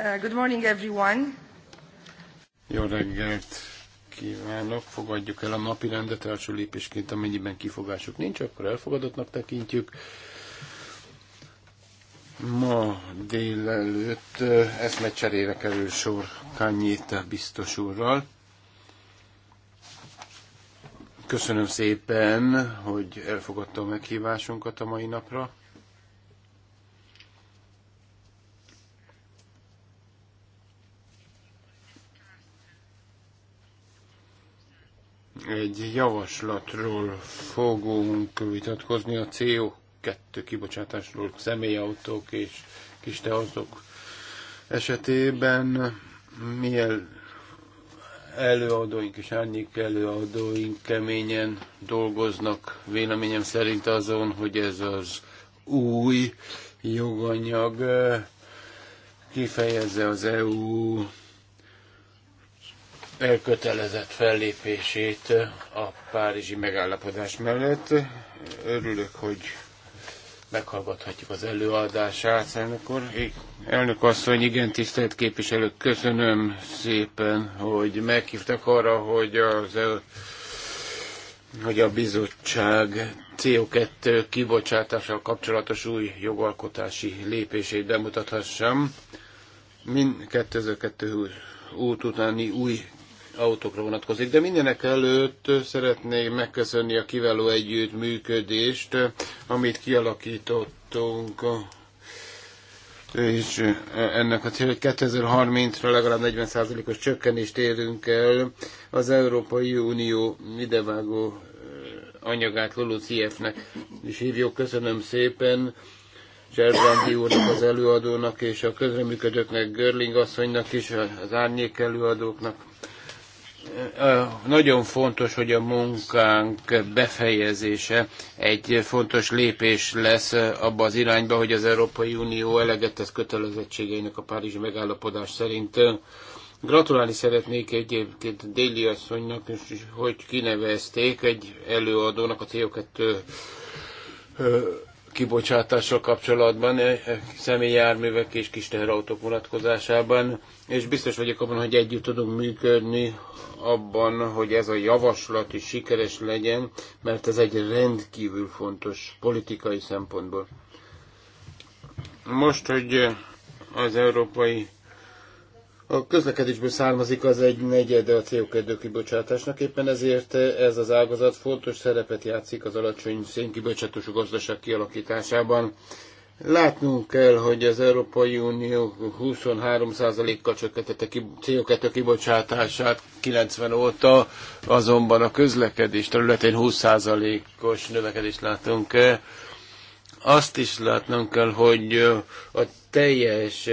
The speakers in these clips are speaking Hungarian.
Uh, good morning everyone. Jó reggelt kívánok. Fogadjuk el a napi rendet első lépésként, amennyiben kifogásuk nincs, akkor elfogadottnak tekintjük. Ma délelőtt uh, eszmecserére kerül sor Kányéta biztos úrral. Köszönöm szépen, hogy elfogadta a meghívásunkat a mai napra. egy javaslatról fogunk vitatkozni a CO2 kibocsátásról, személyautók és kis teautók esetében. Milyen előadóink és annyik előadóink keményen dolgoznak véleményem szerint azon, hogy ez az új joganyag eh, kifejezze az EU elkötelezett fellépését a párizsi megállapodás mellett. Örülök, hogy meghallgathatjuk az előadását, elnök úr. Elnök asszony, igen, tisztelt képviselők, köszönöm szépen, hogy meghívtak arra, hogy az hogy a bizottság CO2 kibocsátással kapcsolatos új jogalkotási lépését bemutathassam. Mind 2002 út utáni új autókra vonatkozik, de mindenek előtt szeretnék megköszönni a kiváló együttműködést, amit kialakítottunk és ennek a cél, hogy 2030-ra legalább 40%-os csökkenést érünk el az Európai Unió idevágó eh, anyagát LULUCF-nek és hívjuk. Köszönöm szépen Zserbrandi úrnak, az előadónak és a közreműködőknek, Görling asszonynak is, az árnyék előadóknak nagyon fontos, hogy a munkánk befejezése egy fontos lépés lesz abba az irányba, hogy az Európai Unió eleget tesz kötelezettségeinek a Párizsi megállapodás szerint. Gratulálni szeretnék egyébként Déli asszonynak, hogy kinevezték egy előadónak a CO2 kibocsátással kapcsolatban, eh, járművek és kis teherautók vonatkozásában, és biztos vagyok abban, hogy együtt tudunk működni abban, hogy ez a javaslat is sikeres legyen, mert ez egy rendkívül fontos politikai szempontból. Most, hogy az európai a közlekedésből származik az egy negyede a CO2 kibocsátásnak, éppen ezért ez az ágazat fontos szerepet játszik az alacsony szénkibocsátós gazdaság kialakításában. Látnunk kell, hogy az Európai Unió 23%-kal csökkentette CO2 kibocsátását 90 óta, azonban a közlekedés területén 20%-os növekedést látunk. Azt is látnunk kell, hogy a teljes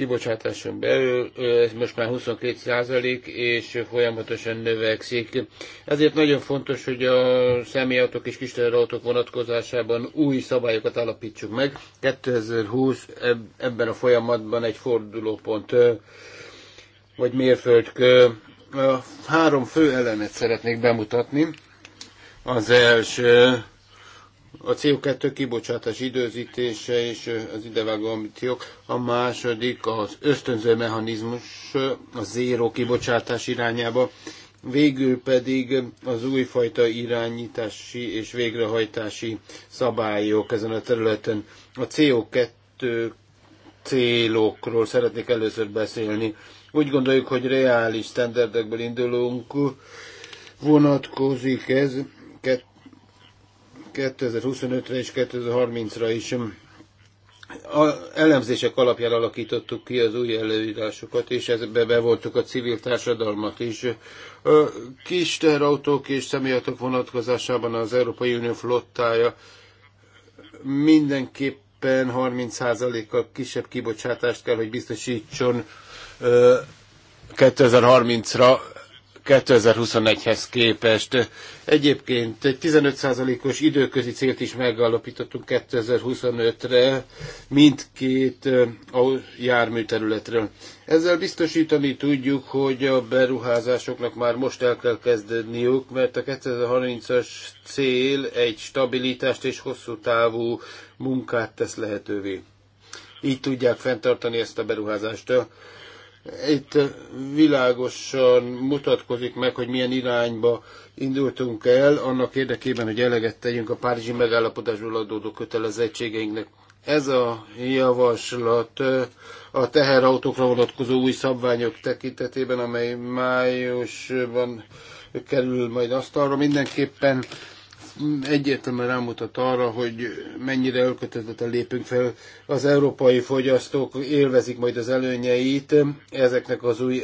kibocsátáson belül, ez most már 22 százalék, és folyamatosan növekszik. Ezért nagyon fontos, hogy a személyautók és kisterautók vonatkozásában új szabályokat alapítsuk meg. 2020 ebben a folyamatban egy fordulópont vagy mérföldkő. Három fő elemet szeretnék bemutatni. Az első a CO2 kibocsátás időzítése és az idevágó ambíciók, a második az ösztönző mechanizmus a zéró kibocsátás irányába, végül pedig az újfajta irányítási és végrehajtási szabályok ezen a területen. A CO2 célokról szeretnék először beszélni. Úgy gondoljuk, hogy reális standardekből indulunk, vonatkozik ez 2025-re és 2030-ra is. A elemzések alapján alakítottuk ki az új előírásokat, és ebbe bevoltuk a civil társadalmat is. Kis teherautók és személyautók vonatkozásában az Európai Unió flottája mindenképpen 30%-kal kisebb kibocsátást kell, hogy biztosítson 2030-ra 2021-hez képest. Egyébként egy 15%-os időközi célt is megállapítottunk 2025-re mindkét járműterületről. Ezzel biztosítani tudjuk, hogy a beruházásoknak már most el kell kezdeniük, mert a 2030-as cél egy stabilitást és hosszú távú munkát tesz lehetővé. Így tudják fenntartani ezt a beruházást itt világosan mutatkozik meg, hogy milyen irányba indultunk el, annak érdekében, hogy eleget tegyünk a Párizsi megállapodásból adódó kötelezettségeinknek. Ez a javaslat a teherautókra vonatkozó új szabványok tekintetében, amely májusban kerül majd asztalra, mindenképpen egyértelműen rámutat arra, hogy mennyire a lépünk fel. Az európai fogyasztók élvezik majd az előnyeit ezeknek az új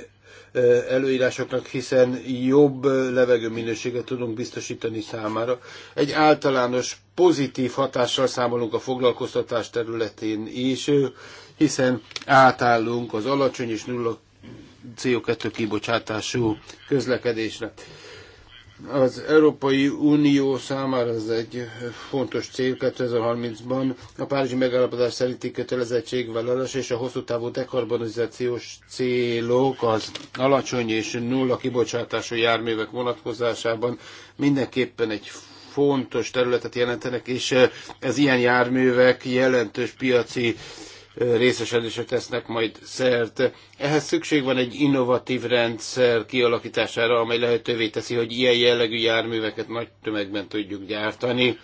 előírásoknak, hiszen jobb levegőminőséget tudunk biztosítani számára. Egy általános pozitív hatással számolunk a foglalkoztatás területén is, hiszen átállunk az alacsony és nulla CO2 kibocsátású közlekedésre az Európai Unió számára ez egy fontos cél 2030-ban. A Párizsi megállapodás szerinti vállalás és a hosszú távú dekarbonizációs célok az alacsony és nulla kibocsátású járművek vonatkozásában mindenképpen egy fontos területet jelentenek, és ez ilyen járművek jelentős piaci részesedésre tesznek majd szert. Ehhez szükség van egy innovatív rendszer kialakítására, amely lehetővé teszi, hogy ilyen jellegű járműveket nagy tömegben tudjuk gyártani.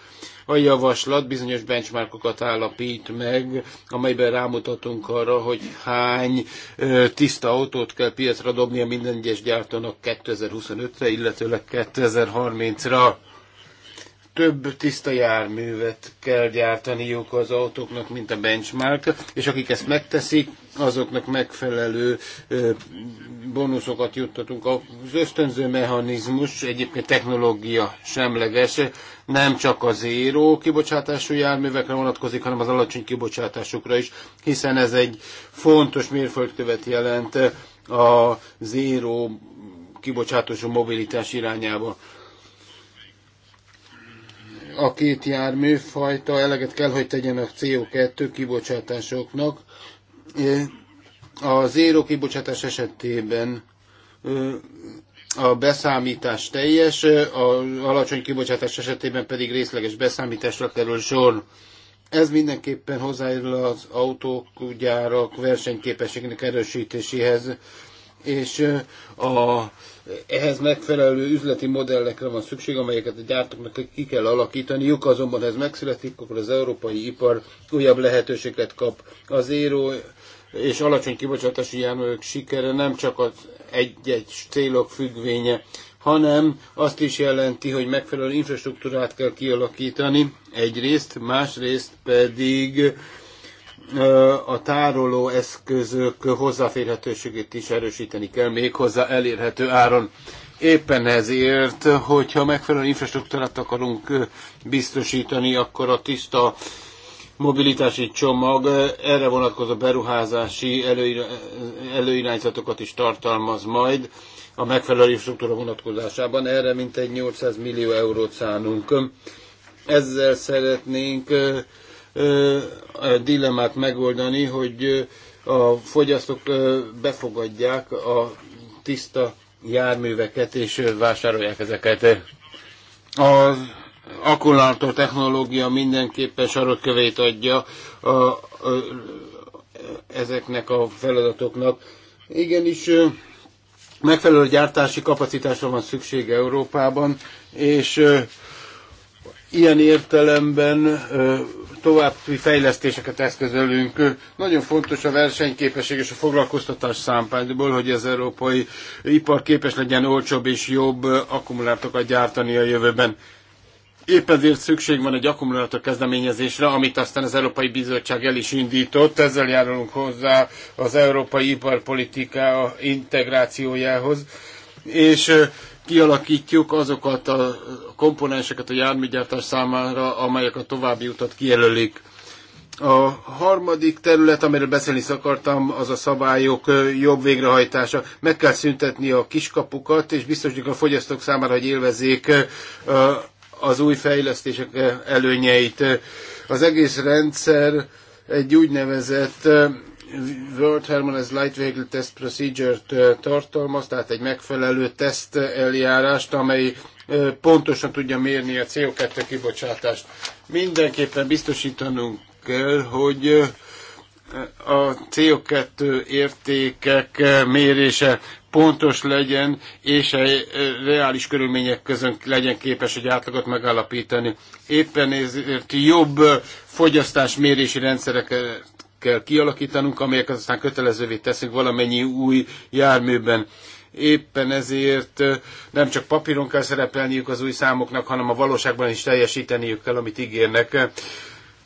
A javaslat bizonyos benchmarkokat állapít meg, amelyben rámutatunk arra, hogy hány tiszta autót kell piacra a minden egyes gyártónak 2025-re, illetőleg 2030-ra több tiszta járművet kell gyártaniuk az autóknak, mint a benchmark, és akik ezt megteszik, azoknak megfelelő bónuszokat juttatunk. Az ösztönző mechanizmus egyébként technológia semleges, nem csak az zéró kibocsátású járművekre vonatkozik, hanem az alacsony kibocsátásukra is, hiszen ez egy fontos mérföldkövet jelent a zéró kibocsátású mobilitás irányába a két járműfajta eleget kell, hogy tegyen a CO2 kibocsátásoknak. Az éró kibocsátás esetében a beszámítás teljes, a alacsony kibocsátás esetében pedig részleges beszámításra kerül sor. Ez mindenképpen hozzájárul az autók, gyárak versenyképességnek erősítéséhez, és a ehhez megfelelő üzleti modellekre van szükség, amelyeket a gyártóknak ki kell alakítaniuk, azonban ez megszületik, akkor az európai ipar újabb lehetőséget kap. Az éró és alacsony kibocsátási járművek sikere nem csak az egy-egy célok függvénye, hanem azt is jelenti, hogy megfelelő infrastruktúrát kell kialakítani egyrészt, másrészt pedig a tároló eszközök hozzáférhetőségét is erősíteni kell méghozzá elérhető áron. Éppen ezért, hogyha megfelelő infrastruktúrát akarunk biztosítani, akkor a tiszta mobilitási csomag erre vonatkozó beruházási előirányzatokat is tartalmaz majd a megfelelő infrastruktúra vonatkozásában. Erre mintegy 800 millió eurót szánunk. Ezzel szeretnénk a dilemmát megoldani, hogy a fogyasztók befogadják a tiszta járműveket és vásárolják ezeket. Az akkumulátor technológia mindenképpen sarokkövét adja a, a, ezeknek a feladatoknak. Igenis, megfelelő gyártási kapacitásra van szükség Európában, és ilyen értelemben további fejlesztéseket eszközölünk. Nagyon fontos a versenyképesség és a foglalkoztatás szempontból, hogy az európai ipar képes legyen olcsóbb és jobb akkumulátorokat gyártani a jövőben. Épp ezért szükség van egy akkumulátor kezdeményezésre, amit aztán az Európai Bizottság el is indított. Ezzel járulunk hozzá az európai iparpolitika integrációjához. És kialakítjuk azokat a komponenseket a járműgyártás számára, amelyek a további utat kijelölik. A harmadik terület, amiről beszélni akartam, az a szabályok jobb végrehajtása. Meg kell szüntetni a kiskapukat, és biztosítjuk a fogyasztók számára, hogy élvezzék az új fejlesztések előnyeit. Az egész rendszer egy úgynevezett World Harmonized Light Vehicle Test Procedure-t tartalmaz, tehát egy megfelelő teszt eljárást, amely pontosan tudja mérni a CO2 kibocsátást. Mindenképpen biztosítanunk kell, hogy a CO2 értékek mérése pontos legyen, és a reális körülmények között legyen képes egy átlagot megállapítani. Éppen ezért jobb fogyasztásmérési rendszereket kell kialakítanunk, amelyek aztán kötelezővé teszünk valamennyi új járműben. Éppen ezért nem csak papíron kell szerepelniük az új számoknak, hanem a valóságban is teljesíteniük kell, amit ígérnek.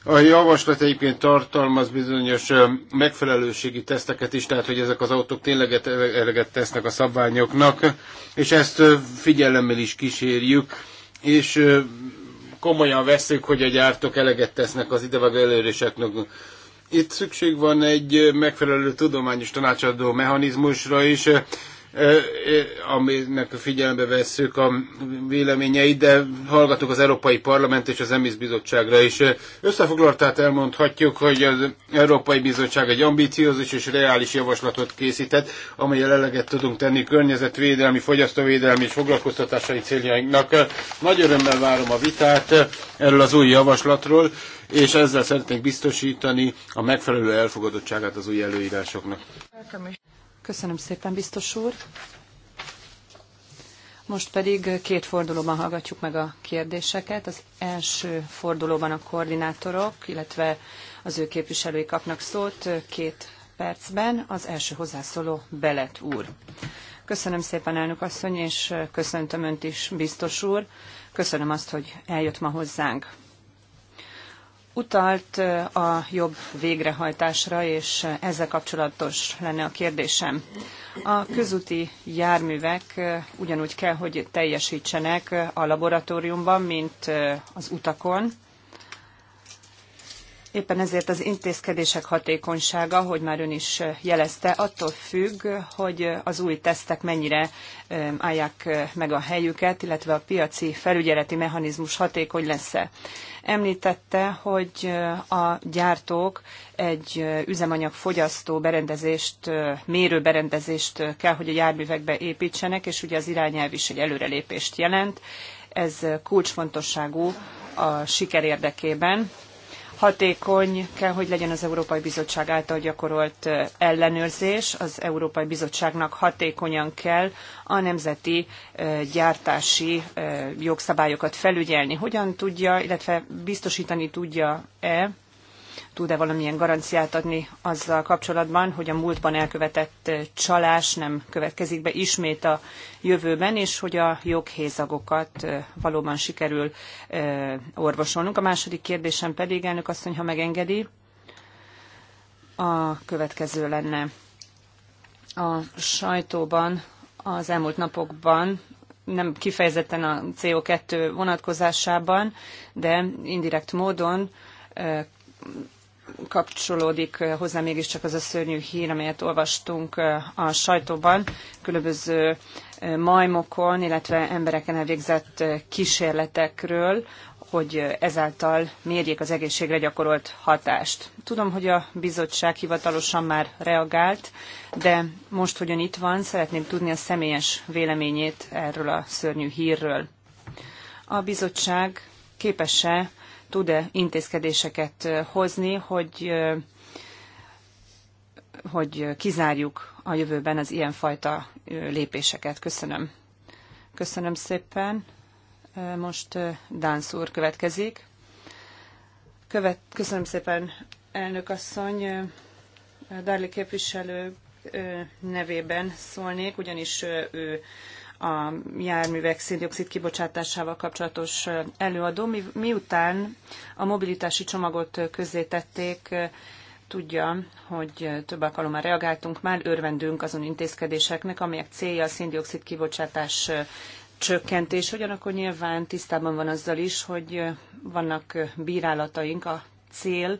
A javaslat egyébként tartalmaz bizonyos megfelelőségi teszteket is, tehát hogy ezek az autók tényleg e-, eleget tesznek a szabványoknak, és ezt figyelemmel is kísérjük, és komolyan veszük, hogy a gyártók eleget tesznek az idevágó előréseknek. Itt szükség van egy megfelelő tudományos tanácsadó mechanizmusra is, aminek figyelembe vesszük a véleményeit, de hallgatok az Európai Parlament és az EMISZ Bizottságra is. Összefoglaltát elmondhatjuk, hogy az Európai Bizottság egy ambiciózus és reális javaslatot készített, amely eleget tudunk tenni környezetvédelmi, fogyasztóvédelmi és foglalkoztatásai céljainknak. Nagy örömmel várom a vitát erről az új javaslatról, és ezzel szeretnénk biztosítani a megfelelő elfogadottságát az új előírásoknak. Köszönöm szépen, biztos úr. Most pedig két fordulóban hallgatjuk meg a kérdéseket. Az első fordulóban a koordinátorok, illetve az ő képviselői kapnak szót két percben. Az első hozzászóló Belet úr. Köszönöm szépen, elnök asszony, és köszöntöm önt is, biztos úr. Köszönöm azt, hogy eljött ma hozzánk utalt a jobb végrehajtásra, és ezzel kapcsolatos lenne a kérdésem. A közúti járművek ugyanúgy kell, hogy teljesítsenek a laboratóriumban, mint az utakon. Éppen ezért az intézkedések hatékonysága, hogy már ön is jelezte, attól függ, hogy az új tesztek mennyire állják meg a helyüket, illetve a piaci felügyeleti mechanizmus hatékony lesz-e. Említette, hogy a gyártók egy üzemanyagfogyasztó berendezést, mérő berendezést kell, hogy a járművekbe építsenek, és ugye az irányelv is egy előrelépést jelent. Ez kulcsfontosságú a siker érdekében, Hatékony kell, hogy legyen az Európai Bizottság által gyakorolt ellenőrzés. Az Európai Bizottságnak hatékonyan kell a nemzeti gyártási jogszabályokat felügyelni. Hogyan tudja, illetve biztosítani tudja-e tud-e valamilyen garanciát adni azzal kapcsolatban, hogy a múltban elkövetett csalás nem következik be ismét a jövőben, és hogy a joghézagokat valóban sikerül orvosolnunk. A második kérdésem pedig, elnök asszony, ha megengedi, a következő lenne. A sajtóban az elmúlt napokban nem kifejezetten a CO2 vonatkozásában, de indirekt módon kapcsolódik eh, hozzá mégiscsak az a szörnyű hír, amelyet olvastunk eh, a sajtóban, különböző eh, majmokon, illetve embereken elvégzett kísérletekről, hogy ezáltal mérjék az egészségre gyakorolt hatást. Tudom, hogy a bizottság hivatalosan már reagált, de most, hogy ön itt van, szeretném tudni a személyes véleményét erről a szörnyű hírről. A bizottság képes-e tud-e intézkedéseket hozni, hogy, hogy kizárjuk a jövőben az ilyenfajta lépéseket. Köszönöm. Köszönöm szépen. Most Dánsz úr következik. Követ, köszönöm szépen, elnök asszony. Darli képviselő nevében szólnék, ugyanis ő a járművek széndiokszid kibocsátásával kapcsolatos előadó. Mi, miután a mobilitási csomagot közzétették, tudja, hogy több alkalommal reagáltunk, már örvendünk azon intézkedéseknek, amelyek célja a széndiokszid kibocsátás csökkentés. Ugyanakkor nyilván tisztában van azzal is, hogy vannak bírálataink a cél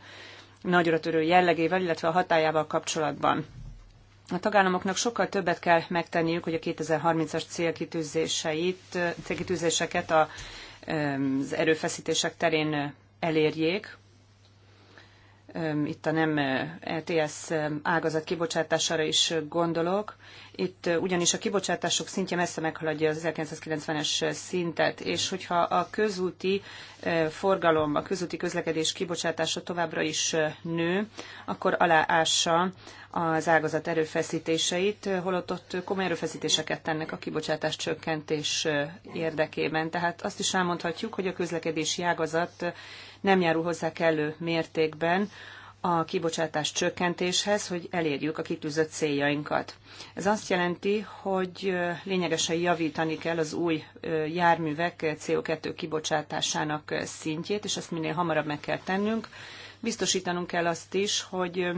nagyra törő jellegével, illetve a hatájával kapcsolatban a tagállamoknak sokkal többet kell megtenniük, hogy a 2030-as célkitűzéseit, célkitűzéseket az erőfeszítések terén elérjék, itt a nem ETS ágazat kibocsátására is gondolok. Itt ugyanis a kibocsátások szintje messze meghaladja az 1990-es szintet, és hogyha a közúti forgalom, a közúti közlekedés kibocsátása továbbra is nő, akkor aláássa az ágazat erőfeszítéseit, holott ott komoly erőfeszítéseket tennek a kibocsátás csökkentés érdekében. Tehát azt is elmondhatjuk, hogy a közlekedési ágazat nem járul hozzá kellő mértékben a kibocsátás csökkentéshez, hogy elérjük a kitűzött céljainkat. Ez azt jelenti, hogy lényegesen javítani kell az új járművek CO2 kibocsátásának szintjét, és ezt minél hamarabb meg kell tennünk. Biztosítanunk kell azt is, hogy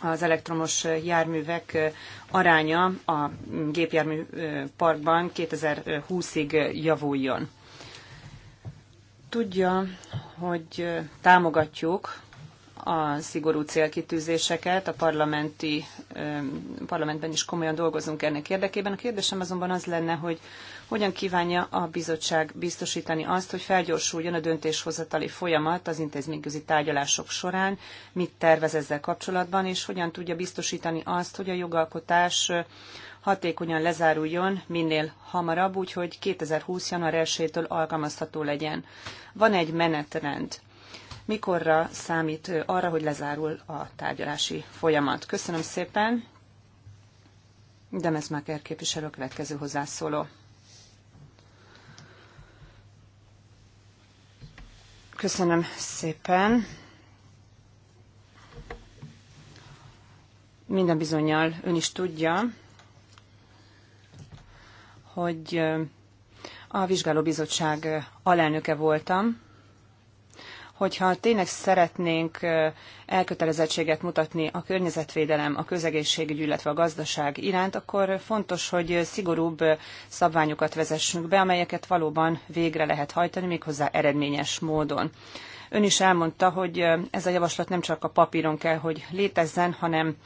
az elektromos járművek aránya a gépjármű parkban 2020-ig javuljon. Tudja, hogy támogatjuk a szigorú célkitűzéseket, a parlamenti, parlamentben is komolyan dolgozunk ennek érdekében. A kérdésem azonban az lenne, hogy hogyan kívánja a bizottság biztosítani azt, hogy felgyorsuljon a döntéshozatali folyamat az intézményközi tárgyalások során, mit tervez ezzel kapcsolatban, és hogyan tudja biztosítani azt, hogy a jogalkotás hatékonyan lezáruljon minél hamarabb, úgyhogy 2020. január 1-től alkalmazható legyen. Van egy menetrend. Mikorra számít arra, hogy lezárul a tárgyalási folyamat? Köszönöm szépen. Máker képviselő következő hozzászóló. Köszönöm szépen. Minden bizonyal ön is tudja, hogy a vizsgálóbizottság alelnöke voltam, hogyha tényleg szeretnénk elkötelezettséget mutatni a környezetvédelem, a közegészségügy, illetve a gazdaság iránt, akkor fontos, hogy szigorúbb szabványokat vezessünk be, amelyeket valóban végre lehet hajtani, méghozzá eredményes módon. Ön is elmondta, hogy ez a javaslat nem csak a papíron kell, hogy létezzen, hanem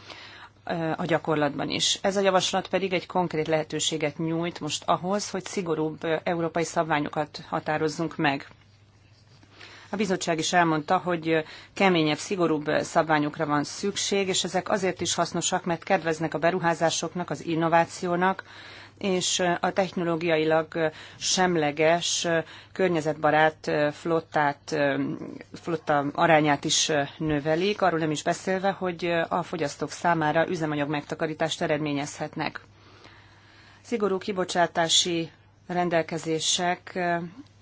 a gyakorlatban is. Ez a javaslat pedig egy konkrét lehetőséget nyújt most ahhoz, hogy szigorúbb európai szabványokat határozzunk meg. A bizottság is elmondta, hogy keményebb, szigorúbb szabványokra van szükség, és ezek azért is hasznosak, mert kedveznek a beruházásoknak, az innovációnak, és a technológiailag semleges, környezetbarát flottát, flotta arányát is növelik, arról nem is beszélve, hogy a fogyasztók számára üzemanyag megtakarítást eredményezhetnek. Szigorú kibocsátási rendelkezések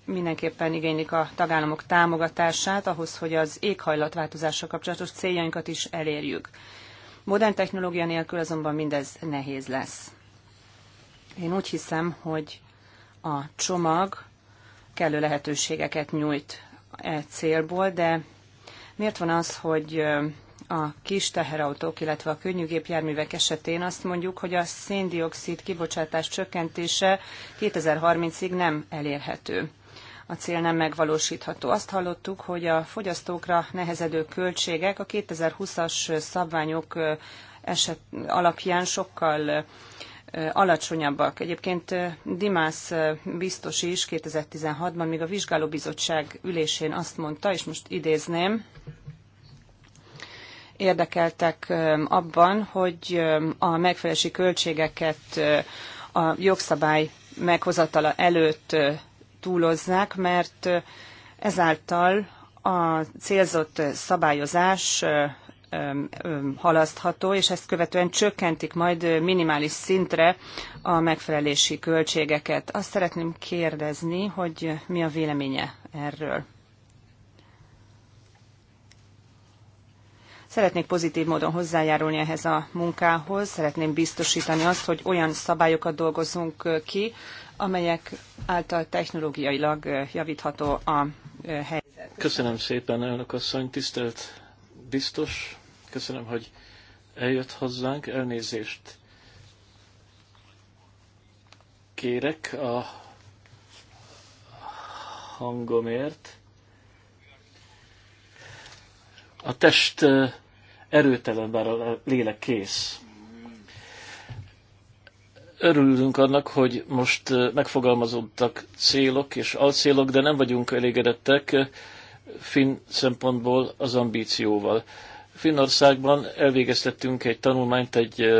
mindenképpen igénylik a tagállamok támogatását ahhoz, hogy az éghajlatváltozással kapcsolatos céljainkat is elérjük. Modern technológia nélkül azonban mindez nehéz lesz. Én úgy hiszem, hogy a csomag kellő lehetőségeket nyújt e célból, de miért van az, hogy a kis teherautók, illetve a könnyű gépjárművek esetén azt mondjuk, hogy a széndiokszid kibocsátás csökkentése 2030-ig nem elérhető. A cél nem megvalósítható. Azt hallottuk, hogy a fogyasztókra nehezedő költségek a 2020-as szabványok eset alapján sokkal alacsonyabbak. Egyébként Dimász biztos is 2016-ban még a vizsgálóbizottság ülésén azt mondta, és most idézném, érdekeltek abban, hogy a megfelelési költségeket a jogszabály meghozatala előtt túlozzák, mert ezáltal a célzott szabályozás halasztható, és ezt követően csökkentik majd minimális szintre a megfelelési költségeket. Azt szeretném kérdezni, hogy mi a véleménye erről. Szeretnék pozitív módon hozzájárulni ehhez a munkához, szeretném biztosítani azt, hogy olyan szabályokat dolgozunk ki, amelyek által technológiailag javítható a helyzet. Köszönöm szépen, elnök asszony, tisztelt biztos Köszönöm, hogy eljött hozzánk. Elnézést kérek a hangomért. A test erőtelen, bár a lélek kész. Örülünk annak, hogy most megfogalmazódtak célok és alcélok, de nem vagyunk elégedettek finn szempontból az ambícióval. Finnországban elvégeztettünk egy tanulmányt egy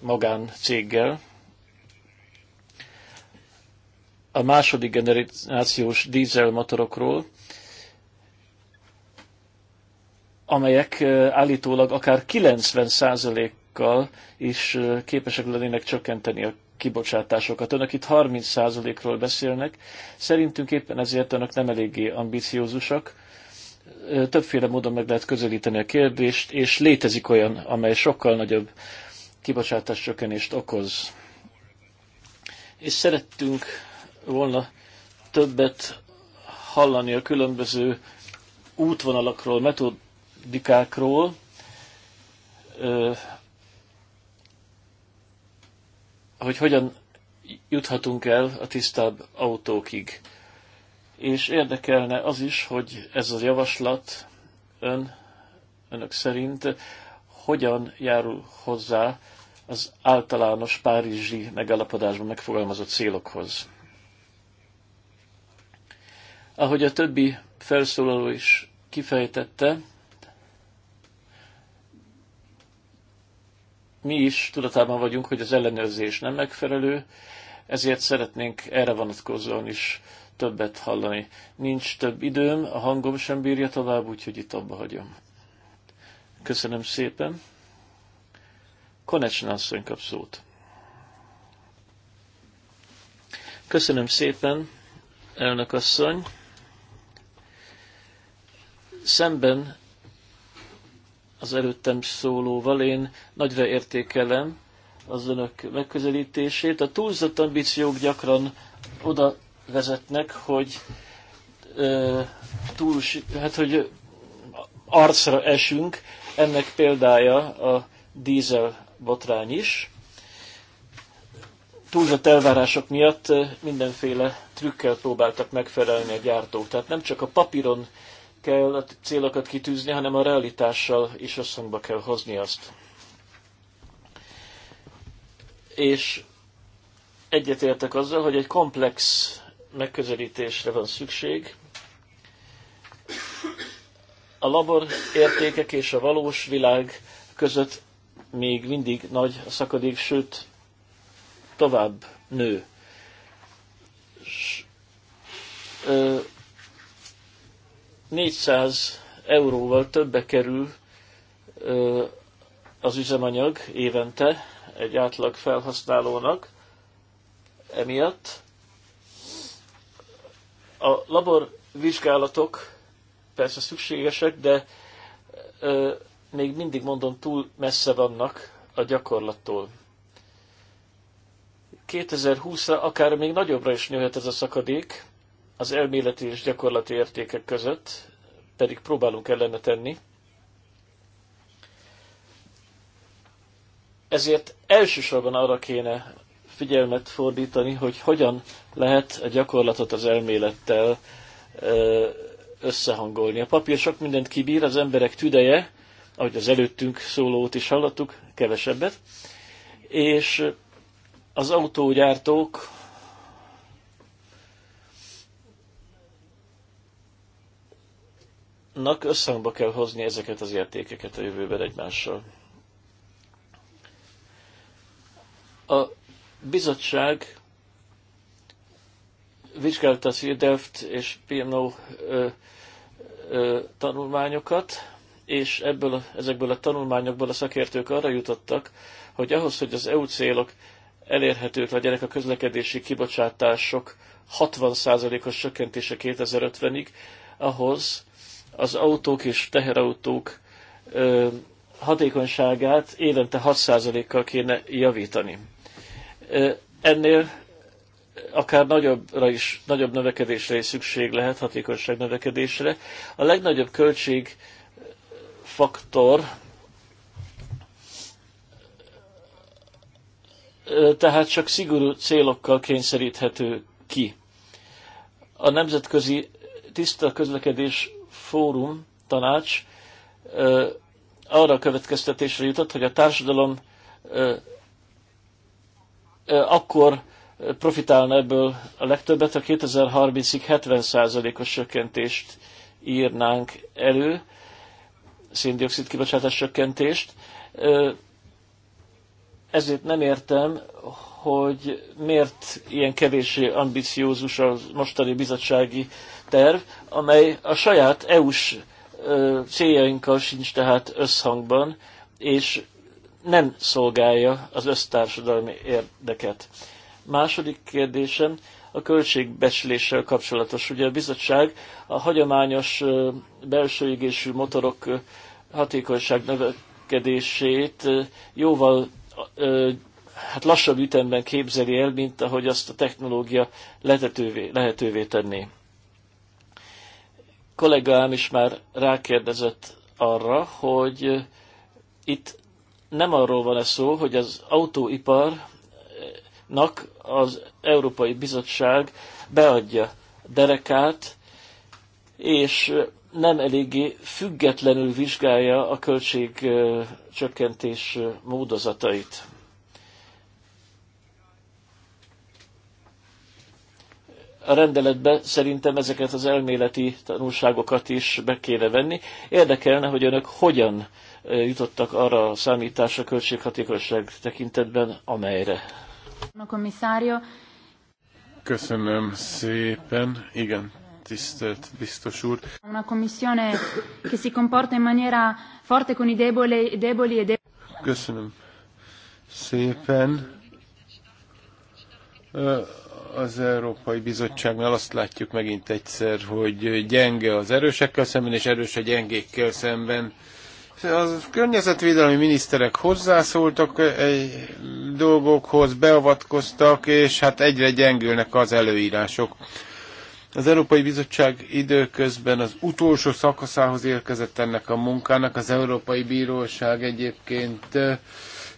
magáncéggel, a második generációs dízelmotorokról, amelyek állítólag akár 90%-kal is képesek lennének csökkenteni a kibocsátásokat. Önök itt 30%-ról beszélnek, szerintünk éppen ezért önök nem eléggé ambiciózusak, többféle módon meg lehet közelíteni a kérdést, és létezik olyan, amely sokkal nagyobb kibocsátás csökkenést okoz. És szerettünk volna többet hallani a különböző útvonalakról, metodikákról, hogy hogyan juthatunk el a tisztább autókig és érdekelne az is, hogy ez a javaslat ön, önök szerint hogyan járul hozzá az általános párizsi megállapodásban megfogalmazott célokhoz. Ahogy a többi felszólaló is kifejtette, mi is tudatában vagyunk, hogy az ellenőrzés nem megfelelő, ezért szeretnénk erre vonatkozóan is többet hallani. Nincs több időm, a hangom sem bírja tovább, úgyhogy itt abba hagyom. Köszönöm szépen. Konecsna asszony kap szót. Köszönöm szépen, elnök asszony. Szemben az előttem szólóval én nagyra értékelem az önök megközelítését. A túlzott ambíciók gyakran oda vezetnek, hogy ö, túl, hát hogy arcra esünk, ennek példája a dízel botrány is. Túlzott elvárások miatt mindenféle trükkel próbáltak megfelelni a gyártók. Tehát nem csak a papíron kell a célokat kitűzni, hanem a realitással is összhangba kell hozni azt. És egyetértek azzal, hogy egy komplex megközelítésre van szükség. A labor értékek és a valós világ között még mindig nagy a szakadék, sőt, tovább nő. S, ö, 400 euróval többe kerül ö, az üzemanyag évente egy átlag felhasználónak emiatt, a labor vizsgálatok persze szükségesek, de ö, még mindig mondom, túl messze vannak a gyakorlattól. 2020-ra akár még nagyobbra is nőhet ez a szakadék az elméleti és gyakorlati értékek között, pedig próbálunk ellene tenni. Ezért elsősorban arra kéne figyelmet fordítani, hogy hogyan lehet a gyakorlatot az elmélettel összehangolni. A papír sok mindent kibír, az emberek tüdeje, ahogy az előttünk szólót is hallottuk, kevesebbet, és az autógyártók nak összhangba kell hozni ezeket az értékeket a jövőben egymással. A bizottság vizsgálta a SIRDEFT és PMO tanulmányokat, és ebből, a, ezekből a tanulmányokból a szakértők arra jutottak, hogy ahhoz, hogy az EU célok elérhetők legyenek a közlekedési kibocsátások 60%-os csökkentése 2050-ig, ahhoz az autók és teherautók ö, hatékonyságát évente 6%-kal kéne javítani. Ennél akár nagyobbra is, nagyobb növekedésre is szükség lehet, hatékonyság növekedésre. A legnagyobb költség faktor tehát csak szigorú célokkal kényszeríthető ki. A Nemzetközi Tiszta Közlekedés Fórum tanács arra a következtetésre jutott, hogy a társadalom akkor profitálna ebből a legtöbbet, a 2030-ig 70%-os csökkentést írnánk elő, széndiokszid kibocsátás csökkentést. Ezért nem értem, hogy miért ilyen kevéssé ambiciózus a mostani bizottsági terv, amely a saját EU-s céljainkkal sincs tehát összhangban, és nem szolgálja az össztársadalmi érdeket. Második kérdésem a költségbecsléssel kapcsolatos. Ugye a bizottság a hagyományos belső égésű motorok hatékonyság növekedését jóval hát lassabb ütemben képzeli el, mint ahogy azt a technológia lehetővé, lehetővé tenné. Kollégám is már rákérdezett arra, hogy itt nem arról van ez szó, hogy az autóiparnak az Európai Bizottság beadja derekát, és nem eléggé függetlenül vizsgálja a költségcsökkentés módozatait. A rendeletbe szerintem ezeket az elméleti tanulságokat is be kéne venni. Érdekelne, hogy önök hogyan jutottak arra a számításra költséghatékonyság tekintetben, amelyre. Köszönöm szépen. Igen, tisztelt biztos úr. Una commissione che si comporta in maniera forte con i deboli, deboli e deboli. Köszönöm szépen. Az Európai Bizottságnál azt látjuk megint egyszer, hogy gyenge az erősekkel szemben, és erős a gyengékkel szemben. A környezetvédelmi miniszterek hozzászóltak egy dolgokhoz, beavatkoztak, és hát egyre gyengülnek az előírások. Az Európai Bizottság időközben az utolsó szakaszához érkezett ennek a munkának. Az Európai Bíróság egyébként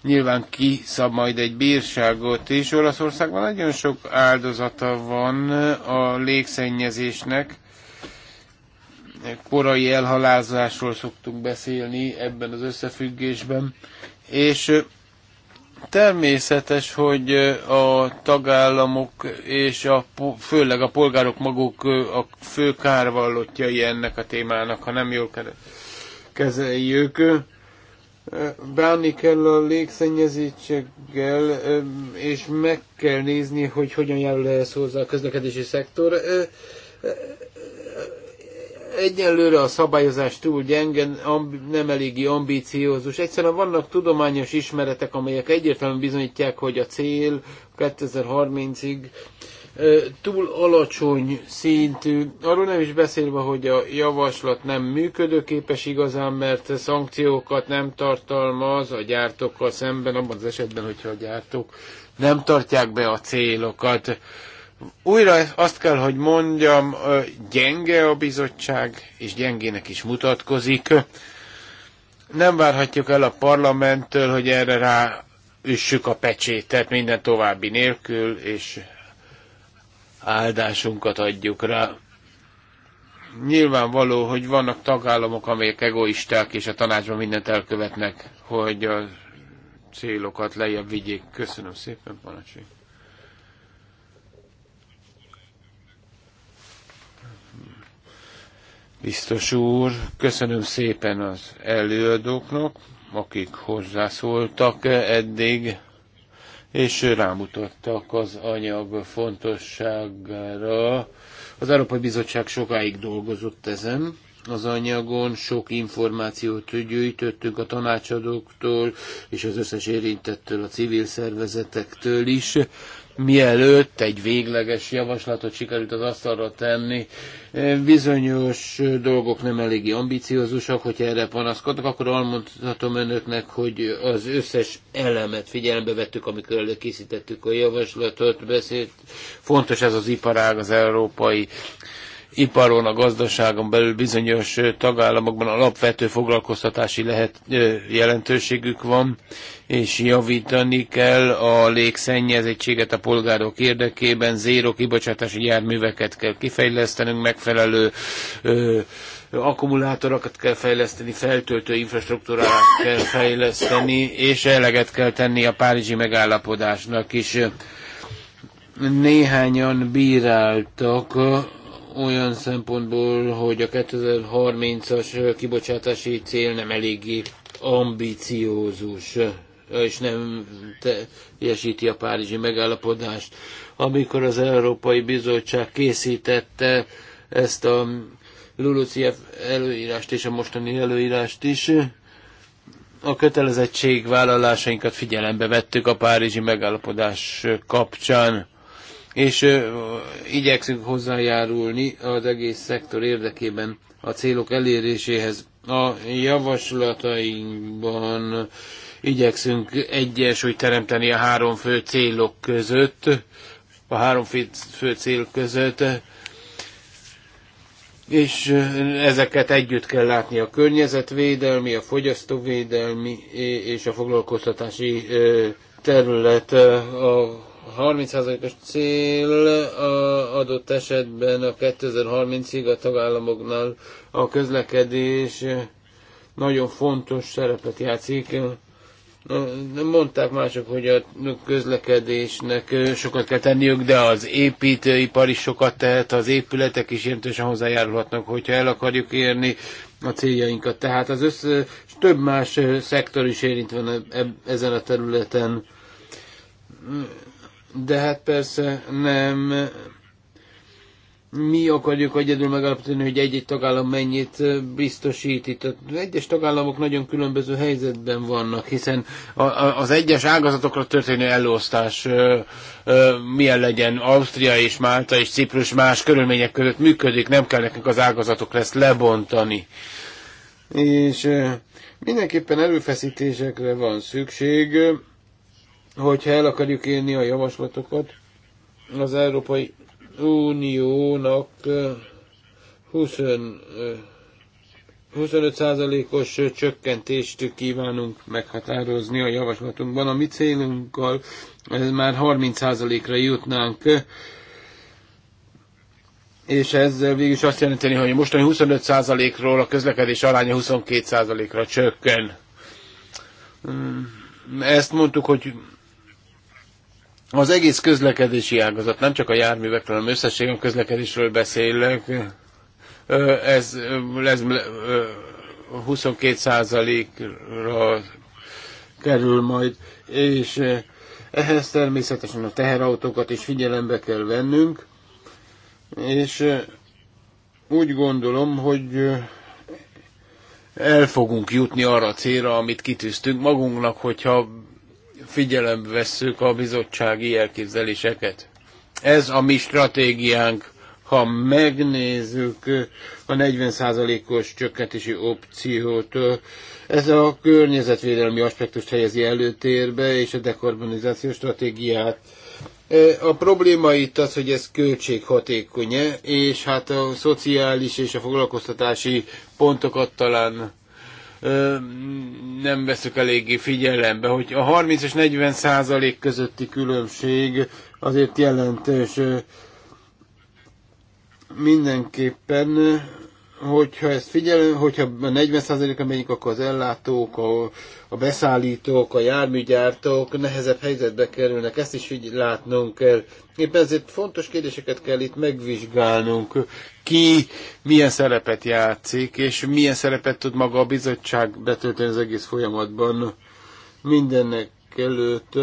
nyilván kiszab majd egy bírságot is. Olaszországban nagyon sok áldozata van a légszennyezésnek, korai elhalázásról szoktunk beszélni ebben az összefüggésben, és természetes, hogy a tagállamok és a, főleg a polgárok maguk a fő kárvallottjai ennek a témának, ha nem jól kezeljük. Bánni kell a légszennyezéseggel, és meg kell nézni, hogy hogyan járul ehhez hozzá a közlekedési szektor Egyelőre a szabályozás túl gyenge, nem eléggé ambíciózus. Egyszerűen vannak tudományos ismeretek, amelyek egyértelműen bizonyítják, hogy a cél 2030-ig túl alacsony szintű. Arról nem is beszélve, hogy a javaslat nem működőképes igazán, mert szankciókat nem tartalmaz a gyártókkal szemben, abban az esetben, hogyha a gyártók nem tartják be a célokat. Újra azt kell, hogy mondjam, gyenge a bizottság, és gyengének is mutatkozik. Nem várhatjuk el a parlamenttől, hogy erre rá üssük a pecsétet minden további nélkül, és áldásunkat adjuk rá. Nyilvánvaló, hogy vannak tagállamok, amelyek egoisták, és a tanácsban mindent elkövetnek, hogy a célokat lejjebb vigyék. Köszönöm szépen, parancsolj! Biztos úr, köszönöm szépen az előadóknak, akik hozzászóltak eddig, és rámutattak az anyag fontosságára. Az Európai Bizottság sokáig dolgozott ezen, az anyagon, sok információt gyűjtöttünk a tanácsadóktól és az összes érintettől, a civil szervezetektől is, mielőtt egy végleges javaslatot sikerült az asztalra tenni. Bizonyos dolgok nem eléggé ambiciózusak, hogyha erre panaszkodnak, akkor elmondhatom önöknek, hogy az összes elemet figyelembe vettük, amikor előkészítettük a javaslatot, beszélt. Fontos ez az iparág az európai iparon, a gazdaságon belül bizonyos tagállamokban alapvető foglalkoztatási lehet, jelentőségük van, és javítani kell a légszennyezettséget a polgárok érdekében, zéro kibocsátási járműveket kell kifejlesztenünk, megfelelő ö, akkumulátorokat kell fejleszteni, feltöltő infrastruktúrát kell fejleszteni, és eleget kell tenni a párizsi megállapodásnak is. Néhányan bíráltak olyan szempontból, hogy a 2030-as kibocsátási cél nem eléggé ambiciózus, és nem teljesíti a párizsi megállapodást. Amikor az Európai Bizottság készítette ezt a LULUCF előírást és a mostani előírást is, a kötelezettségvállalásainkat figyelembe vettük a párizsi megállapodás kapcsán és igyekszünk hozzájárulni az egész szektor érdekében a célok eléréséhez. A javaslatainkban igyekszünk egyensúlyt teremteni a három fő célok között, a három fő cél között, és ezeket együtt kell látni a környezetvédelmi, a fogyasztóvédelmi és a foglalkoztatási terület a 30%-os cél adott esetben a 2030-ig a tagállamoknál a közlekedés nagyon fontos szerepet játszik. Mondták mások, hogy a közlekedésnek sokat kell tenniük, de az építőipar is sokat tehet, az épületek is jelentősen hozzájárulhatnak, hogyha el akarjuk érni a céljainkat. Tehát az összes több más szektor is érintve e-, ezen a területen de hát persze nem mi akarjuk egyedül megállapítani, hogy egy-egy tagállam mennyit biztosít. Itt az egyes tagállamok nagyon különböző helyzetben vannak, hiszen a, a, az egyes ágazatokra történő elosztás ö, ö, milyen legyen, Ausztria és Málta és Ciprus más körülmények között működik, nem kell nekünk az ágazatok lesz lebontani. És ö, mindenképpen erőfeszítésekre van szükség hogyha el akarjuk élni a javaslatokat, az Európai Uniónak 20, 25%-os csökkentést kívánunk meghatározni a javaslatunkban. A mi célunkkal ez már 30%-ra jutnánk, és ez végül is azt jelenteni, hogy mostani 25%-ról a közlekedés aránya 22%-ra csökken. Ezt mondtuk, hogy az egész közlekedési ágazat, nem csak a járművekről, hanem összességem közlekedésről beszélek. Ez, ez 22%-ra kerül majd, és ehhez természetesen a teherautókat is figyelembe kell vennünk, és úgy gondolom, hogy el fogunk jutni arra a célra, amit kitűztünk magunknak, hogyha figyelembe vesszük a bizottsági elképzeléseket. Ez a mi stratégiánk. Ha megnézzük a 40%-os csökkentési opciót, ez a környezetvédelmi aspektust helyezi előtérbe, és a dekarbonizáció stratégiát. A probléma itt az, hogy ez költséghatékony, és hát a szociális és a foglalkoztatási pontokat talán nem veszük eléggé figyelembe, hogy a 30 és 40 százalék közötti különbség azért jelentős. Mindenképpen hogyha ezt figyelünk, hogyha 40%-ra megyünk, akkor az ellátók, a, a beszállítók, a járműgyártók nehezebb helyzetbe kerülnek, ezt is így látnunk kell. Éppen ezért fontos kérdéseket kell itt megvizsgálnunk, ki milyen szerepet játszik, és milyen szerepet tud maga a bizottság betölteni az egész folyamatban. Mindennek előtt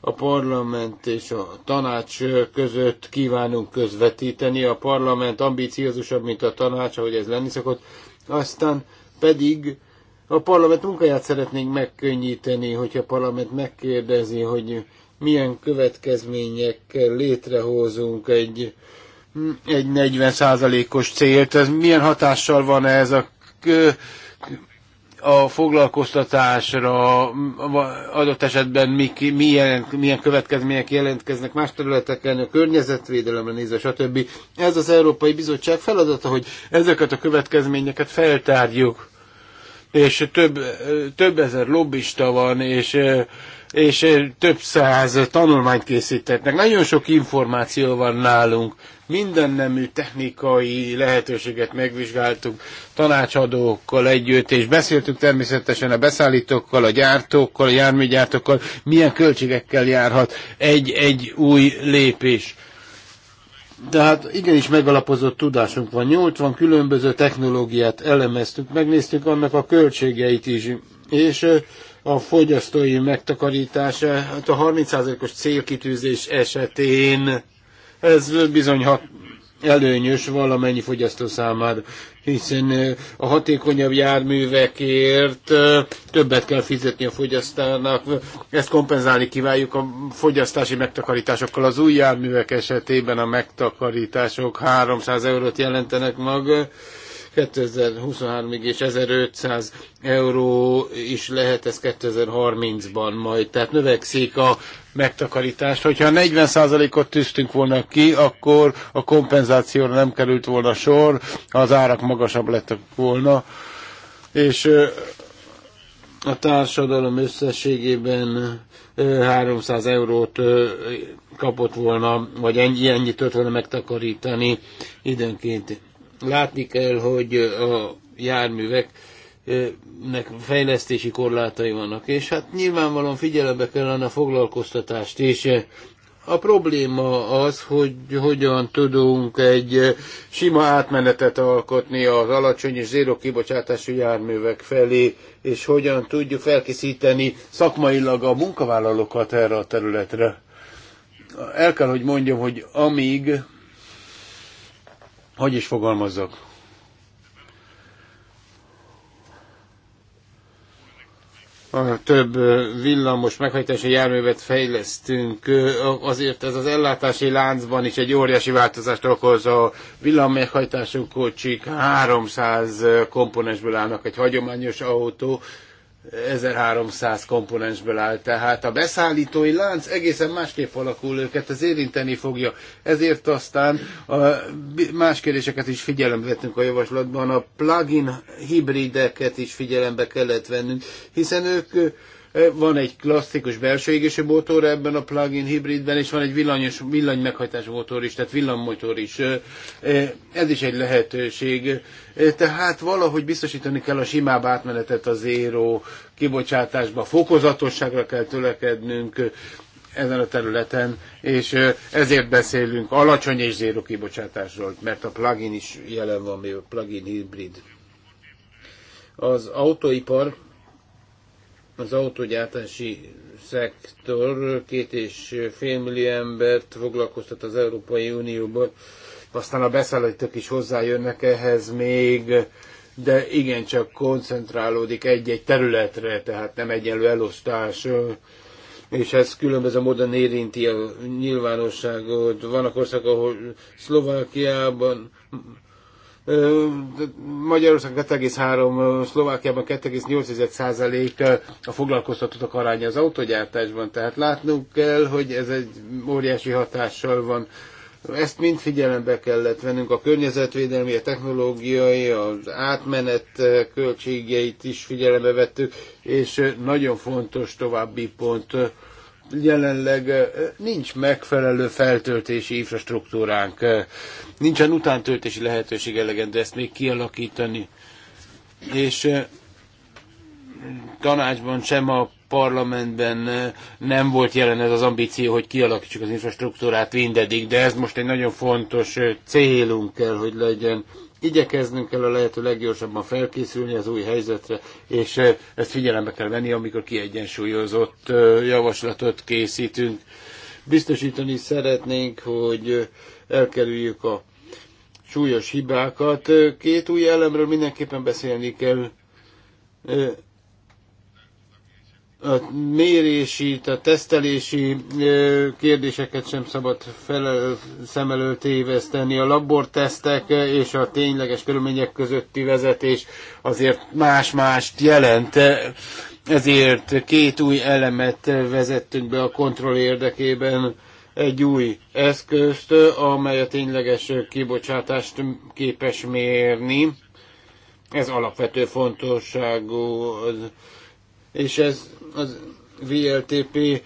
a parlament és a tanács között kívánunk közvetíteni. A parlament ambíciózusabb, mint a tanács, ahogy ez lenni szokott. Aztán pedig a parlament munkáját szeretnénk megkönnyíteni, hogyha a parlament megkérdezi, hogy milyen következményekkel létrehozunk egy, mm, egy 40 os célt, ez milyen hatással van -e ez a a foglalkoztatásra adott esetben mi, milyen, milyen következmények jelentkeznek más területeken, a környezetvédelemre nézve, stb. Ez az Európai Bizottság feladata, hogy ezeket a következményeket feltárjuk. És több, több ezer lobbista van, és, és több száz tanulmányt készítettek. Nagyon sok információ van nálunk. Minden nemű technikai lehetőséget megvizsgáltuk tanácsadókkal együtt, és beszéltük természetesen a beszállítókkal, a gyártókkal, a járműgyártókkal, milyen költségekkel járhat egy-egy új lépés. De hát igenis megalapozott tudásunk van. 80 különböző technológiát elemeztük, megnéztük annak a költségeit is, és a fogyasztói hát a 30%-os célkitűzés esetén ez bizony hat, előnyös valamennyi fogyasztó számára, hiszen eh, a hatékonyabb járművekért eh, többet kell fizetni a fogyasztának, ezt kompenzálni kívánjuk a fogyasztási megtakarításokkal. Az új járművek esetében a megtakarítások 300 eurót jelentenek maga 2023-ig, és 1500 euró is lehet ez 2030-ban majd. Tehát növekszik a megtakarítás. Hogyha 40%-ot tűztünk volna ki, akkor a kompenzációra nem került volna sor, az árak magasabb lettek volna, és a társadalom összességében 300 eurót kapott volna, vagy ennyi, ennyit tudott volna megtakarítani időnként. Látni kell, hogy a járművek nek fejlesztési korlátai vannak, és hát nyilvánvalóan figyelembe kellene a foglalkoztatást is. A probléma az, hogy hogyan tudunk egy sima átmenetet alkotni az alacsony és zéró kibocsátású járművek felé, és hogyan tudjuk felkészíteni szakmailag a munkavállalókat erre a területre. El kell, hogy mondjam, hogy amíg hogy is fogalmazzak? A több villamos meghajtási járművet fejlesztünk, azért ez az ellátási láncban is egy óriási változást okoz. A villammeghajtású kocsik 300 komponensből állnak egy hagyományos autó, 1300 komponensből áll, tehát a beszállítói lánc egészen másképp alakul őket, ez érinteni fogja. Ezért aztán a más kérdéseket is figyelembe vettünk a javaslatban, a plugin hibrideket is figyelembe kellett vennünk, hiszen ők van egy klasszikus belső égési motor ebben a plug-in hibridben, és van egy villanyos, villany meghajtású motor is, tehát villanymotor is. Ez is egy lehetőség. Tehát valahogy biztosítani kell a simább átmenetet az éró kibocsátásba, fokozatosságra kell tölekednünk, ezen a területen, és ezért beszélünk alacsony és zéró kibocsátásról, mert a plug-in is jelen van, még a plug-in hibrid. Az autóipar az autógyártási szektor két és fél millió embert foglalkoztat az Európai Unióban, aztán a beszállítók is hozzájönnek ehhez még, de igencsak koncentrálódik egy-egy területre, tehát nem egyenlő elosztás, és ez különböző módon érinti a nyilvánosságot. Vannak országok, ahol Szlovákiában Magyarországon 2,3, Szlovákiában 2,8% eh, a foglalkoztatottak aránya az autogyártásban, tehát látnunk kell, hogy ez egy óriási hatással van. Ezt mind figyelembe kellett vennünk, a környezetvédelmi, a technológiai, az átmenet eh, költségeit is figyelembe vettük, és eh, nagyon fontos további pont, jelenleg nincs megfelelő feltöltési infrastruktúránk, nincsen utántöltési lehetőség elegendő ezt még kialakítani. És tanácsban sem a parlamentben nem volt jelen ez az ambíció, hogy kialakítsuk az infrastruktúrát mindedig, de ez most egy nagyon fontos célunk kell, hogy legyen igyekeznünk kell a lehető leggyorsabban felkészülni az új helyzetre, és eh, ezt figyelembe kell venni, amikor kiegyensúlyozott eh, javaslatot készítünk. Biztosítani szeretnénk, hogy eh, elkerüljük a súlyos hibákat. Két új elemről mindenképpen beszélni kell a mérési, a tesztelési kérdéseket sem szabad felel, szem előtt éveszteni. A labortesztek és a tényleges körülmények közötti vezetés azért más-mást jelent. Ezért két új elemet vezettünk be a kontroll érdekében. Egy új eszközt, amely a tényleges kibocsátást képes mérni. Ez alapvető fontosságú és ez az VLTP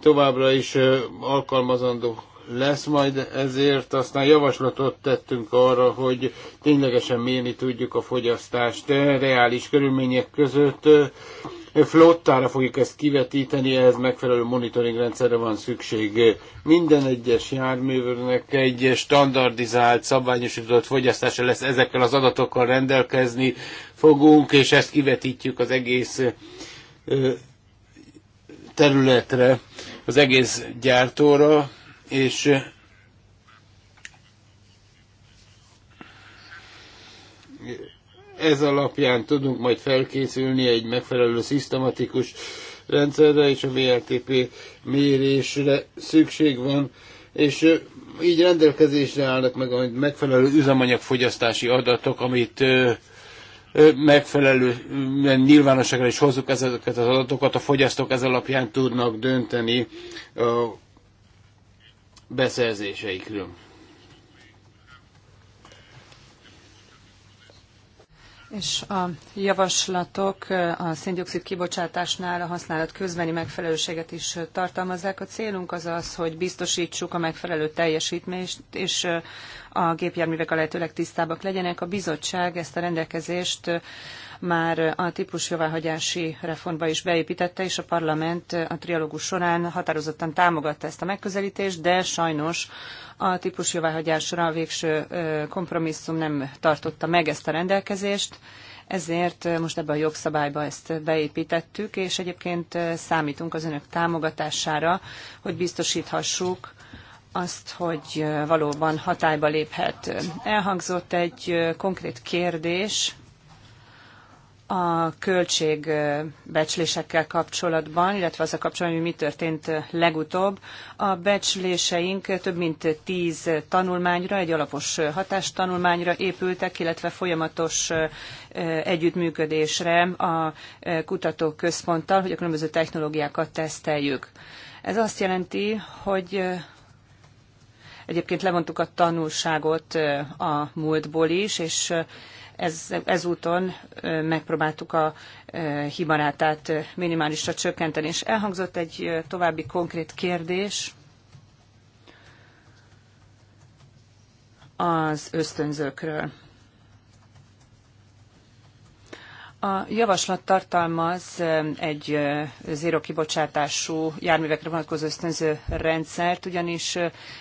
továbbra is alkalmazandó lesz majd, ezért aztán javaslatot tettünk arra, hogy ténylegesen mérni tudjuk a fogyasztást reális körülmények között. Flottára fogjuk ezt kivetíteni, ehhez megfelelő monitoring rendszerre van szükség. Minden egyes járművőnek egy standardizált, szabványosított fogyasztása lesz, ezekkel az adatokkal rendelkezni fogunk, és ezt kivetítjük az egész területre, az egész gyártóra, és ez alapján tudunk majd felkészülni egy megfelelő szisztematikus rendszerre, és a VLTP mérésre szükség van, és így rendelkezésre állnak meg a megfelelő üzemanyagfogyasztási adatok, amit megfelelően nyilvánosságra is hozzuk ezeket az adatokat, a fogyasztók ez alapján tudnak dönteni a beszerzéseikről. és a javaslatok a széndiokszid kibocsátásnál a használat közbeni megfelelőséget is tartalmazzák. A célunk az az, hogy biztosítsuk a megfelelő teljesítményt, és a gépjárművek a lehetőleg tisztábbak legyenek. A bizottság ezt a rendelkezést már a típusjóváhagyási reformba is beépítette, és a parlament a trialógus során határozottan támogatta ezt a megközelítést, de sajnos a típus a végső kompromisszum nem tartotta meg ezt a rendelkezést, ezért most ebbe a jogszabályba ezt beépítettük, és egyébként számítunk az önök támogatására, hogy biztosíthassuk, azt, hogy valóban hatályba léphet. Elhangzott egy konkrét kérdés a költségbecslésekkel kapcsolatban, illetve az a kapcsolatban, hogy mi történt legutóbb. A becsléseink több mint tíz tanulmányra, egy alapos hatástanulmányra épültek, illetve folyamatos együttműködésre a kutatóközponttal, hogy a különböző technológiákat teszteljük. Ez azt jelenti, hogy egyébként levontuk a tanulságot a múltból is, és ez, ezúton megpróbáltuk a hibarátát minimálisra csökkenteni. És elhangzott egy további konkrét kérdés az ösztönzőkről. A javaslat tartalmaz egy zéro kibocsátású járművekre vonatkozó ösztönző rendszert, ugyanis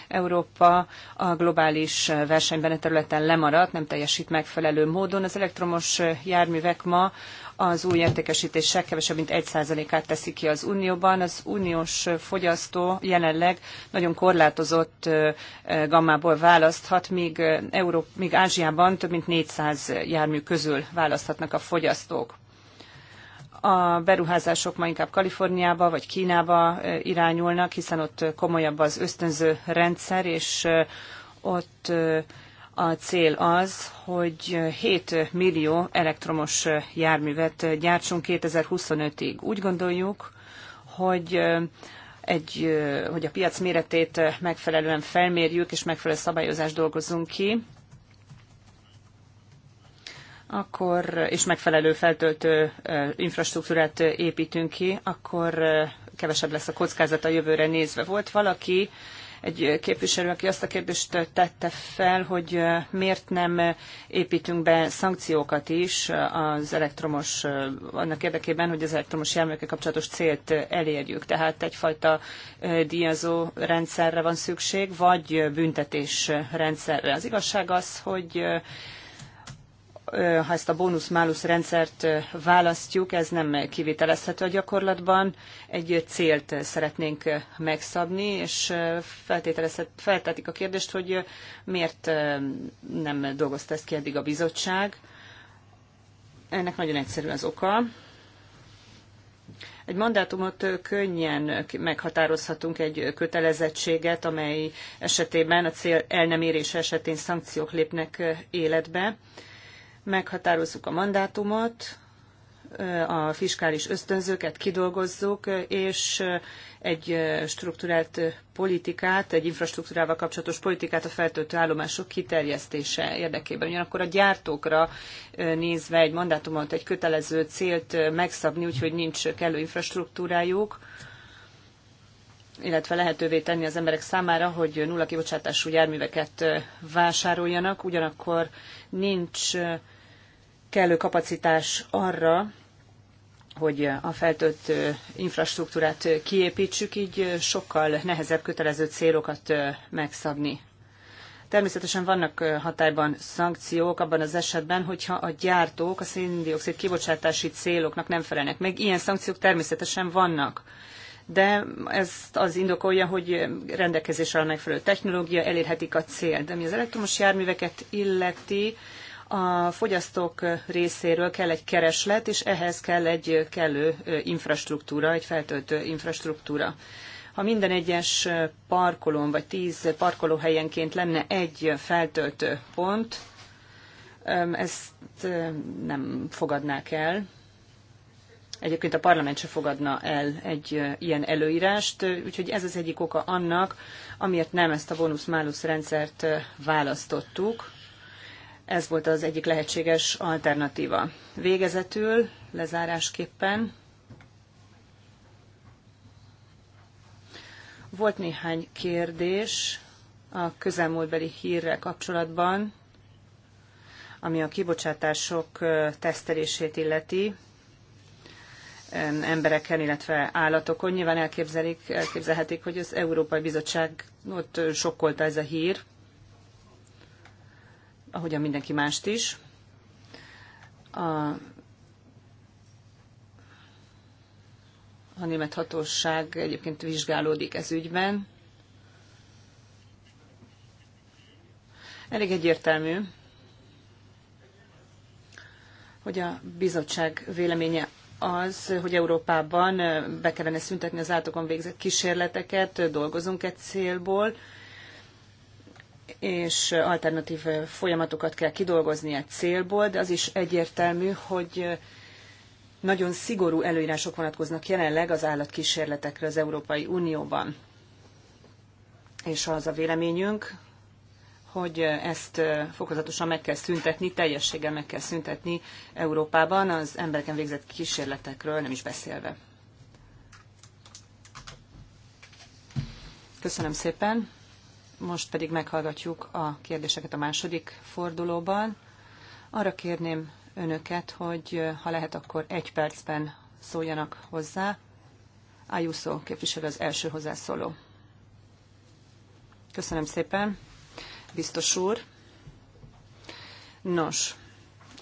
Európa a globális versenyben a e területen lemaradt, nem teljesít megfelelő módon. Az elektromos járművek ma az új értékesítések kevesebb, mint 1%-át teszi ki az Unióban. Az uniós fogyasztó jelenleg nagyon korlátozott gammából választhat, míg, Euró- míg Ázsiában több mint 400 jármű közül választhatnak a fogyasztók a beruházások ma inkább Kaliforniába vagy Kínába irányulnak, hiszen ott komolyabb az ösztönző rendszer, és ott a cél az, hogy 7 millió elektromos járművet gyártsunk 2025-ig. Úgy gondoljuk, hogy egy, hogy a piac méretét megfelelően felmérjük, és megfelelő szabályozást dolgozunk ki, akkor, és megfelelő feltöltő infrastruktúrát építünk ki, akkor kevesebb lesz a kockázat a jövőre nézve. Volt valaki, egy képviselő, aki azt a kérdést tette fel, hogy miért nem építünk be szankciókat is az elektromos, annak érdekében, hogy az elektromos járművekkel kapcsolatos célt elérjük. Tehát egyfajta díjazó rendszerre van szükség, vagy büntetés rendszerre. Az igazság az, hogy ha ezt a bónusz-málusz rendszert választjuk, ez nem kivitelezhető a gyakorlatban. Egy célt szeretnénk megszabni, és feltetik a kérdést, hogy miért nem dolgozta ezt ki eddig a bizottság. Ennek nagyon egyszerű az oka. Egy mandátumot könnyen meghatározhatunk egy kötelezettséget, amely esetében a cél el nem érése esetén szankciók lépnek életbe meghatározzuk a mandátumot, a fiskális ösztönzőket kidolgozzuk, és egy strukturált politikát, egy infrastruktúrával kapcsolatos politikát a feltöltő állomások kiterjesztése érdekében. Ugyanakkor a gyártókra nézve egy mandátumot, egy kötelező célt megszabni, úgyhogy nincs kellő infrastruktúrájuk, illetve lehetővé tenni az emberek számára, hogy nulla kibocsátású járműveket vásároljanak, ugyanakkor nincs kellő kapacitás arra, hogy a feltölt infrastruktúrát kiépítsük, így sokkal nehezebb kötelező célokat megszabni. Természetesen vannak hatályban szankciók abban az esetben, hogyha a gyártók a széndiokszid kibocsátási céloknak nem felelnek meg. Ilyen szankciók természetesen vannak de ezt az indokolja, hogy rendelkezésre áll megfelelő technológia, elérhetik a cél. De mi az elektromos járműveket illeti, a fogyasztók részéről kell egy kereslet, és ehhez kell egy kellő infrastruktúra, egy feltöltő infrastruktúra. Ha minden egyes parkolón vagy tíz parkolóhelyenként lenne egy feltöltő pont, ezt nem fogadnák el. Egyébként a parlament se fogadna el egy ilyen előírást, úgyhogy ez az egyik oka annak, amiért nem ezt a bónusz-málusz rendszert választottuk, ez volt az egyik lehetséges alternatíva. Végezetül, lezárásképpen volt néhány kérdés a közelmúltbeli hírrel kapcsolatban, ami a kibocsátások tesztelését illeti embereken, illetve állatokon. Nyilván elképzelik, elképzelhetik, hogy az Európai Bizottság ott sokkolta ez a hír, ahogyan mindenki mást is. A, a német hatóság egyébként vizsgálódik ez ügyben. Elég egyértelmű, hogy a bizottság véleménye az, hogy Európában be kellene szüntetni az átokon végzett kísérleteket, dolgozunk egy célból, és alternatív folyamatokat kell kidolgozni a célból, de az is egyértelmű, hogy nagyon szigorú előírások vonatkoznak jelenleg az állatkísérletekre az Európai Unióban. És az a véleményünk, hogy ezt fokozatosan meg kell szüntetni, teljességgel meg kell szüntetni Európában az embereken végzett kísérletekről nem is beszélve. Köszönöm szépen! Most pedig meghallgatjuk a kérdéseket a második fordulóban. Arra kérném önöket, hogy ha lehet, akkor egy percben szóljanak hozzá. Ayuso képviselő az első hozzászóló. Köszönöm szépen, biztos úr. Nos,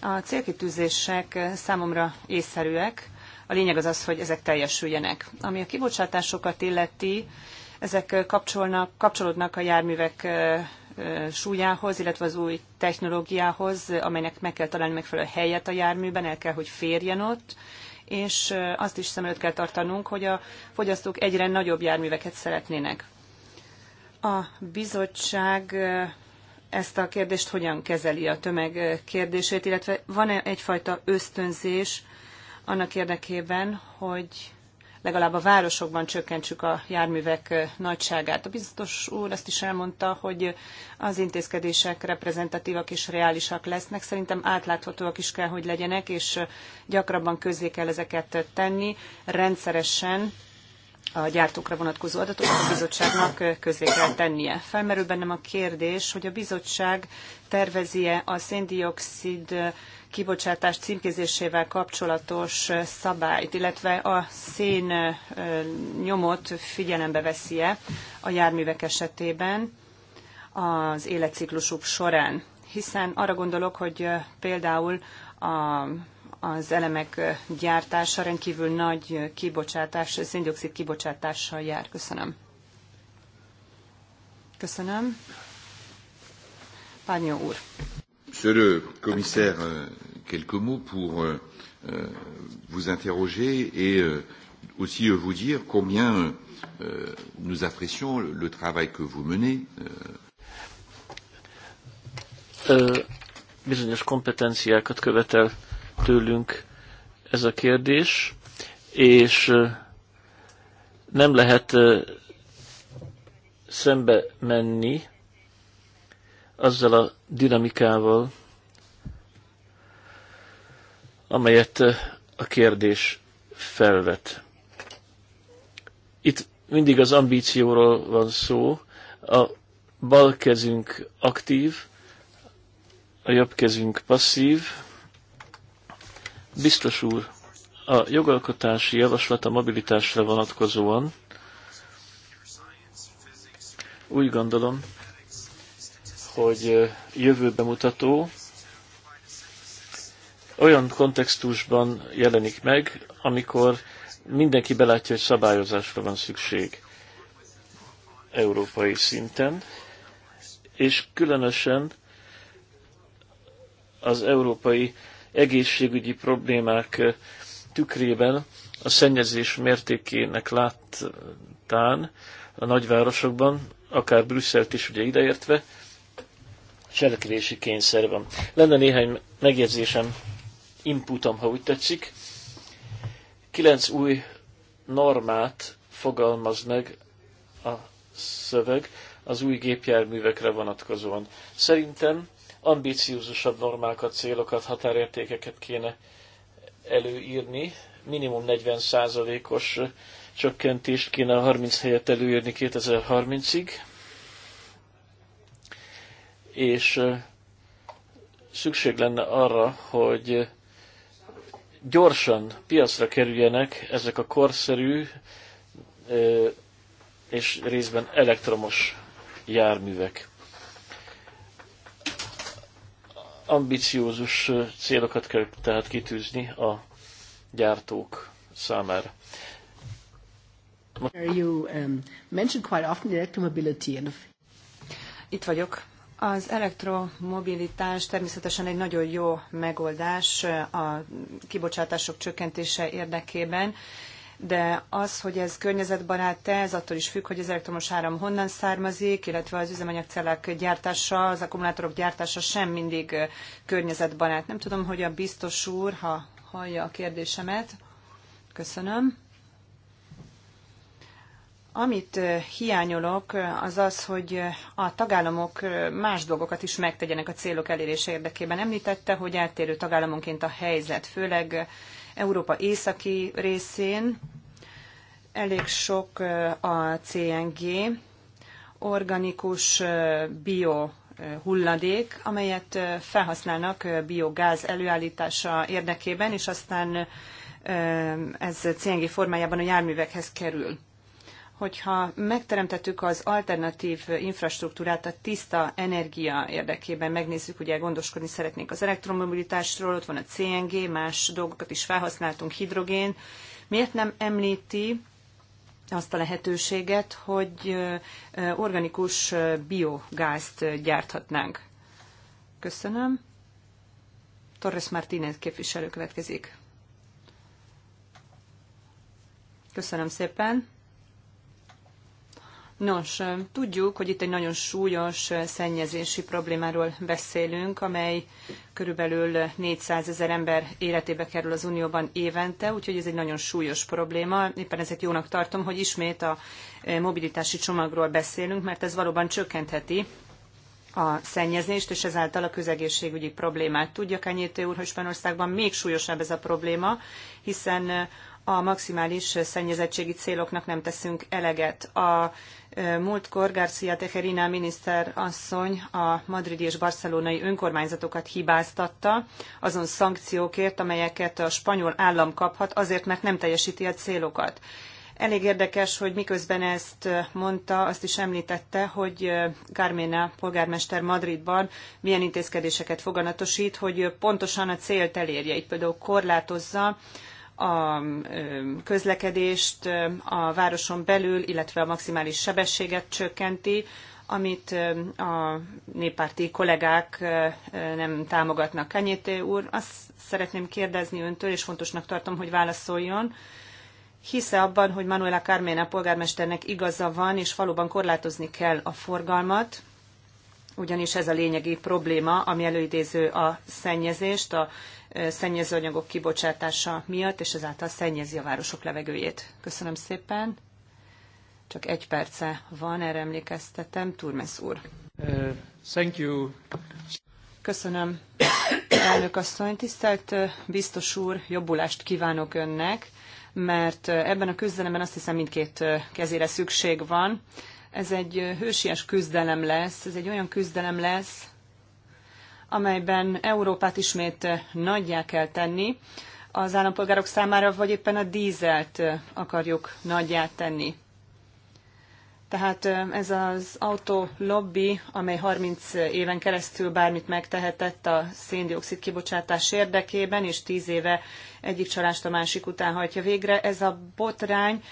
a célkitűzések számomra észszerűek. A lényeg az az, hogy ezek teljesüljenek. Ami a kibocsátásokat illeti, ezek kapcsolnak, kapcsolódnak a járművek súlyához, illetve az új technológiához, amelynek meg kell találni megfelelő helyet a járműben, el kell, hogy férjen ott, és azt is szem előtt kell tartanunk, hogy a fogyasztók egyre nagyobb járműveket szeretnének. A bizottság ezt a kérdést hogyan kezeli a tömeg kérdését, illetve van-e egyfajta ösztönzés annak érdekében, hogy legalább a városokban csökkentsük a járművek nagyságát. A biztos úr azt is elmondta, hogy az intézkedések reprezentatívak és reálisak lesznek. Szerintem átláthatóak is kell, hogy legyenek, és gyakrabban közzé kell ezeket tenni rendszeresen a gyártókra vonatkozó adatokat a bizottságnak közé kell tennie. Felmerül bennem a kérdés, hogy a bizottság tervezi-e a széndiokszid kibocsátás címkézésével kapcsolatos szabályt, illetve a szén nyomot figyelembe veszi-e a járművek esetében az életciklusuk során. Hiszen arra gondolok, hogy például a az elemek gyártása rendkívül nagy kibocsátás, széndiokszid kibocsátással jár. Köszönöm. Köszönöm. Pányó úr. Monsieur le commissaire, euh, quelques mots pour euh, euh, vous interroger et aussi vous dire combien nous apprécions le travail que vous menez. Bizonyos kompetenciákat követel tőlünk ez a kérdés, és nem lehet szembe menni azzal a dinamikával, amelyet a kérdés felvet. Itt mindig az ambícióról van szó. A bal kezünk aktív, a jobb kezünk passzív, Biztos úr, a jogalkotási javaslat a mobilitásra vonatkozóan úgy gondolom, hogy jövőbe mutató, olyan kontextusban jelenik meg, amikor mindenki belátja, hogy szabályozásra van szükség európai szinten, és különösen az európai egészségügyi problémák tükrében a szennyezés mértékének láttán a nagyvárosokban, akár Brüsszelt is ugye ideértve, cselekvési kényszer van. Lenne néhány megjegyzésem, inputom, ha úgy tetszik. Kilenc új normát fogalmaz meg a szöveg az új gépjárművekre vonatkozóan. Szerintem ambíciózusabb normákat, célokat, határértékeket kéne előírni. Minimum 40%-os csökkentést kéne a 30 helyet előírni 2030-ig. És szükség lenne arra, hogy gyorsan piacra kerüljenek ezek a korszerű és részben elektromos járművek. ambiciózus célokat kell tehát kitűzni a gyártók számára. You um, mentioned quite often electromobility and itt vagyok. Az elektromobilitás természetesen egy nagyon jó megoldás a kibocsátások csökkentése érdekében, de az, hogy ez környezetbarát-e, ez attól is függ, hogy az elektromos áram honnan származik, illetve az üzemanyagcellák gyártása, az akkumulátorok gyártása sem mindig környezetbarát. Nem tudom, hogy a biztos úr, ha hallja a kérdésemet. Köszönöm. Amit hiányolok, az az, hogy a tagállamok más dolgokat is megtegyenek a célok elérése érdekében. Említette, hogy eltérő tagállamonként a helyzet, főleg Európa északi részén elég sok a CNG, organikus bio hulladék, amelyet felhasználnak biogáz előállítása érdekében, és aztán ez CNG formájában a járművekhez kerül hogyha megteremtettük az alternatív infrastruktúrát a tiszta energia érdekében, megnézzük, ugye gondoskodni szeretnénk az elektromobilitásról, ott van a CNG, más dolgokat is felhasználtunk, hidrogén. Miért nem említi azt a lehetőséget, hogy organikus biogázt gyárthatnánk? Köszönöm. Torres Martínez képviselő következik. Köszönöm szépen. Nos, tudjuk, hogy itt egy nagyon súlyos szennyezési problémáról beszélünk, amely körülbelül 400 ezer ember életébe kerül az Unióban évente, úgyhogy ez egy nagyon súlyos probléma. Éppen ezért jónak tartom, hogy ismét a mobilitási csomagról beszélünk, mert ez valóban csökkentheti a szennyezést, és ezáltal a közegészségügyi problémát. Tudja Kenyétő úr, hogy Spanországban még súlyosabb ez a probléma, hiszen a maximális szennyezettségi céloknak nem teszünk eleget. A Múltkor García Teherina miniszter asszony a madridi és barcelonai önkormányzatokat hibáztatta azon szankciókért, amelyeket a spanyol állam kaphat azért, mert nem teljesíti a célokat. Elég érdekes, hogy miközben ezt mondta, azt is említette, hogy Carmena polgármester Madridban milyen intézkedéseket foganatosít, hogy pontosan a célt elérje. így például korlátozza a közlekedést a városon belül, illetve a maximális sebességet csökkenti, amit a néppárti kollégák nem támogatnak. Kenyéte úr, azt szeretném kérdezni öntől, és fontosnak tartom, hogy válaszoljon, hisze abban, hogy Manuela Carmena polgármesternek igaza van, és valóban korlátozni kell a forgalmat, ugyanis ez a lényegi probléma, ami előidéző a szennyezést, a szennyezőanyagok kibocsátása miatt, és ezáltal szennyezi a városok levegőjét. Köszönöm szépen. Csak egy perce van, erre emlékeztetem. Turmes úr. Uh, thank you. Köszönöm, elnök asszony. Tisztelt biztos úr, jobbulást kívánok önnek, mert ebben a küzdelemben azt hiszem mindkét kezére szükség van. Ez egy hősies küzdelem lesz, ez egy olyan küzdelem lesz, amelyben Európát ismét nagyjá kell tenni az állampolgárok számára, vagy éppen a dízelt akarjuk nagyjá tenni. Tehát ez az autó lobby, amely 30 éven keresztül bármit megtehetett a széndiokszid kibocsátás érdekében, és 10 éve egyik csalást a másik után hajtja végre, ez a botrány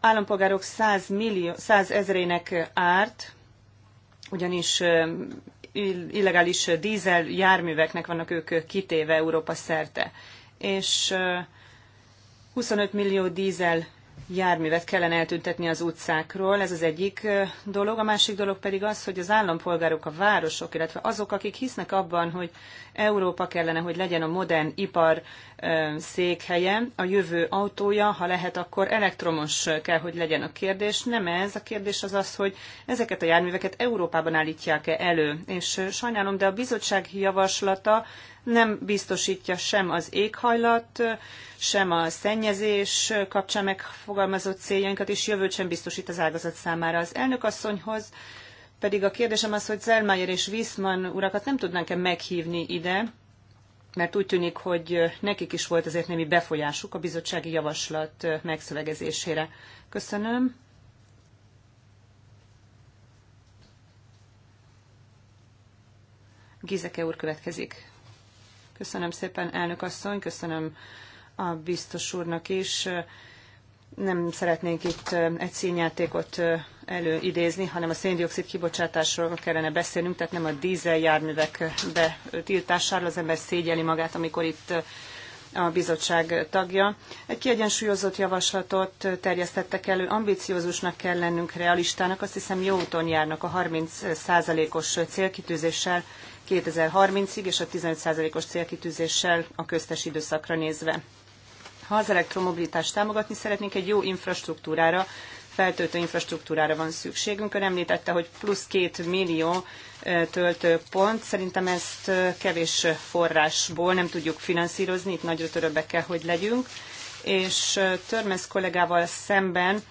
állampolgárok 100, millió, 100 ezrének árt, ugyanis illegális dízel járműveknek vannak ők kitéve Európa szerte. És 25 millió dízel járművet kellene eltüntetni az utcákról, ez az egyik dolog. A másik dolog pedig az, hogy az állampolgárok, a városok, illetve azok, akik hisznek abban, hogy Európa kellene, hogy legyen a modern ipar székhelye, a jövő autója, ha lehet, akkor elektromos kell, hogy legyen a kérdés. Nem ez, a kérdés az az, hogy ezeket a járműveket Európában állítják-e elő. És sajnálom, de a bizottság javaslata nem biztosítja sem az éghajlat, sem a szennyezés kapcsán megfogalmazott céljainkat, és jövőt sem biztosít az ágazat számára. Az elnök asszonyhoz pedig a kérdésem az, hogy Zellmayer és Wiesmann urakat nem tudnánk-e meghívni ide, mert úgy tűnik, hogy nekik is volt azért némi befolyásuk a bizottsági javaslat megszövegezésére. Köszönöm. Gizeke úr következik. Köszönöm szépen, elnök asszony, köszönöm a biztos úrnak is. Nem szeretnénk itt egy színjátékot előidézni, hanem a széndiokszid kibocsátásról kellene beszélnünk, tehát nem a dízel járművek betiltásáról. Az ember szégyeli magát, amikor itt a bizottság tagja. Egy kiegyensúlyozott javaslatot terjesztettek elő, ambiciózusnak kell lennünk realistának, azt hiszem jó úton járnak a 30 os célkitűzéssel 2030-ig és a 15%-os célkitűzéssel a köztes időszakra nézve. Ha az elektromobilitást támogatni szeretnénk, egy jó infrastruktúrára, feltöltő infrastruktúrára van szükségünk. Ön említette, hogy plusz két millió töltőpont. Szerintem ezt kevés forrásból nem tudjuk finanszírozni, itt nagyra törőbbek kell, hogy legyünk. És Törmesz kollégával szemben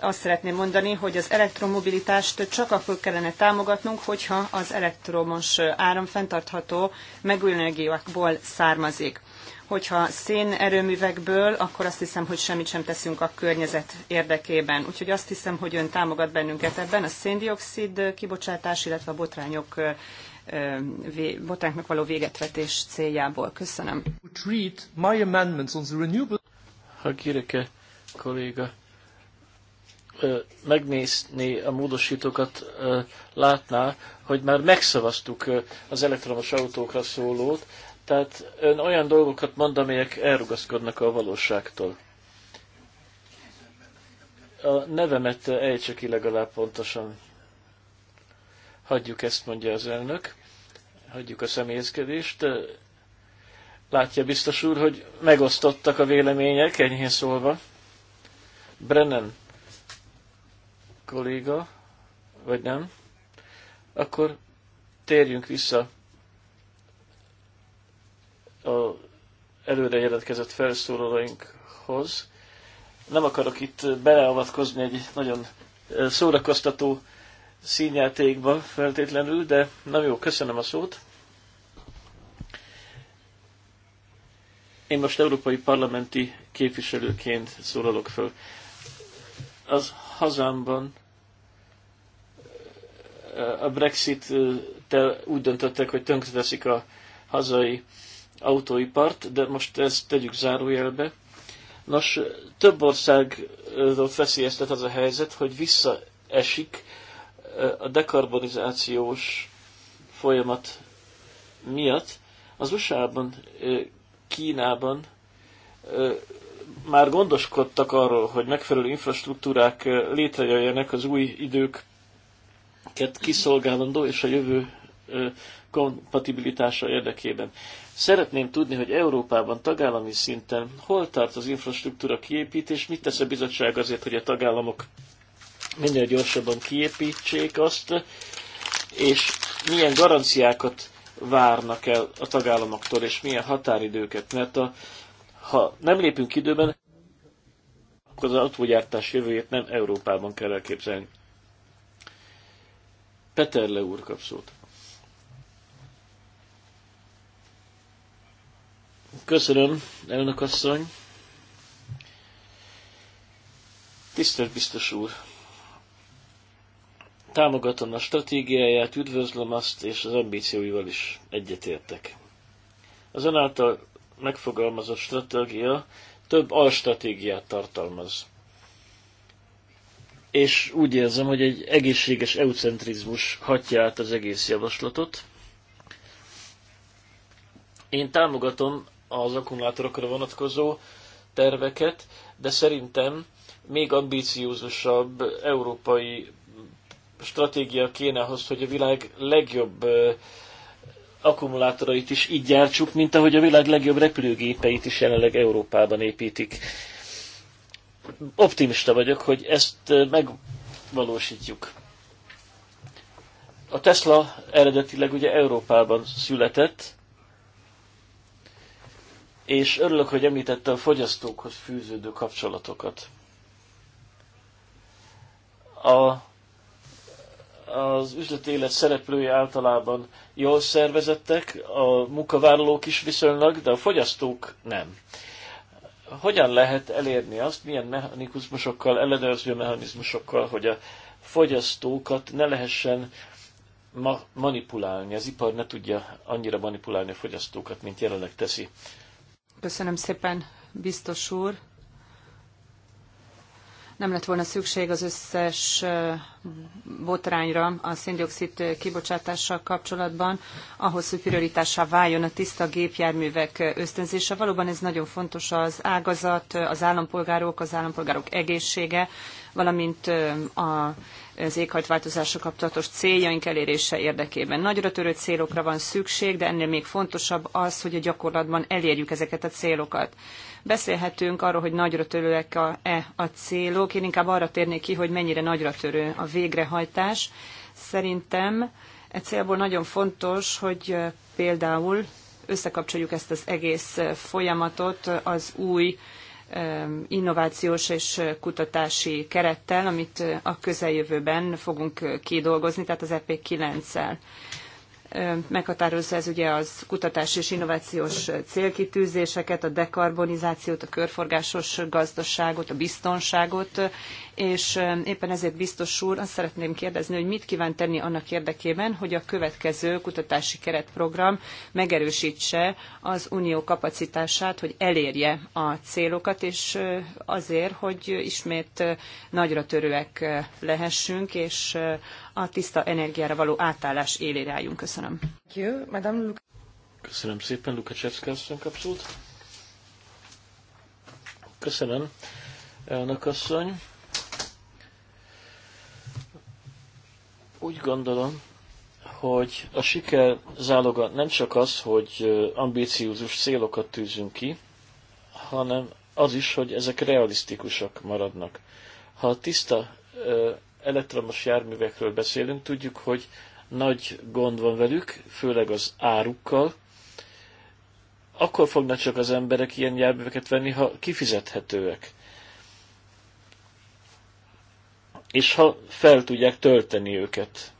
azt szeretném mondani, hogy az elektromobilitást csak akkor kellene támogatnunk, hogyha az elektromos áram fenntartható megújuló származik. Hogyha szén erőművekből, akkor azt hiszem, hogy semmit sem teszünk a környezet érdekében. Úgyhogy azt hiszem, hogy ön támogat bennünket ebben a széndiokszid kibocsátás, illetve a botrányok botrányoknak való végetvetés céljából. Köszönöm. Ha kérek -e, kolléga megnézni a módosítókat, látná, hogy már megszavaztuk az elektromos autókra szólót, tehát ön olyan dolgokat mond, amelyek elrugaszkodnak a valóságtól. A nevemet ejtse ki legalább pontosan. Hagyjuk ezt, mondja az elnök. Hagyjuk a személyezkedést. Látja biztos úr, hogy megosztottak a vélemények, enyhén szólva. Brennan kolléga, vagy nem, akkor térjünk vissza a előre jelentkezett felszólalóinkhoz. Nem akarok itt beleavatkozni egy nagyon eh, szórakoztató színjátékba feltétlenül, de nem jó, köszönöm a szót. Én most európai parlamenti képviselőként szólalok föl az hazámban a brexit te úgy döntöttek, hogy tönkreteszik a hazai autóipart, de most ezt tegyük zárójelbe. Nos, több országról feszélyeztet az a helyzet, hogy visszaesik a dekarbonizációs folyamat miatt. Az USA-ban, Kínában már gondoskodtak arról, hogy megfelelő infrastruktúrák eh, létrejöjjenek az új időket kiszolgálandó és a jövő eh, kompatibilitása érdekében. Szeretném tudni, hogy Európában tagállami szinten hol tart az infrastruktúra kiépítés, mit tesz a bizottság azért, hogy a tagállamok minél gyorsabban kiépítsék azt, és milyen garanciákat várnak el a tagállamoktól, és milyen határidőket, mert a, ha nem lépünk időben, az autógyártás jövőjét nem Európában kell elképzelni. Le úr kap szót. Köszönöm, elnök asszony. Tisztelt biztos úr! Támogatom a stratégiáját, üdvözlöm azt, és az ambícióival is egyetértek. Az önáltal megfogalmazott stratégia több alstratégiát tartalmaz. És úgy érzem, hogy egy egészséges eucentrizmus hatja át az egész javaslatot. Én támogatom az akkumulátorokra vonatkozó terveket, de szerintem még ambíciózusabb európai stratégia kéne ahhoz, hogy a világ legjobb akkumulátorait is így gyártsuk, mint ahogy a világ legjobb repülőgépeit is jelenleg Európában építik. Optimista vagyok, hogy ezt megvalósítjuk. A Tesla eredetileg ugye Európában született, és örülök, hogy említette a fogyasztókhoz fűződő kapcsolatokat. A az üzleti élet szereplői általában jól szervezettek, a munkavállalók is viszonylag, de a fogyasztók nem. Hogyan lehet elérni azt, milyen mechanizmusokkal, ellenőrző mechanizmusokkal, hogy a fogyasztókat ne lehessen ma- manipulálni, az ipar ne tudja annyira manipulálni a fogyasztókat, mint jelenleg teszi. Köszönöm szépen, biztos úr nem lett volna szükség az összes botrányra a széndiokszid kibocsátással kapcsolatban, ahhoz, hogy prioritássá váljon a tiszta gépjárművek ösztönzése. Valóban ez nagyon fontos az ágazat, az állampolgárok, az állampolgárok egészsége valamint a az éghajtváltozások kapcsolatos céljaink elérése érdekében. Nagyra törő célokra van szükség, de ennél még fontosabb az, hogy a gyakorlatban elérjük ezeket a célokat. Beszélhetünk arról, hogy nagyra törőek-e a célok. Én inkább arra térnék ki, hogy mennyire nagyra törő a végrehajtás. Szerintem e célból nagyon fontos, hogy például összekapcsoljuk ezt az egész folyamatot az új innovációs és kutatási kerettel, amit a közeljövőben fogunk kidolgozni, tehát az ep 9 szel Meghatározza ez ugye az kutatási és innovációs célkitűzéseket, a dekarbonizációt, a körforgásos gazdaságot, a biztonságot, és éppen ezért biztos úr, azt szeretném kérdezni, hogy mit kíván tenni annak érdekében, hogy a következő kutatási keretprogram megerősítse az unió kapacitását, hogy elérje a célokat, és azért, hogy ismét nagyra törőek lehessünk, és a tiszta energiára való átállás élére álljunk. Köszönöm. Köszönöm szépen, Lukacsevszka kapszót. Köszönöm, elnök asszony. Úgy gondolom, hogy a siker záloga nem csak az, hogy ambíciózus célokat tűzünk ki, hanem az is, hogy ezek realisztikusak maradnak. Ha a tiszta elektromos járművekről beszélünk, tudjuk, hogy nagy gond van velük, főleg az árukkal. Akkor fognak csak az emberek ilyen járműveket venni, ha kifizethetőek. és ha fel tudják tölteni őket.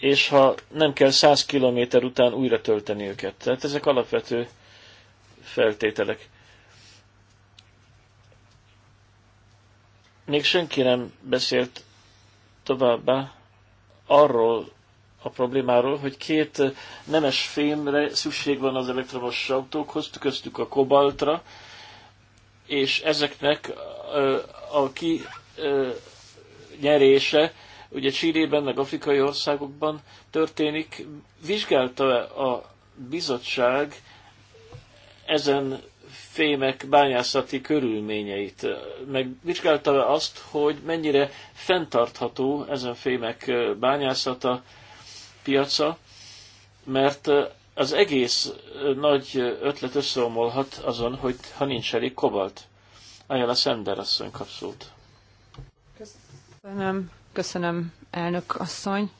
És ha nem kell 100 km után újra tölteni őket. Tehát ezek alapvető feltételek. Még senki nem beszélt továbbá arról a problémáról, hogy két nemes fémre szükség van az elektromos autókhoz, köztük a kobaltra, és ezeknek a ki ö, nyerése, ugye Csírében, meg afrikai országokban történik. Vizsgálta -e a bizottság ezen fémek bányászati körülményeit? Meg vizsgálta -e azt, hogy mennyire fenntartható ezen fémek bányászata, piaca, mert az egész nagy ötlet összeomolhat azon, hogy ha nincs elég kobalt. Ajánl a Szender asszony kap Köszönöm, köszönöm elnök asszony.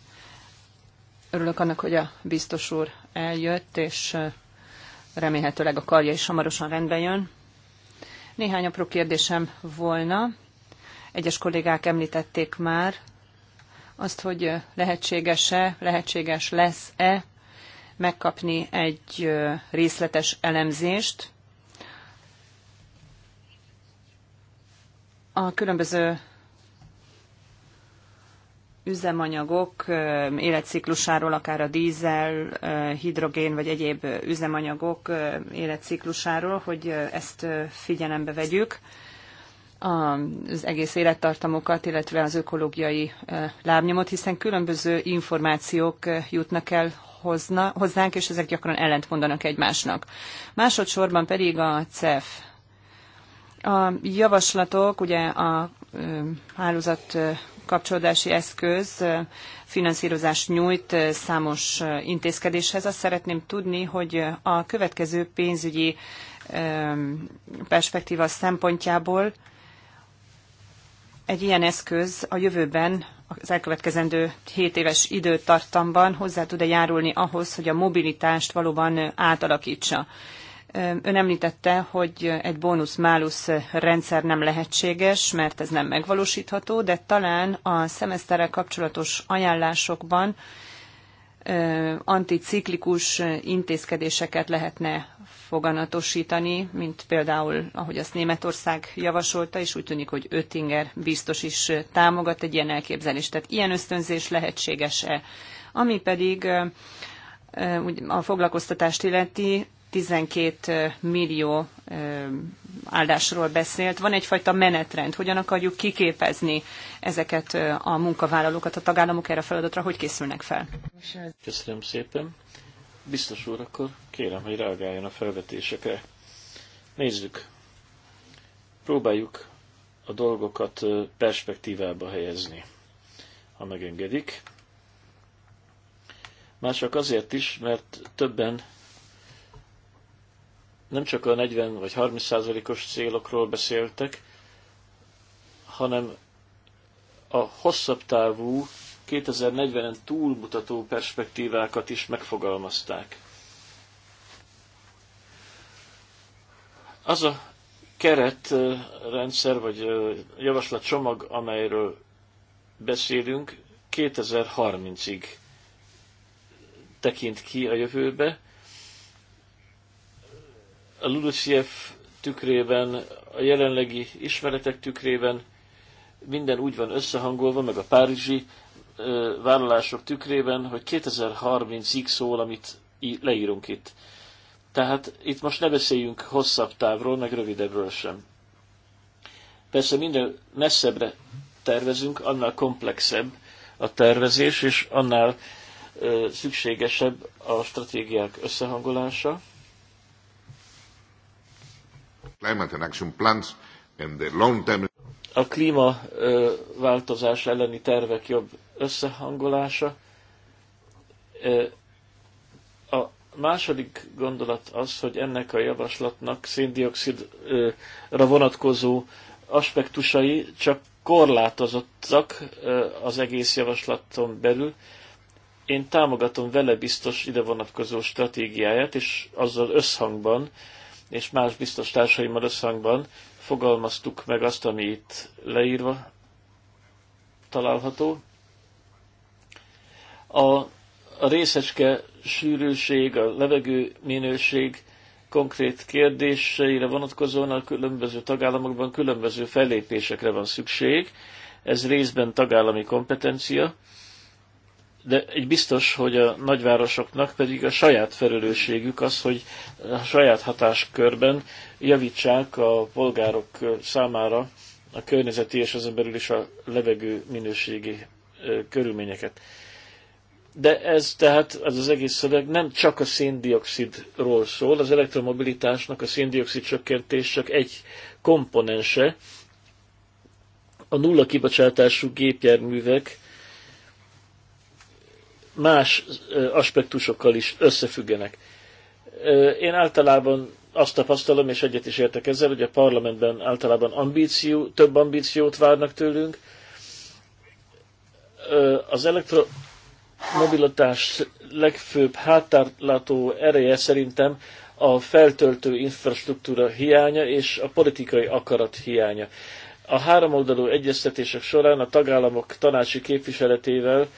Örülök annak, hogy a biztos úr eljött, és remélhetőleg a karja is hamarosan rendbe jön. Néhány apró kérdésem volna. Egyes kollégák említették már azt, hogy lehetséges-e, lehetséges lesz-e megkapni egy részletes elemzést a különböző üzemanyagok életciklusáról, akár a dízel, hidrogén vagy egyéb üzemanyagok életciklusáról, hogy ezt figyelembe vegyük az egész élettartamokat, illetve az ökológiai lábnyomot, hiszen különböző információk jutnak el hozna, hozzánk, és ezek gyakran ellentmondanak egymásnak. Másodszorban pedig a CEF. A javaslatok ugye a hálózat kapcsolódási eszköz finanszírozás nyújt számos intézkedéshez. Azt szeretném tudni, hogy a következő pénzügyi perspektíva szempontjából egy ilyen eszköz a jövőben, az elkövetkezendő 7 éves időtartamban hozzá tud-e járulni ahhoz, hogy a mobilitást valóban átalakítsa. Ön említette, hogy egy bónusz-málusz rendszer nem lehetséges, mert ez nem megvalósítható, de talán a szemeszterrel kapcsolatos ajánlásokban anticiklikus intézkedéseket lehetne foganatosítani, mint például, ahogy azt Németország javasolta, és úgy tűnik, hogy Öttinger biztos is támogat egy ilyen elképzelést. Tehát ilyen ösztönzés lehetséges-e? Ami pedig a foglalkoztatást illeti, 12 millió áldásról beszélt. Van egyfajta menetrend, hogyan akarjuk kiképezni ezeket a munkavállalókat, a tagállamok erre a feladatra, hogy készülnek fel? Köszönöm szépen. Biztos úr, akkor kérem, hogy reagáljon a felvetésekre. Nézzük. Próbáljuk a dolgokat perspektívába helyezni, ha megengedik. Mások azért is, mert többen nem csak a 40 vagy 30 százalékos célokról beszéltek, hanem a hosszabb távú 2040-en túlmutató perspektívákat is megfogalmazták. Az a keretrendszer vagy javaslatcsomag, amelyről beszélünk, 2030-ig tekint ki a jövőbe, a Lulusiev tükrében, a jelenlegi ismeretek tükrében minden úgy van összehangolva, meg a párizsi ö, vállalások tükrében, hogy 2030-ig szól, amit leírunk itt. Tehát itt most ne beszéljünk hosszabb távról, meg rövidebbről sem. Persze minden messzebbre tervezünk, annál komplexebb a tervezés, és annál ö, szükségesebb a stratégiák összehangolása climate and action plans and the long term... A klímaváltozás elleni tervek jobb összehangolása. A második gondolat az, hogy ennek a javaslatnak széndiokszidra vonatkozó aspektusai csak korlátozottak az egész javaslaton belül. Én támogatom vele biztos ide vonatkozó stratégiáját, és azzal összhangban, és más biztos társaim összhangban fogalmaztuk meg azt, ami itt leírva található. A, a részecske sűrűség, a levegő minőség konkrét kérdéseire vonatkozóan a különböző tagállamokban különböző fellépésekre van szükség. Ez részben tagállami kompetencia, de egy biztos, hogy a nagyvárosoknak pedig a saját felelősségük az, hogy a saját hatáskörben javítsák a polgárok számára a környezeti és azon belül is a levegő minőségi körülményeket. De ez tehát, az az egész szöveg nem csak a széndiokszidról szól, az elektromobilitásnak a széndiokszid csökkentés csak egy komponense. A nulla kibocsátású gépjárművek más aspektusokkal is összefüggenek. Én általában azt tapasztalom, és egyet is értek ezzel, hogy a parlamentben általában ambíció, több ambíciót várnak tőlünk. Az elektromobilitás legfőbb háttárlátó ereje szerintem a feltöltő infrastruktúra hiánya és a politikai akarat hiánya. A háromoldalú egyeztetések során a tagállamok tanácsi képviseletével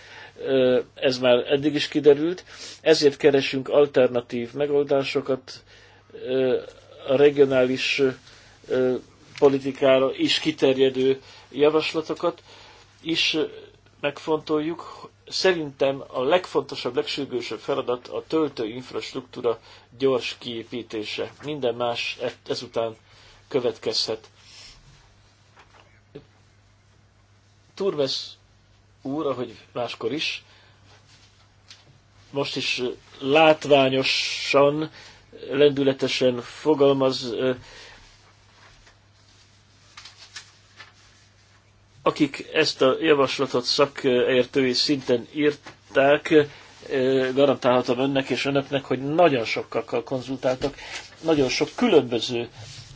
ez már eddig is kiderült, ezért keresünk alternatív megoldásokat a regionális politikára is kiterjedő javaslatokat is megfontoljuk. Szerintem a legfontosabb, legsürgősebb feladat a töltő infrastruktúra gyors kiépítése. Minden más e- ezután következhet. Turmes úr, ahogy máskor is, most is látványosan, lendületesen fogalmaz, akik ezt a javaslatot szakértői szinten írták, garantálhatom önnek és önöknek, hogy nagyon sokakkal konzultáltak, nagyon sok különböző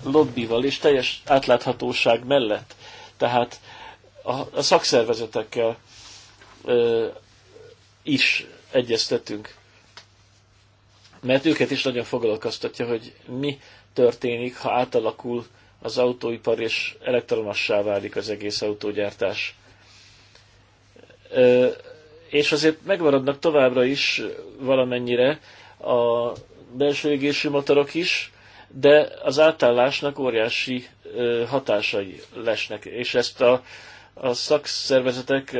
lobbival és teljes átláthatóság mellett, tehát a, a szakszervezetekkel, ö, is egyeztetünk. Mert őket is nagyon foglalkoztatja, hogy mi történik, ha átalakul az autóipar, és elektromossá válik az egész autógyártás. Ö, és azért megmaradnak továbbra is valamennyire a belső égésű motorok is, de az átállásnak óriási hatásai lesnek, és ezt a, a szakszervezetek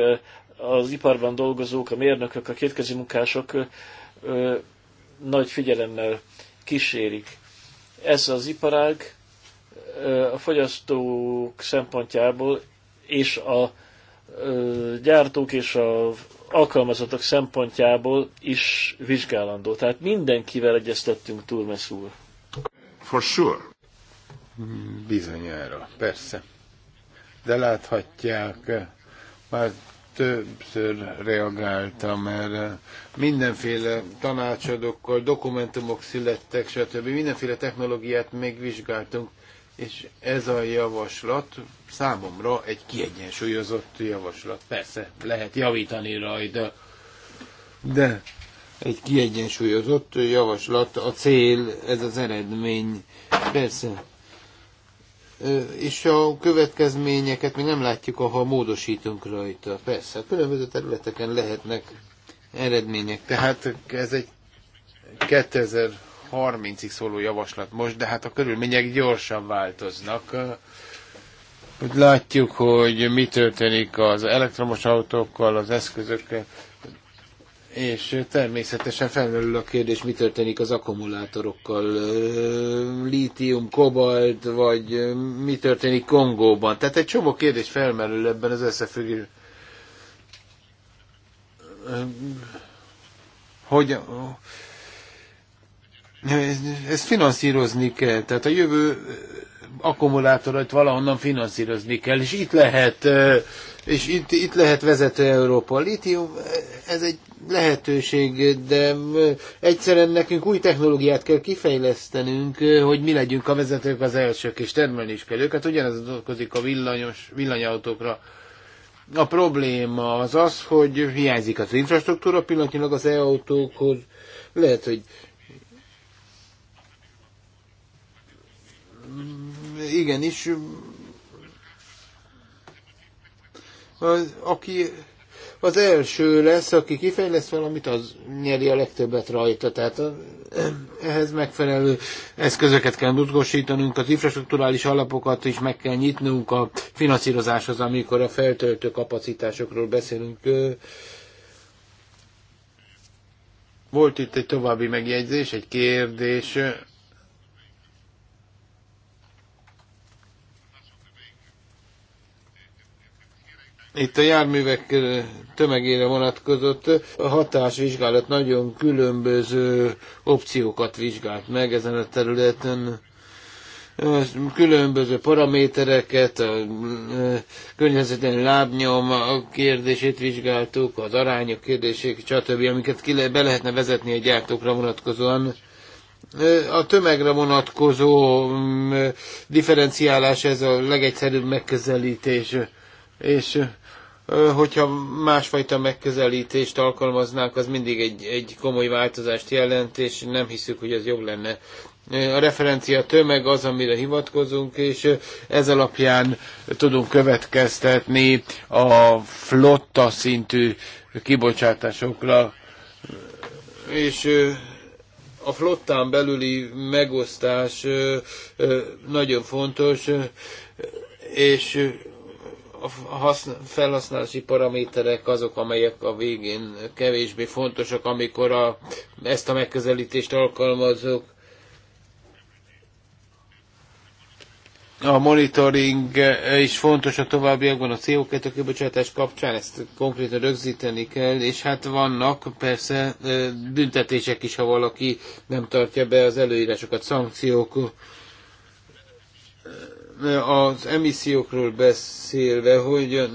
az iparban dolgozók, a mérnökök, a kétkezi munkások ö, nagy figyelemmel kísérik. Ez az iparág ö, a fogyasztók szempontjából és a ö, gyártók és a alkalmazottak szempontjából is vizsgálandó. Tehát mindenkivel egyeztettünk túl úr. For sure. Bizonyára, persze. De láthatják, már többször reagáltam erre. Mindenféle tanácsadókkal, dokumentumok születtek, stb. Mindenféle technológiát megvizsgáltunk, és ez a javaslat számomra egy kiegyensúlyozott javaslat. Persze, lehet javítani rajta, de egy kiegyensúlyozott javaslat, a cél, ez az eredmény. Persze, és a következményeket még nem látjuk, ha módosítunk rajta. Persze, a különböző területeken lehetnek eredmények. Tehát ez egy 2030-ig szóló javaslat most, de hát a körülmények gyorsan változnak. látjuk, hogy mi történik az elektromos autókkal, az eszközökkel. És természetesen felmerül a kérdés, mi történik az akkumulátorokkal, lítium, kobalt, vagy mi történik Kongóban. Tehát egy csomó kérdés felmerül ebben az összefüggésben. Hogy ezt finanszírozni kell, tehát a jövő akkumulátorot valahonnan finanszírozni kell, és itt lehet, és itt, itt lehet vezető Európa. A litium, ez egy lehetőség, de egyszerűen nekünk új technológiát kell kifejlesztenünk, hogy mi legyünk a vezetők az elsők, és termelni is kell őket. Hát ugyanez dolgozik a villanyos, villanyautókra. A probléma az az, hogy hiányzik az infrastruktúra pillanatnyilag az e-autókhoz. Lehet, hogy igenis, az, aki az első lesz, aki kifejlesz valamit, az nyeri a legtöbbet rajta. Tehát a, ehhez megfelelő eszközöket kell mozgósítanunk, az infrastruktúrális alapokat is meg kell nyitnunk a finanszírozáshoz, amikor a feltöltő kapacitásokról beszélünk. Volt itt egy további megjegyzés, egy kérdés Itt a járművek tömegére vonatkozott a hatásvizsgálat nagyon különböző opciókat vizsgált meg ezen a területen különböző paramétereket, a környezetlen lábnyom a kérdését vizsgáltuk, az arányok kérdését, stb., amiket ki le, be lehetne vezetni a gyártókra vonatkozóan. A tömegre vonatkozó differenciálás ez a legegyszerűbb megközelítés és hogyha másfajta megközelítést alkalmaznák, az mindig egy, egy komoly változást jelent, és nem hiszük, hogy ez jobb lenne. A referencia tömeg az, amire hivatkozunk, és ez alapján tudunk következtetni a flotta szintű kibocsátásokra, és a flottán belüli megosztás nagyon fontos, és felhasználási paraméterek azok, amelyek a végén kevésbé fontosak, amikor a, ezt a megközelítést alkalmazzuk. A monitoring is fontos a továbbiakban a CO2 kibocsátás kapcsán, ezt konkrétan rögzíteni kell, és hát vannak persze büntetések is, ha valaki nem tartja be az előírásokat, szankciók az emissziókról beszélve, hogy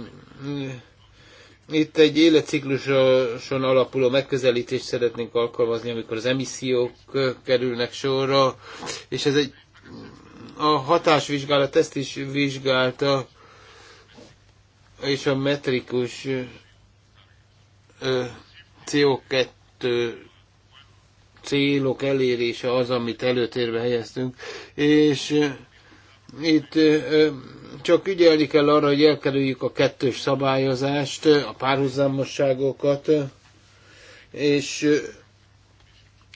itt egy életcikluson alapuló megközelítést szeretnénk alkalmazni, amikor az emissziók kerülnek sorra, és ez egy a hatásvizsgálat ezt is vizsgálta, és a metrikus CO2 célok elérése az, amit előtérbe helyeztünk, és itt csak ügyelni kell arra, hogy elkerüljük a kettős szabályozást, a párhuzamosságokat, és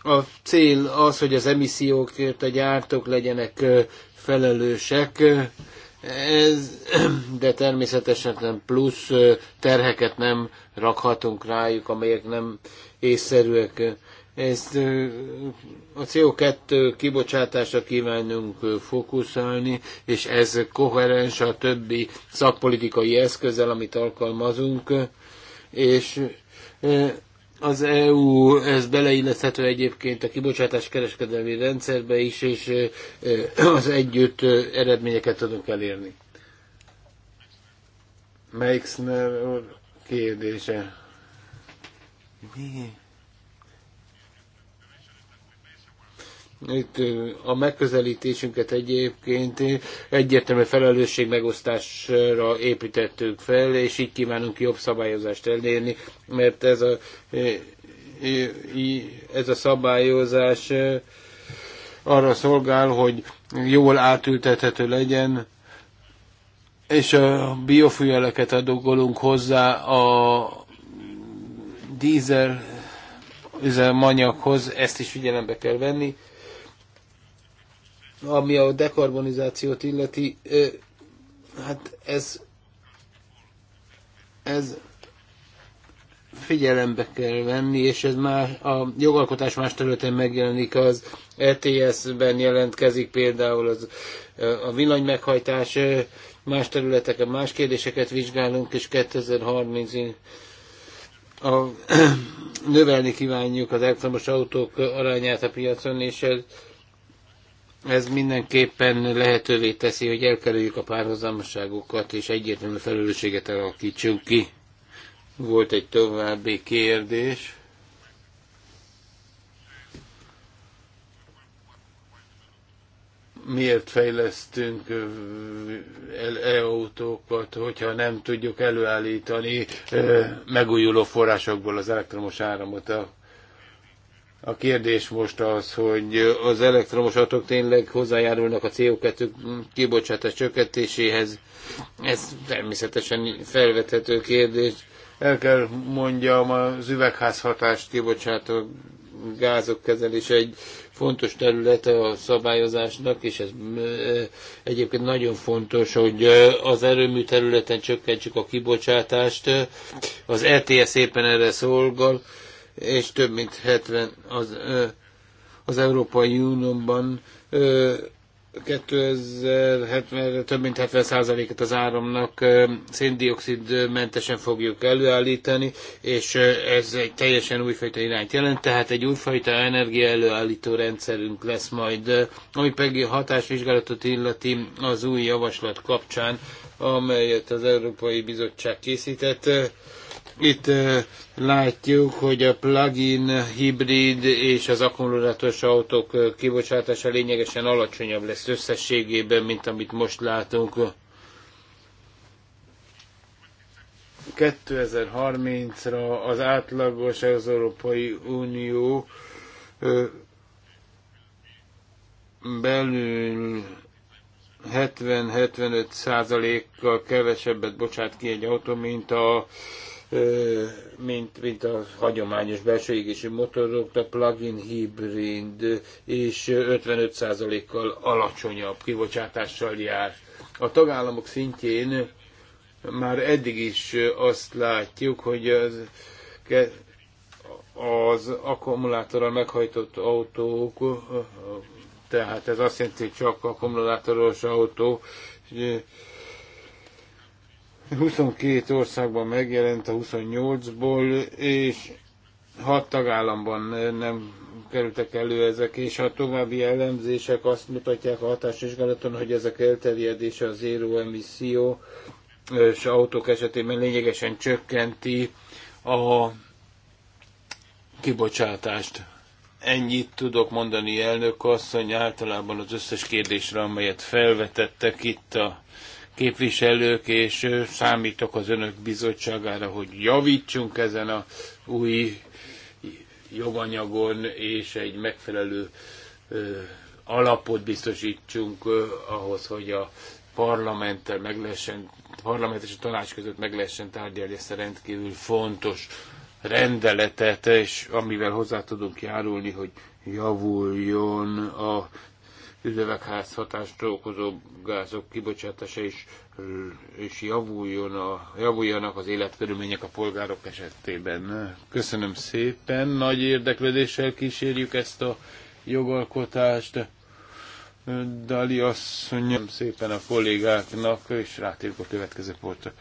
a cél az, hogy az emissziókért a gyártók legyenek felelősek, ez, de természetesen nem plusz terheket nem rakhatunk rájuk, amelyek nem észszerűek ezt a CO2 kibocsátásra kívánunk fókuszálni, és ez koherens a többi szakpolitikai eszközzel, amit alkalmazunk, és az EU, ez beleilleszthető egyébként a kibocsátás kereskedelmi rendszerbe is, és az együtt eredményeket tudunk elérni. Meixner kérdése. Mi? Itt a megközelítésünket egyébként egyértelmű felelősség megosztásra építettük fel, és így kívánunk jobb szabályozást elérni, mert ez a, ez a szabályozás arra szolgál, hogy jól átültethető legyen, és a biofüjeleket adogolunk hozzá a dízel üzemanyaghoz, ezt is figyelembe kell venni ami a dekarbonizációt illeti, hát ez, ez figyelembe kell venni, és ez már a jogalkotás más területen megjelenik, az ETS-ben jelentkezik például az, a villany meghajtás, más területeken más kérdéseket vizsgálunk, és 2030-ig a, növelni kívánjuk az elektromos autók arányát a piacon, és ez ez mindenképpen lehetővé teszi, hogy elkerüljük a párhuzamoságokat és egyértelmű felelősséget alakítsunk ki. Volt egy további kérdés. miért fejlesztünk e-autókat, hogyha nem tudjuk előállítani megújuló forrásokból az elektromos áramot. A a kérdés most az, hogy az elektromos autók tényleg hozzájárulnak a CO2 kibocsátás csökkentéséhez. Ez természetesen felvethető kérdés. El kell mondjam, az üvegházhatást kibocsátó gázok kezelése egy fontos területe a szabályozásnak, és ez egyébként nagyon fontos, hogy az erőmű területen csökkentsük a kibocsátást. Az ETS éppen erre szolgál és több mint 70 az, az Európai Unióban 2070-re több mint 70%-et az áramnak széndiokszid mentesen fogjuk előállítani, és ez egy teljesen újfajta irányt jelent, tehát egy újfajta energiaelőállító rendszerünk lesz majd. Ami pedig hatásvizsgálatot illeti az új javaslat kapcsán, amelyet az Európai Bizottság készített, itt látjuk, hogy a plug-in hibrid és az akkumulátoros autók kibocsátása lényegesen alacsonyabb lesz összességében, mint amit most látunk. 2030-ra az átlagos az Európai Unió belül 70-75 százalékkal kevesebbet bocsát ki egy autó, mint a mint, mint a hagyományos belső égési motorok, a plug-in hibrid és 55%-kal alacsonyabb kibocsátással jár. A tagállamok szintjén már eddig is azt látjuk, hogy az, az akkumulátorral meghajtott autók, tehát ez azt jelenti, hogy csak akkumulátoros autó, 22 országban megjelent a 28-ból, és 6 tagállamban nem kerültek elő ezek, és a további elemzések azt mutatják a hatásvizsgálaton, hogy ezek elterjedése az zéró emisszió és autók esetében lényegesen csökkenti a kibocsátást. Ennyit tudok mondani elnök asszony általában az összes kérdésre, amelyet felvetettek itt a képviselők, és számítok az önök bizottságára, hogy javítsunk ezen a új joganyagon, és egy megfelelő alapot biztosítsunk ahhoz, hogy a parlamenttel meg lehessen, parlament és a tanács között meg lehessen tárgyalni ezt a rendkívül fontos rendeletet, és amivel hozzá tudunk járulni, hogy javuljon a üvegházhatást okozó gázok kibocsátása is, és javuljon a, javuljanak az életkörülmények a polgárok esetében. Köszönöm szépen, nagy érdeklődéssel kísérjük ezt a jogalkotást. Dali asszonyom szépen a kollégáknak, és rátérünk a következő portra.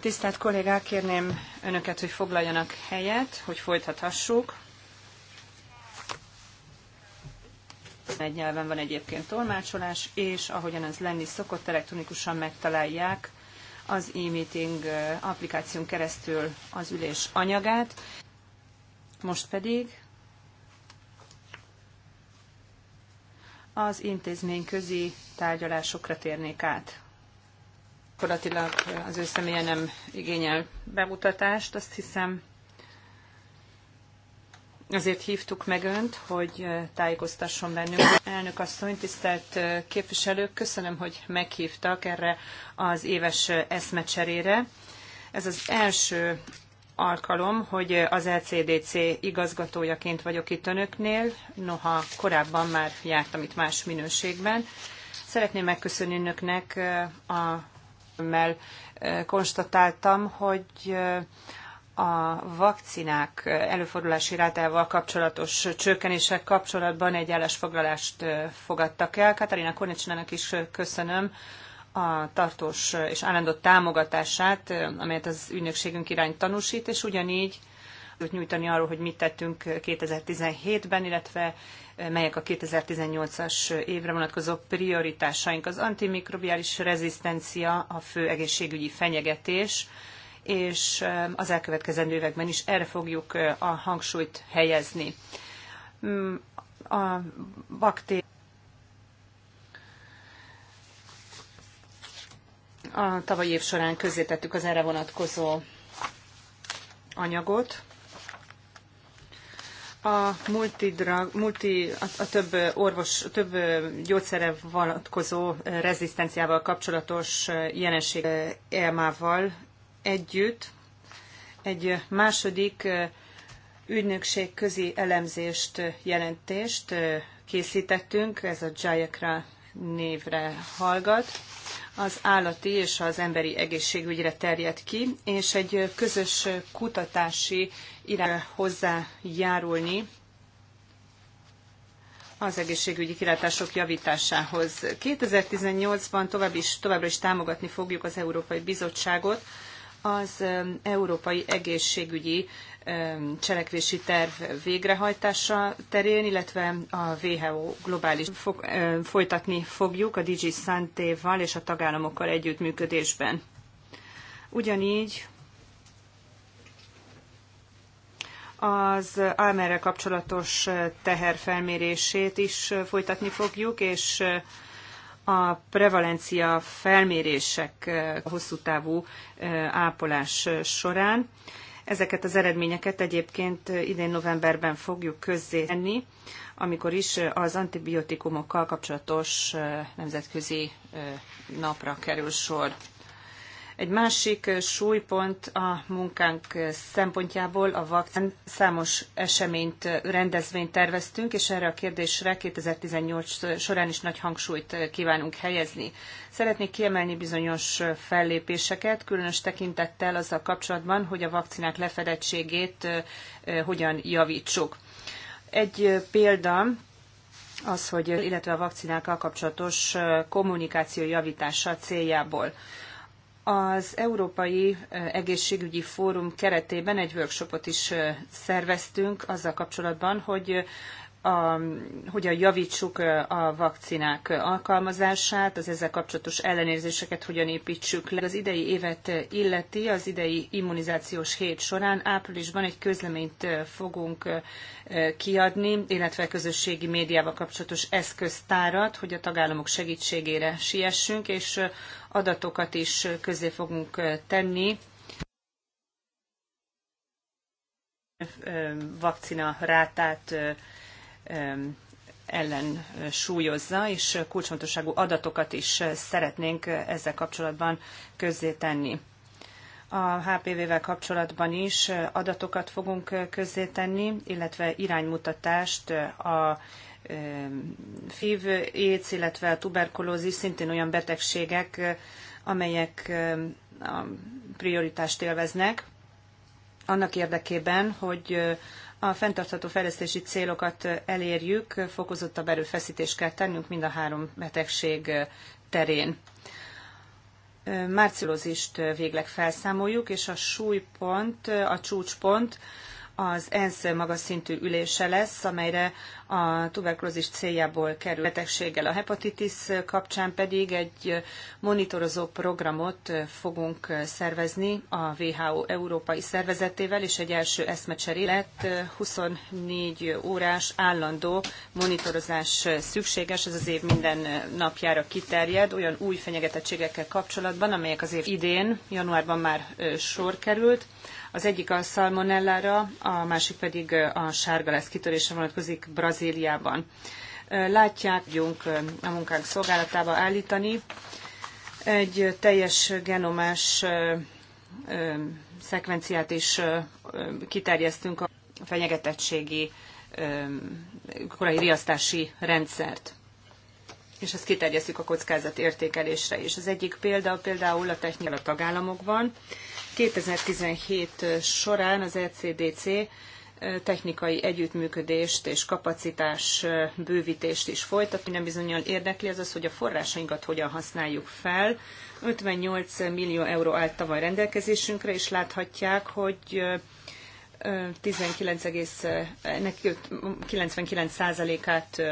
Tisztelt kollégák, kérném önöket, hogy foglaljanak helyet, hogy folytathassuk. Egy nyelven van egyébként tolmácsolás, és ahogyan ez lenni szokott, elektronikusan megtalálják az e-meeting applikáción keresztül az ülés anyagát. Most pedig az intézményközi tárgyalásokra térnék át gyakorlatilag az ő személye nem igényel bemutatást. Azt hiszem, azért hívtuk meg Önt, hogy tájékoztasson bennünk. Elnök asszony, tisztelt képviselők, köszönöm, hogy meghívtak erre az éves eszmecserére. Ez az első alkalom, hogy az LCDC igazgatójaként vagyok itt Önöknél, noha korábban már jártam itt más minőségben. Szeretném megköszönni Önöknek a örömmel konstatáltam, hogy a vakcinák előfordulási rátával kapcsolatos csökkenések kapcsolatban egy állásfoglalást fogadtak el. Katarina Konicsinának is köszönöm a tartós és állandó támogatását, amelyet az ügynökségünk irány tanúsít, és ugyanígy nyújtani arról, hogy mit tettünk 2017-ben, illetve melyek a 2018-as évre vonatkozó prioritásaink. Az antimikrobiális rezisztencia a fő egészségügyi fenyegetés, és az elkövetkezendő években is erre fogjuk a hangsúlyt helyezni. Mm, a baktéri a tavalyi év során közzétettük az erre vonatkozó anyagot, a, multidrag, multi, a, a több orvos, a több gyógyszere vonatkozó rezisztenciával kapcsolatos jelenség elmával együtt egy második ügynökség közi elemzést, jelentést készítettünk, ez a Jayakra névre hallgat. Az állati és az emberi egészségügyre terjed ki, és egy közös kutatási irány hozzájárulni az egészségügyi kilátások javításához. 2018-ban tovább is, továbbra is támogatni fogjuk az Európai Bizottságot az Európai Egészségügyi cselekvési terv végrehajtása terén, illetve a WHO globális fog, folytatni fogjuk a DG Santéval és a tagállamokkal együttműködésben. Ugyanígy az Almerrel kapcsolatos teherfelmérését is folytatni fogjuk, és a prevalencia felmérések a hosszú távú ápolás során. Ezeket az eredményeket egyébként idén novemberben fogjuk tenni, amikor is az antibiotikumokkal kapcsolatos nemzetközi napra kerül sor. Egy másik súlypont a munkánk szempontjából a vakcin számos eseményt, rendezvényt terveztünk, és erre a kérdésre 2018 során is nagy hangsúlyt kívánunk helyezni. Szeretnék kiemelni bizonyos fellépéseket, különös tekintettel azzal kapcsolatban, hogy a vakcinák lefedettségét hogyan javítsuk. Egy példa, az, hogy illetve a vakcinákkal kapcsolatos kommunikáció javítása céljából. Az Európai Egészségügyi Fórum keretében egy workshopot is szerveztünk azzal kapcsolatban, hogy a, hogyan javítsuk a vakcinák alkalmazását, az ezzel kapcsolatos ellenérzéseket hogyan építsük le. Az idei évet illeti, az idei immunizációs hét során áprilisban egy közleményt fogunk kiadni, illetve közösségi médiával kapcsolatos eszköztárat, hogy a tagállamok segítségére siessünk, és adatokat is közé fogunk tenni, vakcina rátát ellen súlyozza, és kulcsfontosságú adatokat is szeretnénk ezzel kapcsolatban közzétenni. A HPV-vel kapcsolatban is adatokat fogunk közzétenni, illetve iránymutatást a FIV, AIDS, illetve a tuberkulózis szintén olyan betegségek, amelyek a prioritást élveznek, annak érdekében, hogy a fenntartható fejlesztési célokat elérjük, fokozottabb erőfeszítést kell tennünk mind a három betegség terén. Márcilózist végleg felszámoljuk, és a súlypont, a csúcspont az ENSZ magas szintű ülése lesz, amelyre a tuberkulózis céljából kerül betegséggel. A hepatitis kapcsán pedig egy monitorozó programot fogunk szervezni a WHO európai szervezetével, és egy első lett 24 órás állandó monitorozás szükséges, ez az év minden napjára kiterjed, olyan új fenyegetettségekkel kapcsolatban, amelyek az év idén, januárban már sor került. Az egyik a szalmonellára, a másik pedig a sárga lesz kitörésre vonatkozik Brazíliában. Látják, tudjunk a munkánk szolgálatába állítani egy teljes genomás szekvenciát is kiterjesztünk a fenyegetettségi korai riasztási rendszert és ezt kiterjesztjük a kockázat értékelésre is. Az egyik példa például a technika a tagállamokban, 2017 során az ECDC technikai együttműködést és kapacitás bővítést is folytat. Nem bizonyan érdekli az az, hogy a forrásainkat hogyan használjuk fel. 58 millió euró állt tavaly rendelkezésünkre, és láthatják, hogy 99 át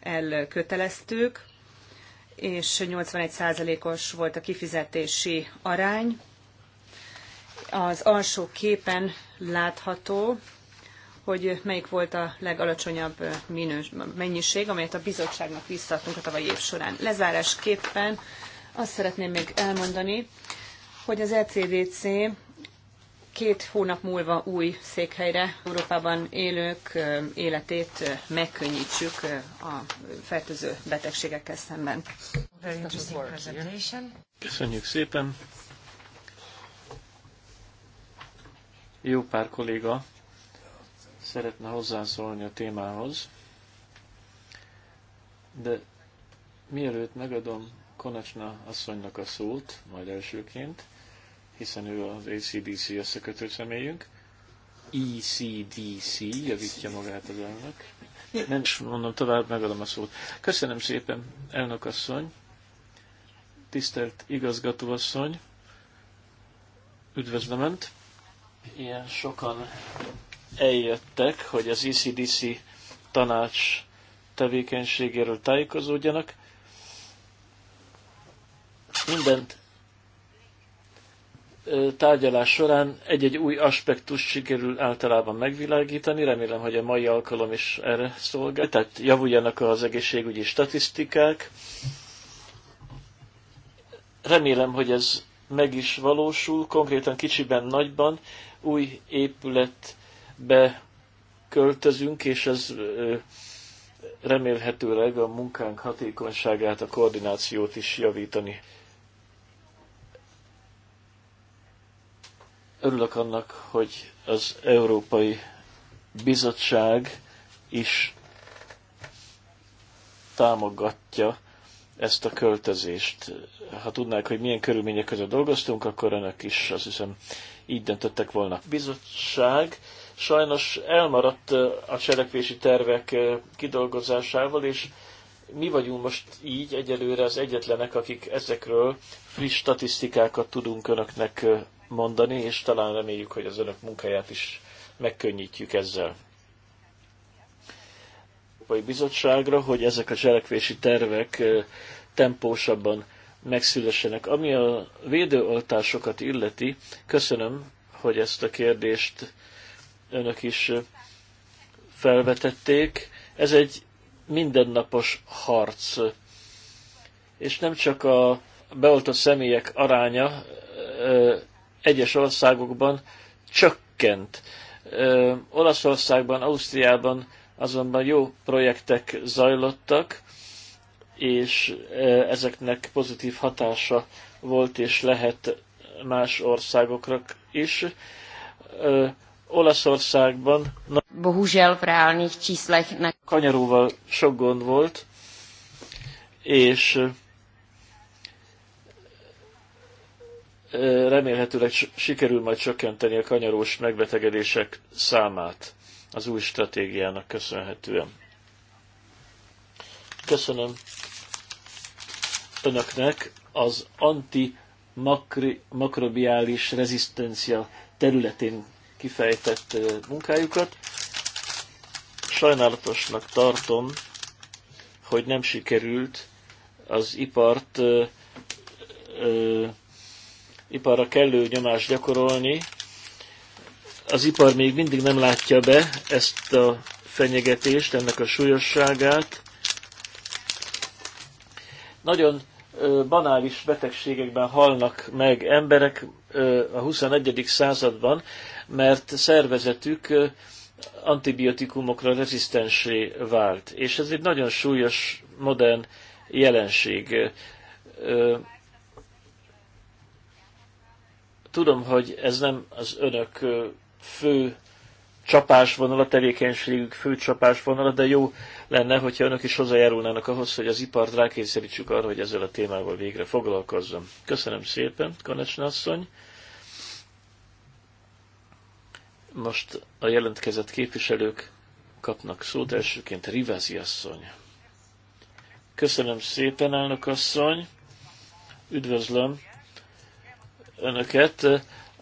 elköteleztük, és 81%-os volt a kifizetési arány. Az alsó képen látható, hogy melyik volt a legalacsonyabb minős, mennyiség, amelyet a bizottságnak visszaadtunk a tavalyi év során. Lezárásképpen azt szeretném még elmondani, hogy az ECDC két hónap múlva új székhelyre Európában élők életét megkönnyítsük a fertőző betegségekkel szemben. Köszönjük szépen! Jó pár kolléga szeretne hozzászólni a témához, de mielőtt megadom Konacsna asszonynak a szót, majd elsőként, hiszen ő az ACDC összekötő személyünk, ECDC, javítja magát az elnök. Nem is mondom tovább, megadom a szót. Köszönöm szépen, elnök asszony, tisztelt igazgató asszony, üdvözlöm Önt ilyen sokan eljöttek, hogy az ECDC tanács tevékenységéről tájékozódjanak. Mindent tárgyalás során egy-egy új aspektus sikerül általában megvilágítani. Remélem, hogy a mai alkalom is erre szolgál. Tehát javuljanak az egészségügyi statisztikák. Remélem, hogy ez meg is valósul, konkrétan kicsiben, nagyban, új épületbe költözünk, és ez remélhetőleg a munkánk hatékonyságát, a koordinációt is javítani. Örülök annak, hogy az Európai Bizottság is támogatja ezt a költözést. Ha tudnák, hogy milyen körülmények között dolgoztunk, akkor önök is azt hiszem így döntöttek volna. Bizottság sajnos elmaradt a cselekvési tervek kidolgozásával, és mi vagyunk most így egyelőre az egyetlenek, akik ezekről friss statisztikákat tudunk önöknek mondani, és talán reméljük, hogy az önök munkáját is megkönnyítjük ezzel. Európai Bizottságra, hogy ezek a cselekvési tervek tempósabban megszülessenek. Ami a védőoltásokat illeti, köszönöm, hogy ezt a kérdést önök is felvetették. Ez egy mindennapos harc, és nem csak a beoltott személyek aránya egyes országokban csökkent. Olaszországban, Ausztriában azonban jó projektek zajlottak, és e, ezeknek pozitív hatása volt és lehet más országokra is. E, Olaszországban Bohužel v reálných číslech ne... kanyarúval sok gond volt, és e, remélhetőleg sikerül majd csökkenteni a kanyarós megbetegedések számát az új stratégiának köszönhetően. Köszönöm önöknek az anti makrobiális rezisztencia területén kifejtett munkájukat. Sajnálatosnak tartom, hogy nem sikerült az ipart ö, ö, iparra kellő nyomást gyakorolni, az ipar még mindig nem látja be ezt a fenyegetést, ennek a súlyosságát. Nagyon banális betegségekben halnak meg emberek a 21. században, mert szervezetük antibiotikumokra rezisztensé vált. És ez egy nagyon súlyos, modern jelenség. Tudom, hogy ez nem az önök fő csapásvonal, a tevékenységük fő csapásvonala, de jó lenne, hogyha önök is hozzájárulnának ahhoz, hogy az ipart rákényszerítsük arra, hogy ezzel a témával végre foglalkozzon. Köszönöm szépen, Kanecsna asszony. Most a jelentkezett képviselők kapnak szót, elsőként Rivázi asszony. Köszönöm szépen, elnök asszony. Üdvözlöm Önöket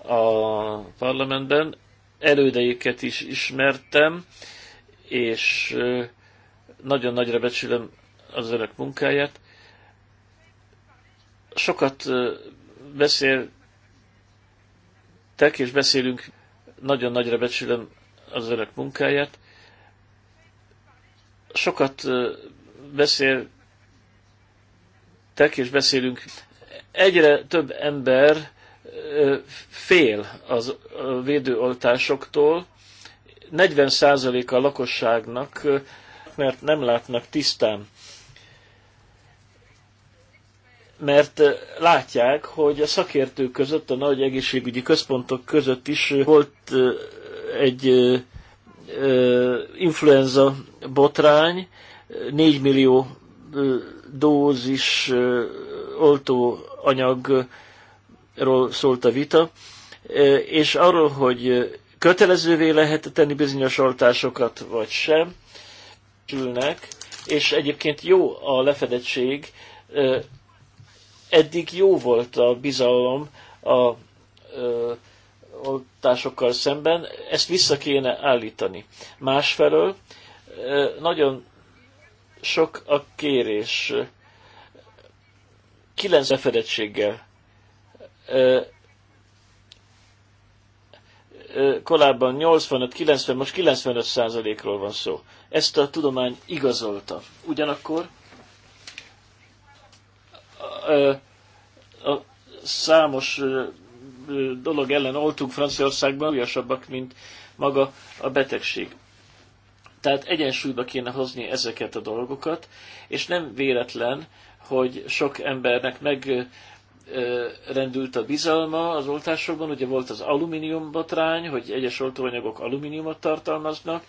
a parlamentben elődeiket is ismertem, és nagyon nagyra becsülöm az önök munkáját. Sokat beszéltek és beszélünk, nagyon nagyra becsülöm az önök munkáját. Sokat beszéltek és beszélünk. Egyre több ember fél az védőoltásoktól, 40% a lakosságnak, mert nem látnak tisztán. Mert látják, hogy a szakértők között, a nagy egészségügyi központok között is volt egy influenza botrány, 4 millió dózis oltóanyag ról szólt a vita, e, és arról, hogy kötelezővé lehet tenni bizonyos oltásokat, vagy sem, ülnek, és egyébként jó a lefedettség, e, eddig jó volt a bizalom a e, oltásokkal szemben, ezt vissza kéne állítani. Másfelől nagyon sok a kérés, kilenc lefedettséggel korábban 85-90, most 95 százalékról van szó. Ezt a tudomány igazolta. Ugyanakkor a, számos dolog ellen oltunk Franciaországban újasabbak, mint maga a betegség. Tehát egyensúlyba kéne hozni ezeket a dolgokat, és nem véletlen, hogy sok embernek meg rendült a bizalma az oltásokban, ugye volt az alumínium botrány, hogy egyes oltóanyagok alumíniumot tartalmaznak,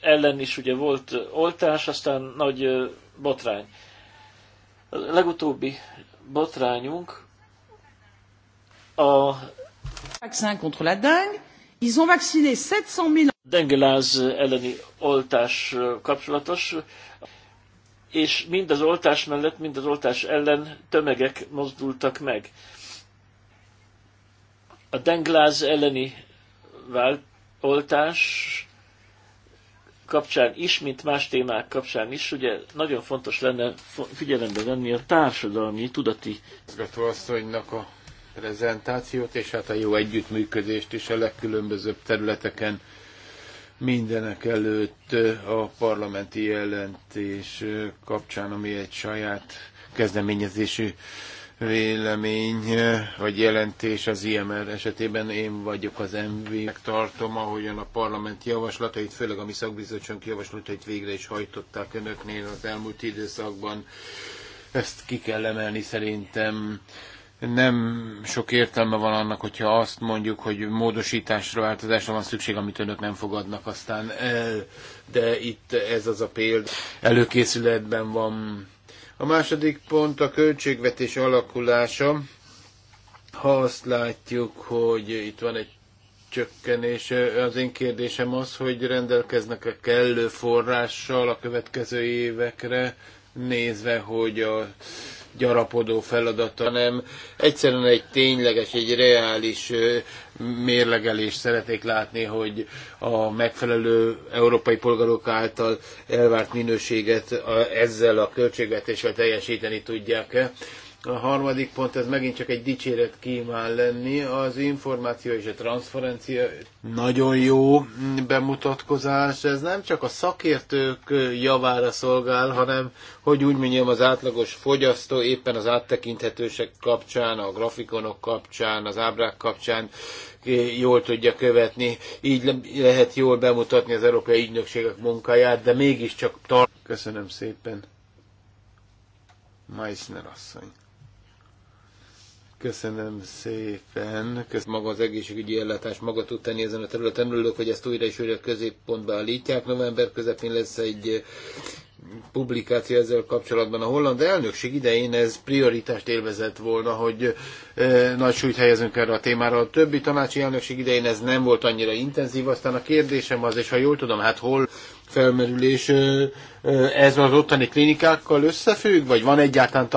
ellen is ugye volt oltás, aztán nagy botrány. A legutóbbi botrányunk a vaccin contre la dengue, ils ont vacciné 700 000 dengeláz elleni oltás kapcsolatos és mind az oltás mellett, mind az oltás ellen tömegek mozdultak meg. A dengláz elleni vált, oltás kapcsán is, mint más témák kapcsán is, ugye nagyon fontos lenne figyelembe venni a társadalmi, tudati... Gatóasszonynak a prezentációt, és hát a jó együttműködést is a legkülönbözőbb területeken Mindenek előtt a parlamenti jelentés kapcsán, ami egy saját kezdeményezésű vélemény vagy jelentés az IMR esetében. Én vagyok az MV-nek tartom, ahogyan a parlament javaslatait, főleg a mi szakbizottságunk javaslatait végre is hajtották önöknél az elmúlt időszakban. Ezt ki kell emelni szerintem nem sok értelme van annak, hogyha azt mondjuk, hogy módosításra, változásra van szükség, amit önök nem fogadnak aztán el. De itt ez az a példa. Előkészületben van. A második pont a költségvetés alakulása. Ha azt látjuk, hogy itt van egy csökkenés, az én kérdésem az, hogy rendelkeznek-e kellő forrással a következő évekre, nézve, hogy a gyarapodó feladata, hanem egyszerűen egy tényleges, egy reális mérlegelés szeretnék látni, hogy a megfelelő európai polgárok által elvárt minőséget ezzel a költségvetéssel teljesíteni tudják. e a harmadik pont, ez megint csak egy dicséret kíván lenni, az információ és a transzferencia nagyon jó bemutatkozás. Ez nem csak a szakértők javára szolgál, hanem, hogy úgy mondjam, az átlagos fogyasztó éppen az áttekinthetőség kapcsán, a grafikonok kapcsán, az ábrák kapcsán jól tudja követni. Így lehet jól bemutatni az európai ügynökségek munkáját, de mégiscsak tart. Köszönöm szépen. Meissner asszony. Köszönöm szépen. Kösz maga az egészségügyi ellátás maga tud tenni ezen a területen. Örülök, hogy ezt újra és újra középpontba állítják. November közepén lesz egy publikáció ezzel kapcsolatban. A holland elnökség idején ez prioritást élvezett volna, hogy e, nagy súlyt helyezünk erre a témára. A többi tanácsi elnökség idején ez nem volt annyira intenzív. Aztán a kérdésem az, és ha jól tudom, hát hol felmerülés, e, e ez az ottani klinikákkal összefügg, vagy van egyáltalán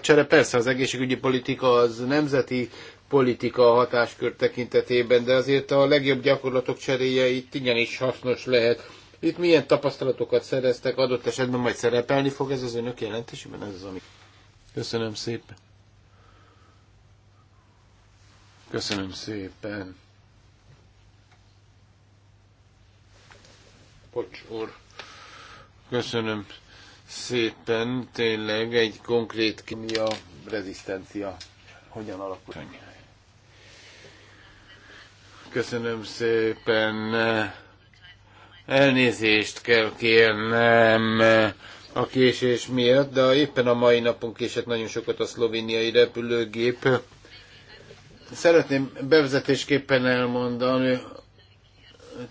csere? Persze az egészségügyi politika az nemzeti politika hatáskör tekintetében, de azért a legjobb gyakorlatok cseréje itt igenis hasznos lehet. Itt milyen tapasztalatokat szereztek, adott esetben majd szerepelni fog ez az önök jelentésében? Ez az, ami... Köszönöm szépen. Köszönöm szépen. Pocs úr. Köszönöm szépen. Tényleg egy konkrét kimia rezisztencia. Hogyan alakul? Köszönöm szépen. Elnézést kell kérnem a késés miatt, de éppen a mai napon késett nagyon sokat a szlovéniai repülőgép. Szeretném bevezetésképpen elmondani,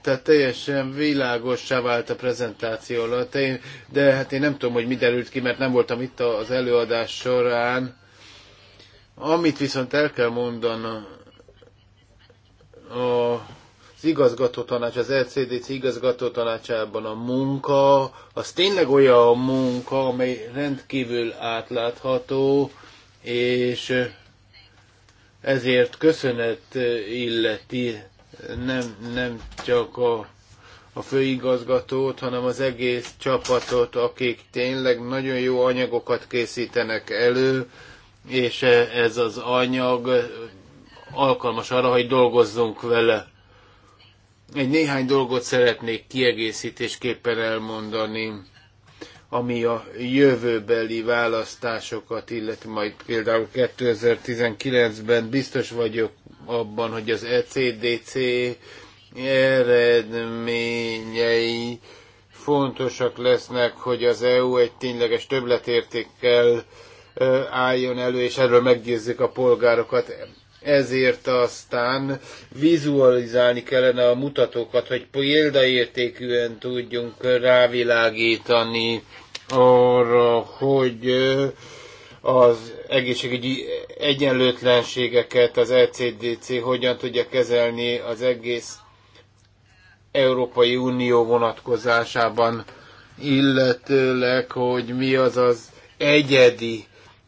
tehát teljesen világossá vált a prezentáció alatt, de hát én nem tudom, hogy mi derült ki, mert nem voltam itt az előadás során. Amit viszont el kell mondanom, a az igazgatótanács, az LCDC igazgatótanácsában a munka, az tényleg olyan a munka, amely rendkívül átlátható, és ezért köszönet illeti nem, nem csak a, a főigazgatót, hanem az egész csapatot, akik tényleg nagyon jó anyagokat készítenek elő, és ez az anyag alkalmas arra, hogy dolgozzunk vele. Egy néhány dolgot szeretnék kiegészítésképpen elmondani, ami a jövőbeli választásokat, illetve majd például 2019-ben biztos vagyok abban, hogy az ECDC eredményei fontosak lesznek, hogy az EU egy tényleges többletértékkel álljon elő, és erről meggyőzzük a polgárokat ezért aztán vizualizálni kellene a mutatókat, hogy példaértékűen tudjunk rávilágítani arra, hogy az egészségügyi egyenlőtlenségeket az ECDC hogyan tudja kezelni az egész Európai Unió vonatkozásában, illetőleg, hogy mi az az egyedi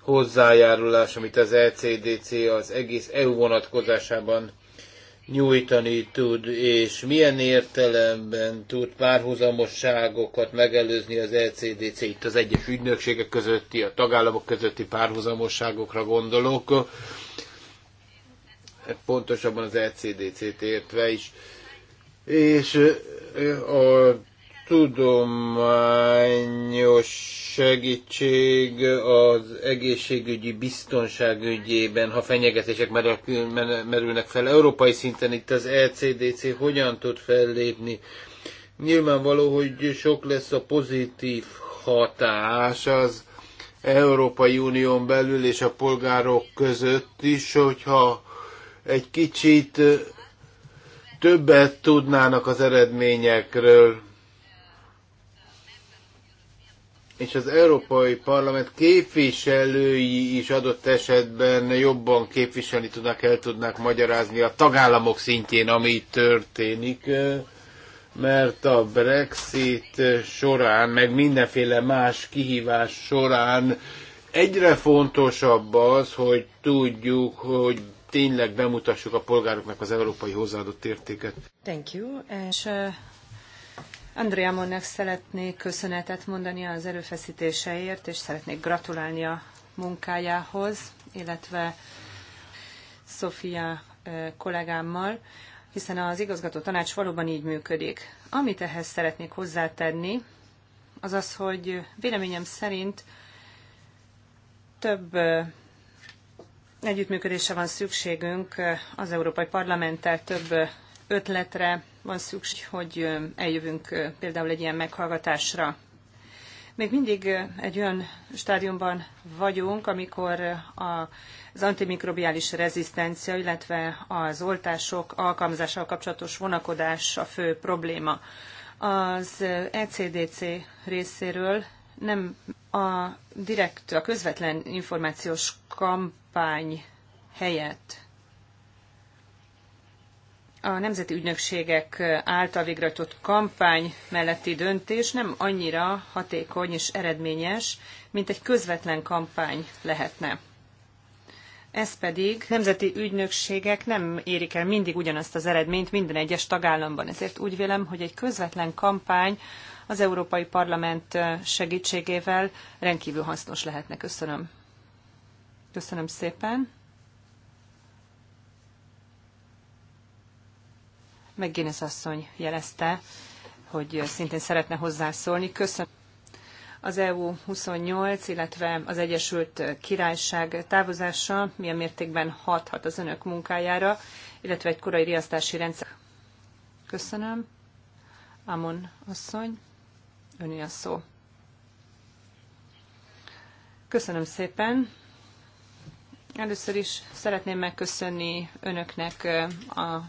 hozzájárulás, amit az LCDC e az egész EU vonatkozásában nyújtani tud, és milyen értelemben tud párhuzamosságokat megelőzni az LCDC e itt az egyes ügynökségek közötti, a tagállamok közötti párhuzamosságokra gondolok, hát pontosabban az LCDC-t e értve is. És a tudományos segítség az egészségügyi biztonság ügyében, ha fenyegetések merülnek fel európai szinten, itt az ECDC hogyan tud fellépni? Nyilvánvaló, hogy sok lesz a pozitív hatás az Európai Unión belül és a polgárok között is, hogyha egy kicsit többet tudnának az eredményekről és az Európai Parlament képviselői is adott esetben jobban képviselni tudnak, el tudnak magyarázni a tagállamok szintjén, ami itt történik, mert a Brexit során, meg mindenféle más kihívás során egyre fontosabb az, hogy tudjuk, hogy tényleg bemutassuk a polgároknak az európai hozzáadott értéket. Thank you, és Andrea Monnak szeretnék köszönetet mondani az erőfeszítéseért, és szeretnék gratulálni a munkájához, illetve Sofia kollégámmal, hiszen az igazgató tanács valóban így működik. Amit ehhez szeretnék hozzátenni, az az, hogy véleményem szerint több együttműködésre van szükségünk az Európai Parlamenttel, több ötletre, van szükség, hogy eljövünk például egy ilyen meghallgatásra. Még mindig egy olyan stádiumban vagyunk, amikor az antimikrobiális rezisztencia, illetve az oltások alkalmazással kapcsolatos vonakodás a fő probléma. Az ECDC részéről nem a direkt, a közvetlen információs kampány helyett a nemzeti ügynökségek által végrehajtott kampány melletti döntés nem annyira hatékony és eredményes, mint egy közvetlen kampány lehetne. Ez pedig nemzeti ügynökségek nem érik el mindig ugyanazt az eredményt minden egyes tagállamban. Ezért úgy vélem, hogy egy közvetlen kampány az Európai Parlament segítségével rendkívül hasznos lehetne. Köszönöm. Köszönöm szépen. meg asszony jelezte, hogy szintén szeretne hozzászólni. Köszönöm. Az EU 28, illetve az Egyesült Királyság távozása milyen mértékben hathat az önök munkájára, illetve egy korai riasztási rendszer. Köszönöm. Amon asszony, öné a szó. Köszönöm szépen. Először is szeretném megköszönni önöknek a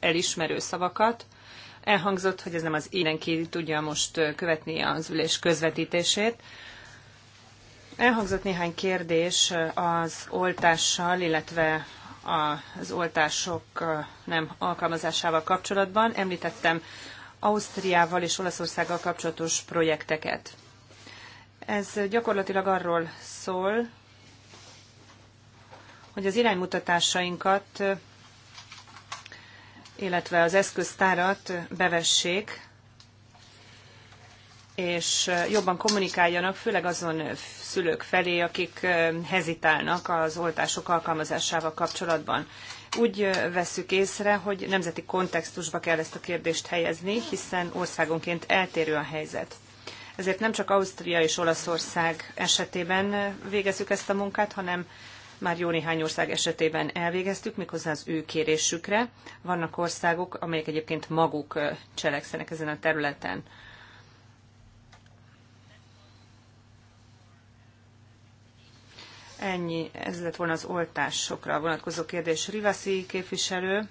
elismerő szavakat. Elhangzott, hogy ez nem az énenki tudja most követni az ülés közvetítését. Elhangzott néhány kérdés az oltással, illetve az oltások nem alkalmazásával kapcsolatban. Említettem Ausztriával és Olaszországgal kapcsolatos projekteket. Ez gyakorlatilag arról szól, hogy az iránymutatásainkat illetve az eszköztárat bevessék, és jobban kommunikáljanak, főleg azon szülők felé, akik hezitálnak az oltások alkalmazásával kapcsolatban. Úgy vesszük észre, hogy nemzeti kontextusba kell ezt a kérdést helyezni, hiszen országonként eltérő a helyzet. Ezért nem csak Ausztria és Olaszország esetében végezzük ezt a munkát, hanem már jó néhány ország esetében elvégeztük, méghozzá az ő kérésükre. Vannak országok, amelyek egyébként maguk cselekszenek ezen a területen. Ennyi, ez lett volna az oltásokra vonatkozó kérdés. Rivaszi képviselő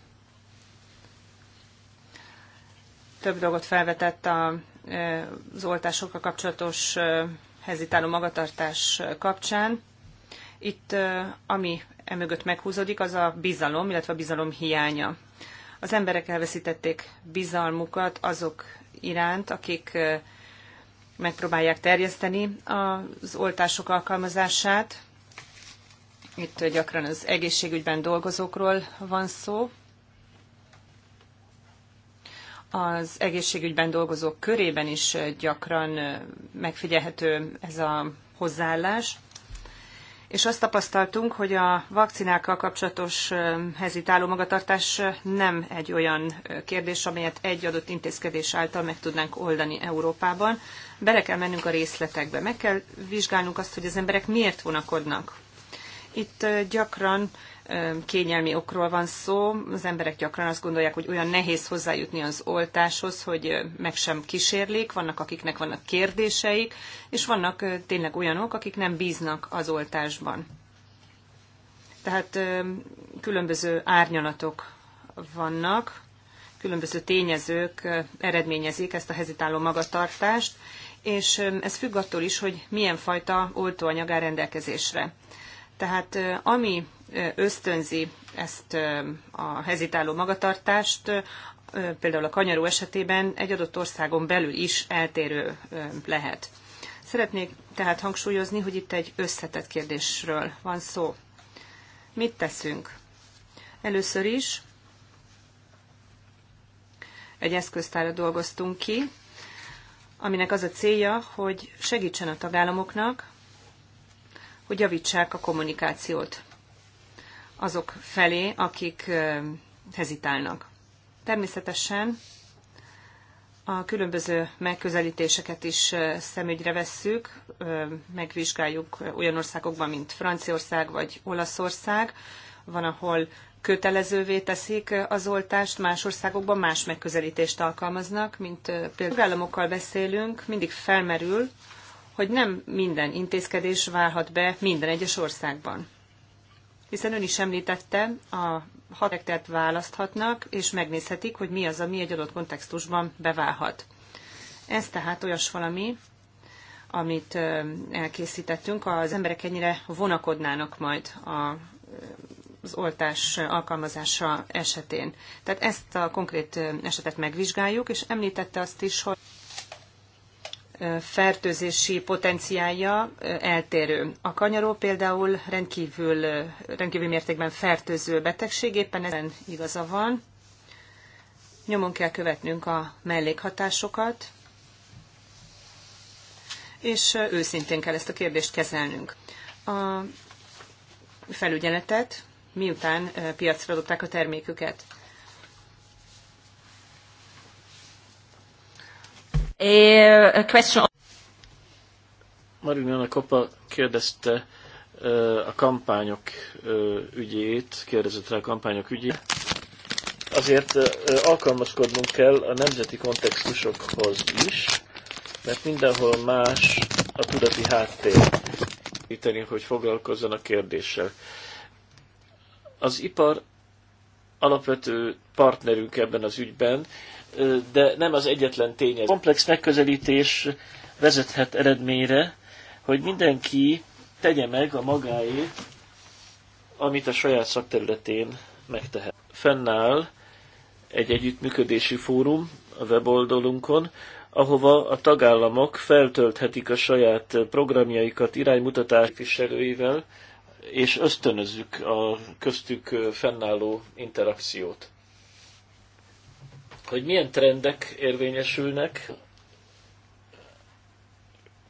több dolgot felvetett a, az oltásokkal kapcsolatos hezitáló magatartás kapcsán. Itt ami emögött meghúzódik, az a bizalom, illetve a bizalom hiánya. Az emberek elveszítették bizalmukat azok iránt, akik megpróbálják terjeszteni az oltások alkalmazását. Itt gyakran az egészségügyben dolgozókról van szó. Az egészségügyben dolgozók körében is gyakran megfigyelhető ez a hozzáállás és azt tapasztaltunk, hogy a vakcinákkal kapcsolatos hezitáló magatartás nem egy olyan kérdés, amelyet egy adott intézkedés által meg tudnánk oldani Európában. Bele kell mennünk a részletekbe, meg kell vizsgálnunk azt, hogy az emberek miért vonakodnak. Itt gyakran kényelmi okról van szó. Az emberek gyakran azt gondolják, hogy olyan nehéz hozzájutni az oltáshoz, hogy meg sem kísérlik, vannak akiknek vannak kérdéseik, és vannak tényleg olyanok, akik nem bíznak az oltásban. Tehát különböző árnyalatok vannak, különböző tényezők eredményezik ezt a hezitáló magatartást, és ez függ attól is, hogy milyen fajta oltóanyag áll rendelkezésre. Tehát ami ösztönzi ezt a hezitáló magatartást, például a kanyaró esetében egy adott országon belül is eltérő lehet. Szeretnék tehát hangsúlyozni, hogy itt egy összetett kérdésről van szó. Mit teszünk? Először is egy eszköztára dolgoztunk ki, aminek az a célja, hogy segítsen a tagállamoknak, hogy javítsák a kommunikációt azok felé, akik hezitálnak. Természetesen a különböző megközelítéseket is szemügyre vesszük, megvizsgáljuk olyan országokban, mint Franciaország vagy Olaszország. Van, ahol kötelezővé teszik az oltást, más országokban más megközelítést alkalmaznak, mint például államokkal beszélünk, mindig felmerül, hogy nem minden intézkedés válhat be minden egyes országban hiszen ön is említette, a hat választhatnak, és megnézhetik, hogy mi az, ami egy adott kontextusban beválhat. Ez tehát olyas valami, amit elkészítettünk, az emberek ennyire vonakodnának majd a az oltás alkalmazása esetén. Tehát ezt a konkrét esetet megvizsgáljuk, és említette azt is, hogy fertőzési potenciálja eltérő. A kanyaró például rendkívül, rendkívül mértékben fertőző betegség, éppen ezen igaza van. Nyomon kell követnünk a mellékhatásokat, és őszintén kell ezt a kérdést kezelnünk. A felügyeletet, miután piacra dobták a terméküket. a question Marinana Kopa kérdezte a kampányok ügyét, kérdezett rá a kampányok ügyét. Azért alkalmazkodnunk kell a nemzeti kontextusokhoz is, mert mindenhol más a tudati háttér, Íteni, hogy foglalkozzon a kérdéssel. Az ipar alapvető partnerünk ebben az ügyben, de nem az egyetlen tényező. Komplex megközelítés vezethet eredményre, hogy mindenki tegye meg a magáét, amit a saját szakterületén megtehet. Fennáll egy együttműködési fórum a weboldalunkon, ahova a tagállamok feltölthetik a saját programjaikat iránymutatási viselőivel, és ösztönözzük a köztük fennálló interakciót hogy milyen trendek érvényesülnek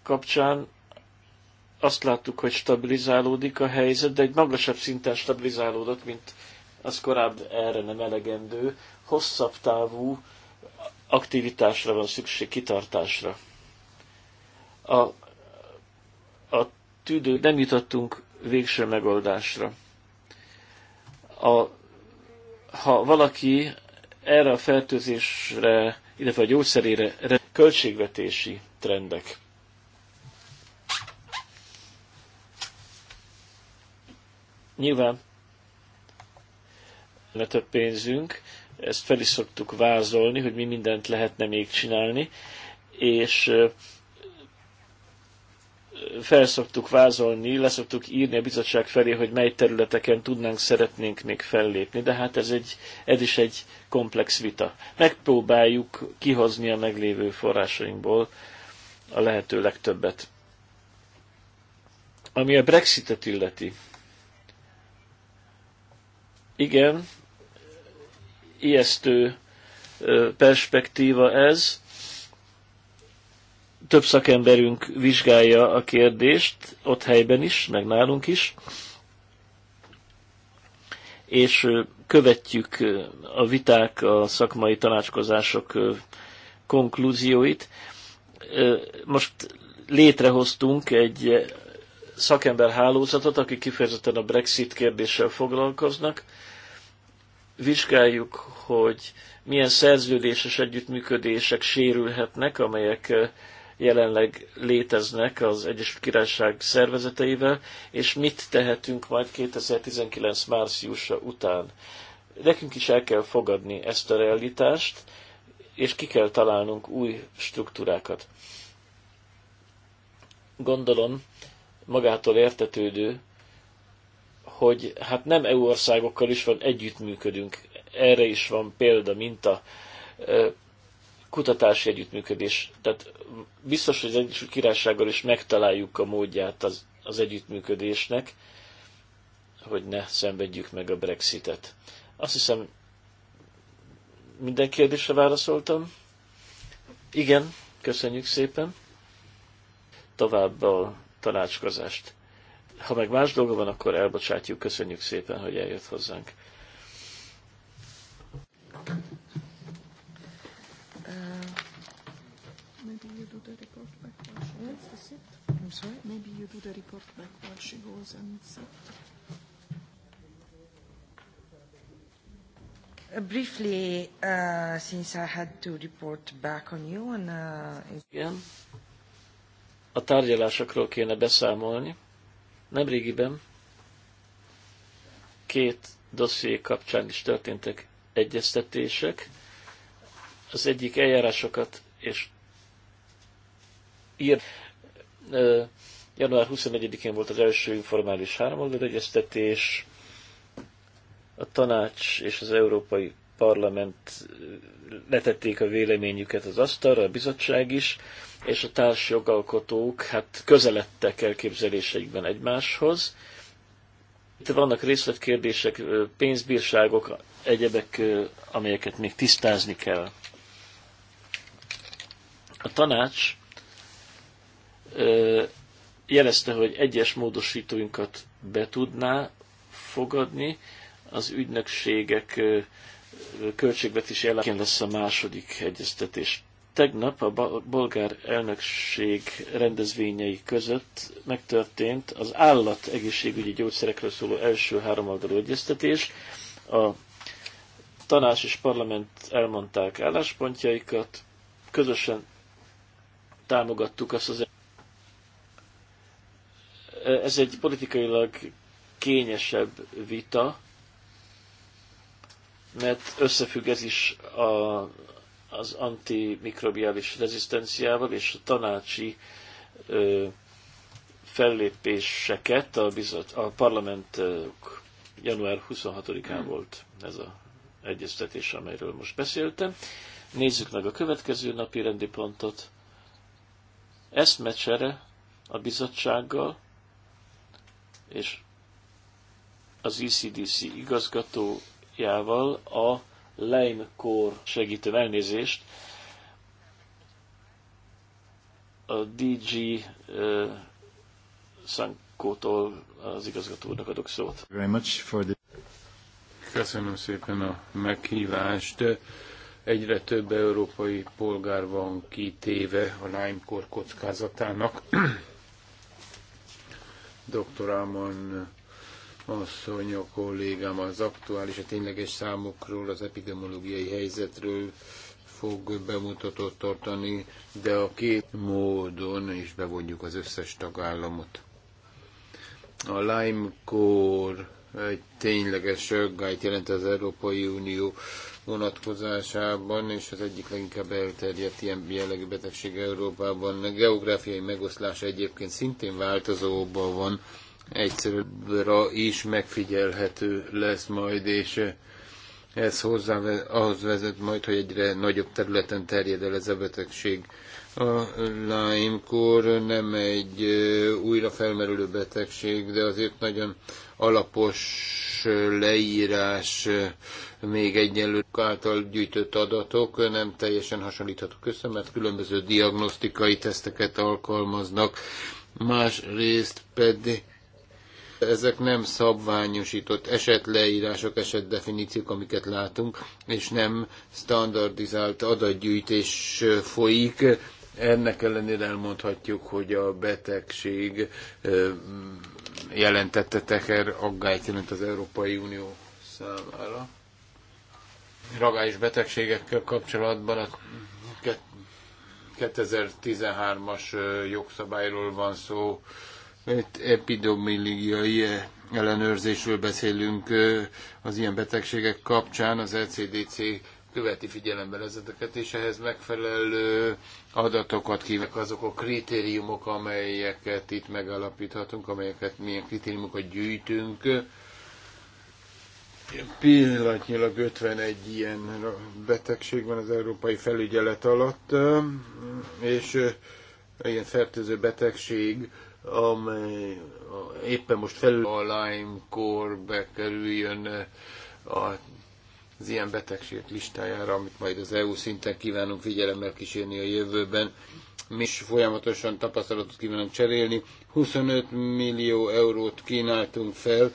kapcsán azt láttuk, hogy stabilizálódik a helyzet, de egy magasabb szinten stabilizálódott, mint az korábban erre nem elegendő. Hosszabb távú aktivitásra van szükség, kitartásra. A, a tüdő nem jutottunk végső megoldásra. A, ha valaki erre a fertőzésre, illetve a gyógyszerére költségvetési trendek. Nyilván le több pénzünk, ezt fel is szoktuk vázolni, hogy mi mindent lehetne még csinálni, és felszoktuk vázolni, leszoktuk írni a bizottság felé, hogy mely területeken tudnánk, szeretnénk még fellépni, de hát ez, egy, ez is egy komplex vita. Megpróbáljuk kihozni a meglévő forrásainkból a lehető legtöbbet. Ami a Brexitet illeti. Igen, ijesztő perspektíva ez, több szakemberünk vizsgálja a kérdést, ott helyben is, meg nálunk is, és követjük a viták, a szakmai tanácskozások konklúzióit. Most létrehoztunk egy szakember hálózatot, akik kifejezetten a Brexit kérdéssel foglalkoznak. Vizsgáljuk, hogy milyen szerződéses együttműködések sérülhetnek, amelyek jelenleg léteznek az Egyesült Királyság szervezeteivel, és mit tehetünk majd 2019 márciusa után. Nekünk is el kell fogadni ezt a realitást, és ki kell találnunk új struktúrákat. Gondolom, magától értetődő, hogy hát nem EU országokkal is van együttműködünk. Erre is van példa, minta kutatási együttműködés. Tehát biztos, hogy az Egyesült Királysággal is megtaláljuk a módját az, az együttműködésnek, hogy ne szenvedjük meg a Brexitet. Azt hiszem, minden kérdésre válaszoltam. Igen, köszönjük szépen. Tovább a tanácskozást. Ha meg más dolga van, akkor elbocsátjuk. Köszönjük szépen, hogy eljött hozzánk. the report back while she goes the sit? I'm sorry? Maybe you do the report back while she goes and sit. Uh, briefly, uh, since I had to report back on you on Uh... Igen. A tárgyalásokról kéne beszámolni. Nemrégiben két dosszié kapcsán is történtek egyeztetések. Az egyik eljárásokat és ír. Január 21-én volt az első informális háromoldal egyeztetés. A tanács és az Európai Parlament letették a véleményüket az asztalra, a bizottság is, és a társjogalkotók hát közeledtek elképzeléseikben egymáshoz. Itt vannak részletkérdések, pénzbírságok, egyebek, amelyeket még tisztázni kell. A tanács jelezte, hogy egyes módosítóinkat be tudná fogadni, az ügynökségek költségvetési ellátása lesz a második egyeztetés. Tegnap a bolgár elnökség rendezvényei között megtörtént az állat egészségügyi gyógyszerekről szóló első háromoldalú egyeztetés. A tanács és parlament elmondták álláspontjaikat, közösen támogattuk azt az ez egy politikailag kényesebb vita, mert összefügg ez is a, az antimikrobiális rezisztenciával és a tanácsi ö, fellépéseket a, bizot, a parlament ö, január 26-án volt ez az egyeztetés, amelyről most beszéltem. Nézzük meg a következő napi rendi pontot. mecsere a bizottsággal és az ECDC igazgatójával a Lyme Core segítő elnézést, a DG uh, Sankótól az igazgatónak adok szót. Very much for the... Köszönöm szépen a meghívást. Egyre több európai polgár van kitéve a Lime kor kockázatának. Dr. Amon asszony, a kollégám az aktuális, a tényleges számokról, az epidemiológiai helyzetről fog bemutatót tartani, de a két módon is bevonjuk az összes tagállamot. A Lyme-kór egy tényleges aggályt jelent az Európai Unió vonatkozásában, és az egyik leginkább elterjedt ilyen jellegű betegség Európában. A geográfiai megoszlás egyébként szintén változóban van, egyszerűbbre is megfigyelhető lesz majd, és ez hozzá ahhoz vezet majd, hogy egyre nagyobb területen terjed el ez a betegség. A Lyme-kor nem egy újra felmerülő betegség, de azért nagyon alapos leírás még egyenlő által gyűjtött adatok nem teljesen hasonlíthatók össze, mert különböző diagnosztikai teszteket alkalmaznak, másrészt pedig ezek nem szabványosított esetleírások, esetdefiníciók, amiket látunk, és nem standardizált adatgyűjtés folyik. Ennek ellenére elmondhatjuk, hogy a betegség jelentettetek erre aggályt jelent az Európai Unió számára. Ragályos betegségekkel kapcsolatban a 2013-as jogszabályról van szó, itt epidemiológiai ellenőrzésről beszélünk az ilyen betegségek kapcsán. Az ECDC követi figyelembe ezeket, és ehhez megfelelő adatokat kívánok, azok a kritériumok, amelyeket itt megalapíthatunk, amelyeket milyen kritériumokat gyűjtünk. Pillanatnyilag 51 ilyen betegség van az európai felügyelet alatt, és ilyen fertőző betegség, amely éppen most felül a Lyme-kor bekerüljön a az ilyen betegségek listájára, amit majd az EU szinten kívánunk figyelemmel kísérni a jövőben. Mi is folyamatosan tapasztalatot kívánunk cserélni. 25 millió eurót kínáltunk fel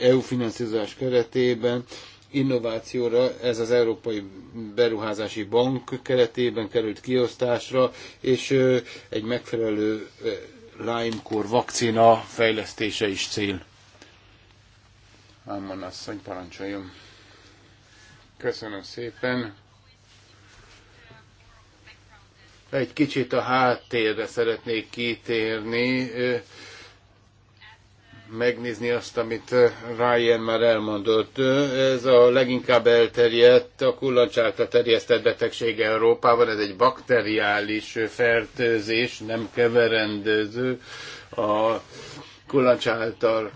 EU finanszírozás keretében innovációra, ez az Európai Beruházási Bank keretében került kiosztásra, és egy megfelelő Lyme-kor vakcina fejlesztése is cél. Ámon asszony, parancsoljon! Köszönöm szépen. Egy kicsit a háttérre szeretnék kitérni, megnézni azt, amit Ryan már elmondott. Ez a leginkább elterjedt, a kullancsákra terjesztett betegség Európában, ez egy bakteriális fertőzés, nem keverendező. a kullancs által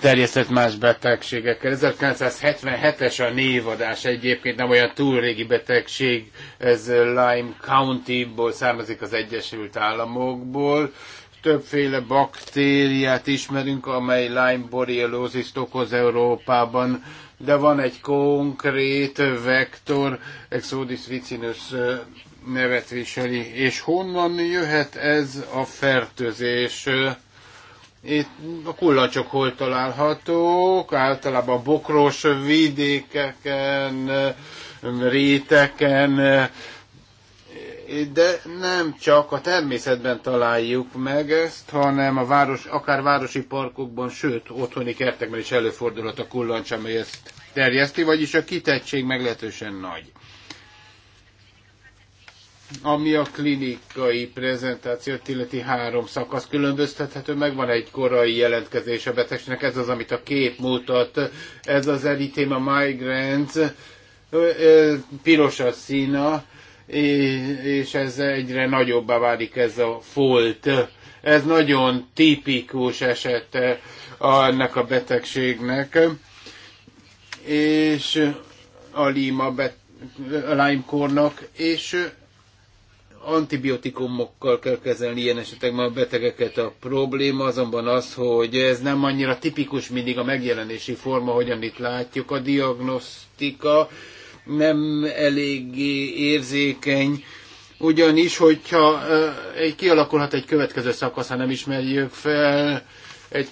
terjesztett más betegségekkel. 1977-es a névadás egyébként, nem olyan túl régi betegség, ez Lyme County-ból származik az Egyesült Államokból. Többféle baktériát ismerünk, amely Lyme borreliózist okoz Európában, de van egy konkrét vektor, Exodus ricinus nevet viseli. És honnan jöhet ez a fertőzés? Itt a kullacsok hol találhatók, általában bokros vidékeken, réteken, de nem csak a természetben találjuk meg ezt, hanem a város, akár városi parkokban, sőt, otthoni kertekben is előfordulhat a kullancs, amely ezt terjeszti, vagyis a kitettség meglehetősen nagy. Ami a klinikai prezentációt illeti három szakasz különböztethető, meg van egy korai jelentkezés a betegségnek, ez az, amit a kép mutat, ez az eritéma migrants, piros a szína, és ez egyre nagyobbá válik ez a folt. Ez nagyon tipikus esete ennek a betegségnek. És a Lima bet- Lyme-kornak, és antibiotikumokkal kell kezelni ilyen esetekben a betegeket. A probléma azonban az, hogy ez nem annyira tipikus mindig a megjelenési forma, hogyan itt látjuk. A diagnosztika nem eléggé érzékeny, ugyanis, hogyha egy kialakulhat egy következő szakasz, ha nem ismerjük fel, egy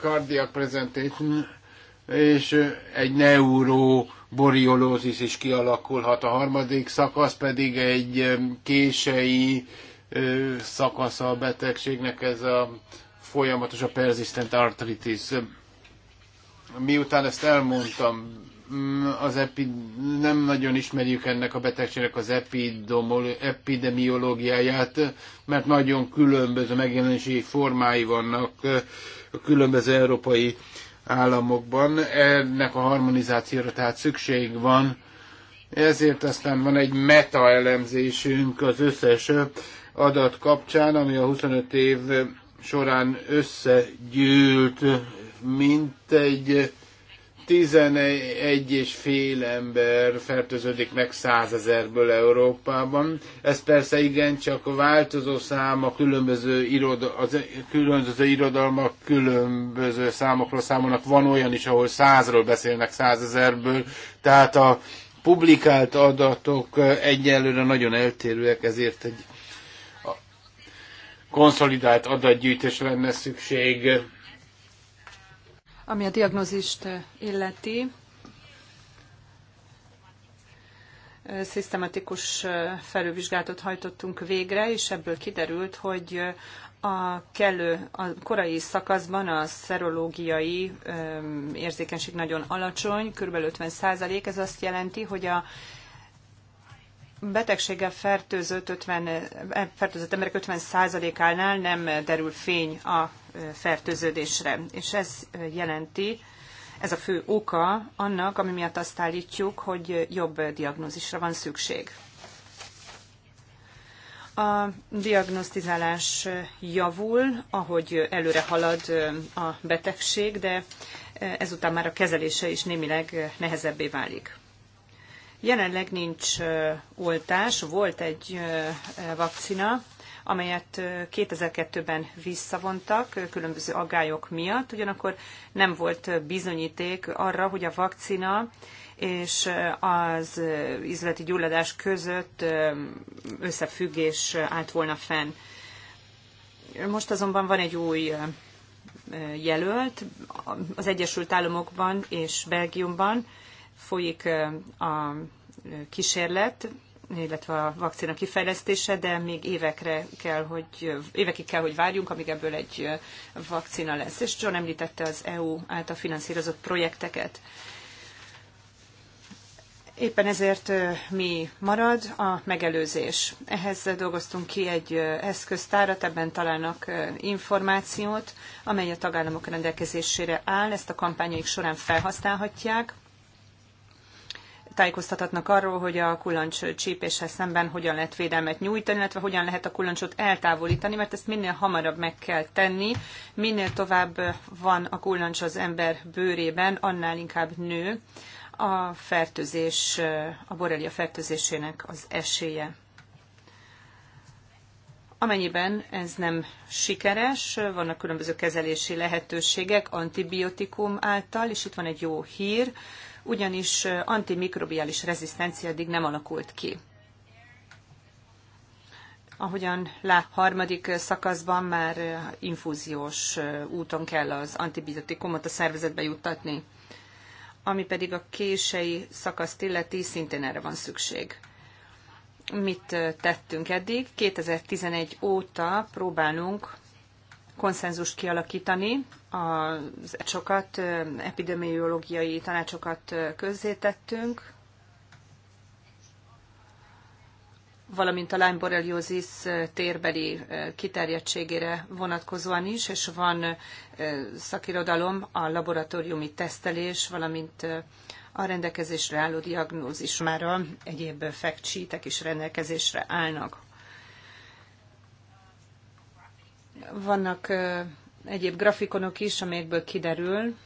kardiak prezentét, és egy neuró boriolózis is kialakulhat. A harmadik szakasz pedig egy kései szakasza a betegségnek, ez a folyamatos a persistent arthritis. Miután ezt elmondtam, mm, az epi, nem nagyon ismerjük ennek a betegségnek az epidomol, epidemiológiáját, mert nagyon különböző megjelenési formái vannak a különböző európai államokban. Ennek a harmonizációra tehát szükség van. Ezért aztán van egy meta elemzésünk az összes adat kapcsán, ami a 25 év során összegyűlt, mint egy 11 és fél ember fertőződik meg százezerből Európában. Ez persze igen, csak a változó szám a különböző, iroda, az, e, különböző irodalmak különböző számokról számolnak. Van olyan is, ahol százról beszélnek százezerből, tehát a publikált adatok egyelőre nagyon eltérőek, ezért egy konszolidált adatgyűjtés lenne szükség ami a diagnózist illeti, szisztematikus felülvizsgálatot hajtottunk végre, és ebből kiderült, hogy a kellő, a korai szakaszban a szerológiai érzékenység nagyon alacsony, kb. 50 százalék. Ez azt jelenti, hogy a betegséggel fertőzött, 50, eh, fertőzött emberek 50%-ánál nem derül fény a eh, fertőződésre. És ez eh, jelenti, ez a fő oka annak, ami miatt azt állítjuk, hogy jobb diagnózisra van szükség. A diagnosztizálás javul, ahogy előre halad a betegség, de ezután már a kezelése is némileg nehezebbé válik. Jelenleg nincs oltás, volt egy vakcina, amelyet 2002-ben visszavontak különböző agályok miatt, ugyanakkor nem volt bizonyíték arra, hogy a vakcina és az izleti gyulladás között összefüggés állt volna fenn. Most azonban van egy új jelölt az Egyesült Államokban és Belgiumban folyik a kísérlet, illetve a vakcina kifejlesztése, de még évekre kell, hogy, évekig kell, hogy várjunk, amíg ebből egy vakcina lesz. És John említette az EU által finanszírozott projekteket. Éppen ezért mi marad a megelőzés. Ehhez dolgoztunk ki egy eszköztárat, ebben találnak információt, amely a tagállamok rendelkezésére áll, ezt a kampányaik során felhasználhatják tájékoztathatnak arról, hogy a kullancs csípéssel szemben hogyan lehet védelmet nyújtani, illetve hogyan lehet a kullancsot eltávolítani, mert ezt minél hamarabb meg kell tenni. Minél tovább van a kullancs az ember bőrében, annál inkább nő a fertőzés, a borrelia fertőzésének az esélye. Amennyiben ez nem sikeres, vannak különböző kezelési lehetőségek antibiotikum által, és itt van egy jó hír, ugyanis antimikrobiális rezisztencia eddig nem alakult ki. Ahogyan lát, harmadik szakaszban már infúziós úton kell az antibiotikumot a szervezetbe juttatni. Ami pedig a kései szakaszt illeti, szintén erre van szükség mit tettünk eddig. 2011 óta próbálunk konszenzust kialakítani az sokat epidemiológiai tanácsokat közzétettünk, valamint a Lyme borreliosis térbeli kiterjedtségére vonatkozóan is, és van szakirodalom a laboratóriumi tesztelés, valamint a rendelkezésre álló diagnózis már egyéb fektsítek is rendelkezésre állnak. Vannak egyéb grafikonok is, amelyekből kiderül,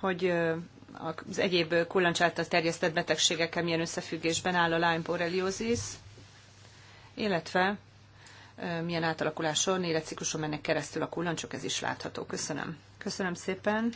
hogy az egyéb kullancs által terjesztett betegségekkel milyen összefüggésben áll a Lyme borreliosis, illetve milyen átalakuláson, életcikluson mennek keresztül a kullancsok, ez is látható. Köszönöm. Köszönöm szépen.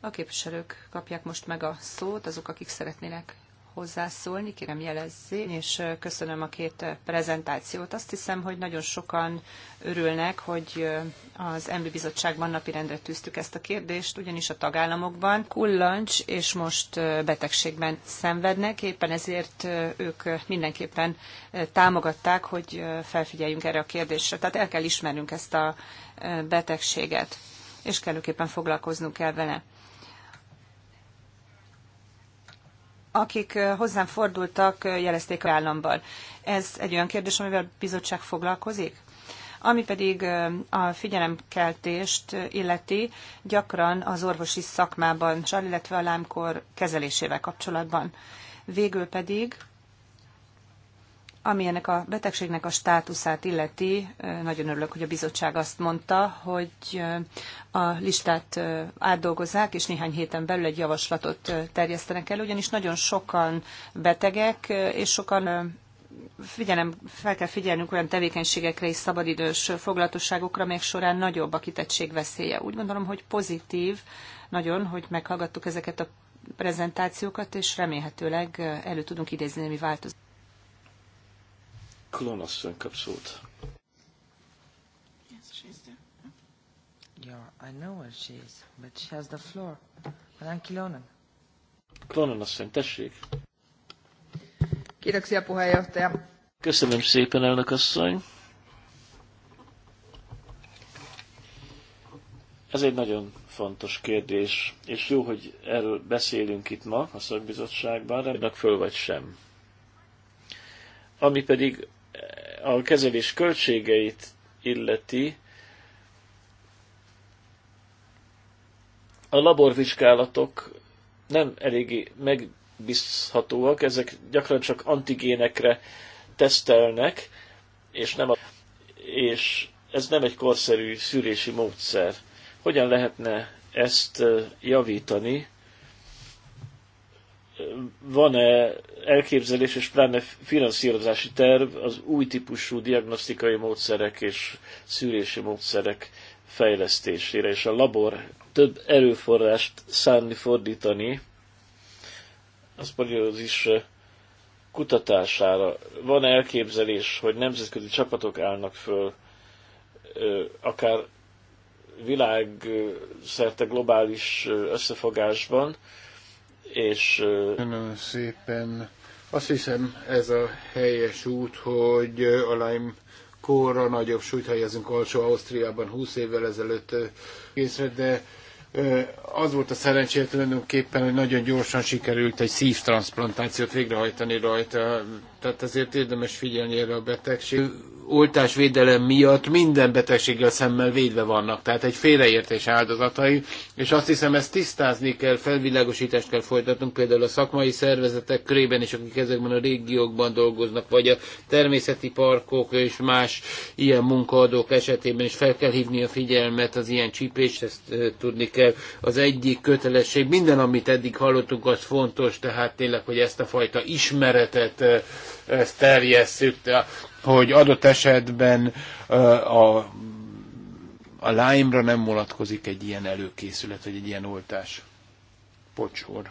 A képviselők kapják most meg a szót, azok, akik szeretnének hozzászólni, kérem jelezzék, és köszönöm a két prezentációt. Azt hiszem, hogy nagyon sokan örülnek, hogy az MB Bizottságban napirendre tűztük ezt a kérdést, ugyanis a tagállamokban kullancs és most betegségben szenvednek, éppen ezért ők mindenképpen támogatták, hogy felfigyeljünk erre a kérdésre. Tehát el kell ismernünk ezt a betegséget, és kellőképpen foglalkoznunk kell vele. akik hozzám fordultak, jelezték a államban. Ez egy olyan kérdés, amivel a bizottság foglalkozik? Ami pedig a figyelemkeltést illeti, gyakran az orvosi szakmában, illetve a lámkor kezelésével kapcsolatban. Végül pedig ami ennek a betegségnek a státuszát illeti, nagyon örülök, hogy a bizottság azt mondta, hogy a listát átdolgozzák, és néhány héten belül egy javaslatot terjesztenek el, ugyanis nagyon sokan betegek, és sokan figyelem, fel kell figyelnünk olyan tevékenységekre és szabadidős foglalatosságokra, amelyek során nagyobb a kitettség veszélye. Úgy gondolom, hogy pozitív nagyon, hogy meghallgattuk ezeket a prezentációkat, és remélhetőleg elő tudunk idézni némi változást. Klonasszony kap szót. Yeah, I know where she is, but she has the floor. Madame Kilonen. Klonen asszony, tessék. Kiitoksia puheenjohtaja. Köszönöm szépen, elnök asszony. Ez egy nagyon fontos kérdés, és jó, hogy erről beszélünk itt ma a szakbizottságban, remélem föl vagy sem. Ami pedig a kezelés költségeit illeti, a laborvizsgálatok nem eléggé megbízhatóak, ezek gyakran csak antigénekre tesztelnek, és, nem a, és ez nem egy korszerű szűrési módszer. Hogyan lehetne ezt javítani? van-e elképzelés és pláne finanszírozási terv az új típusú diagnosztikai módszerek és szűrési módszerek fejlesztésére, és a labor több erőforrást szánni, fordítani a is kutatására. Van elképzelés, hogy nemzetközi csapatok állnak föl, akár világszerte globális összefogásban, és... Köszönöm szépen. Azt hiszem ez a helyes út, hogy a Lime korra nagyobb súlyt helyezünk alsó Ausztriában 20 évvel ezelőtt készre, de az volt a szerencsét tulajdonképpen, hogy nagyon gyorsan sikerült egy szívtransplantációt végrehajtani rajta. Tehát ezért érdemes figyelni erre a betegség. Oltásvédelem miatt minden betegséggel szemmel védve vannak, tehát egy félreértés áldozatai, és azt hiszem ezt tisztázni kell, felvilágosítást kell folytatnunk, például a szakmai szervezetek körében is, akik ezekben a régiókban dolgoznak, vagy a természeti parkok és más ilyen munkaadók esetében is fel kell hívni a figyelmet az ilyen csípés, ezt tudni kell. Az egyik kötelesség, minden, amit eddig hallottunk, az fontos, tehát tényleg, hogy ezt a fajta ismeretet ezt terjesszük, hogy adott esetben a, a lányra nem vonatkozik egy ilyen előkészület, vagy egy ilyen oltás. Pocsor.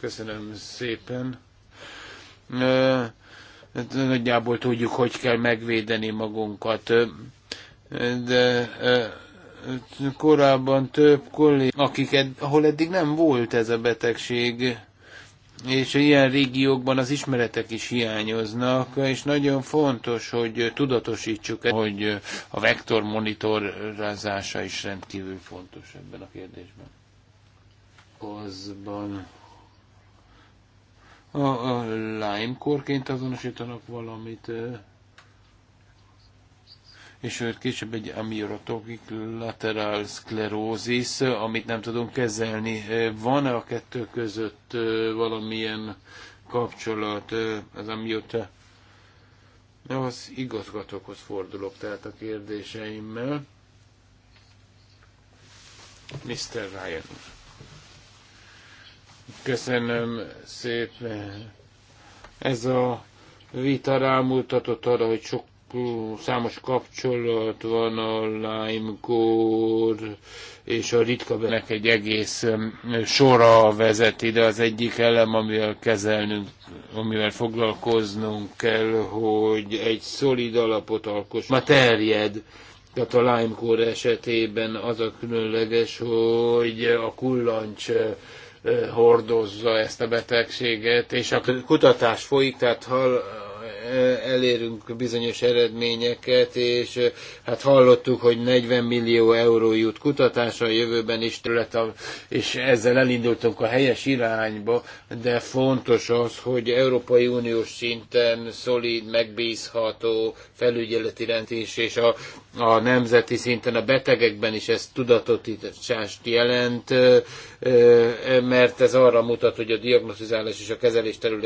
Köszönöm szépen. Hát nagyjából tudjuk, hogy kell megvédeni magunkat. De korábban több kollég, akik ed- ahol eddig nem volt ez a betegség, és ilyen régiókban az ismeretek is hiányoznak, és nagyon fontos, hogy tudatosítsuk, hogy a vektor monitorozása is rendkívül fontos ebben a kérdésben. Azban a, a Lime-korként azonosítanak valamit, és később egy amiotrofik lateral sclerosis, amit nem tudunk kezelni. Van-e a kettő között valamilyen kapcsolat az amióta az igazgatókhoz fordulok, tehát a kérdéseimmel. Mr. Ryan. Köszönöm szépen. Ez a vita rámutatott arra, hogy sok számos kapcsolat van a Lime és a ritka benek egy egész sora vezet ide. Az egyik elem, amivel kezelnünk, amivel foglalkoznunk kell, hogy egy szolid alapot alkos. Ma terjed. Tehát a Limekor esetében az a különleges, hogy a kullancs hordozza ezt a betegséget, és a hát, kutatás folyik, tehát hal, elérünk bizonyos eredményeket, és hát hallottuk, hogy 40 millió euró jut kutatásra a jövőben is és ezzel elindultunk a helyes irányba, de fontos az, hogy Európai Uniós szinten szolid, megbízható felügyeleti rendés, és a, a nemzeti szinten a betegekben is ez tudatotítást jelent, mert ez arra mutat, hogy a diagnosztizálás és a kezelés területén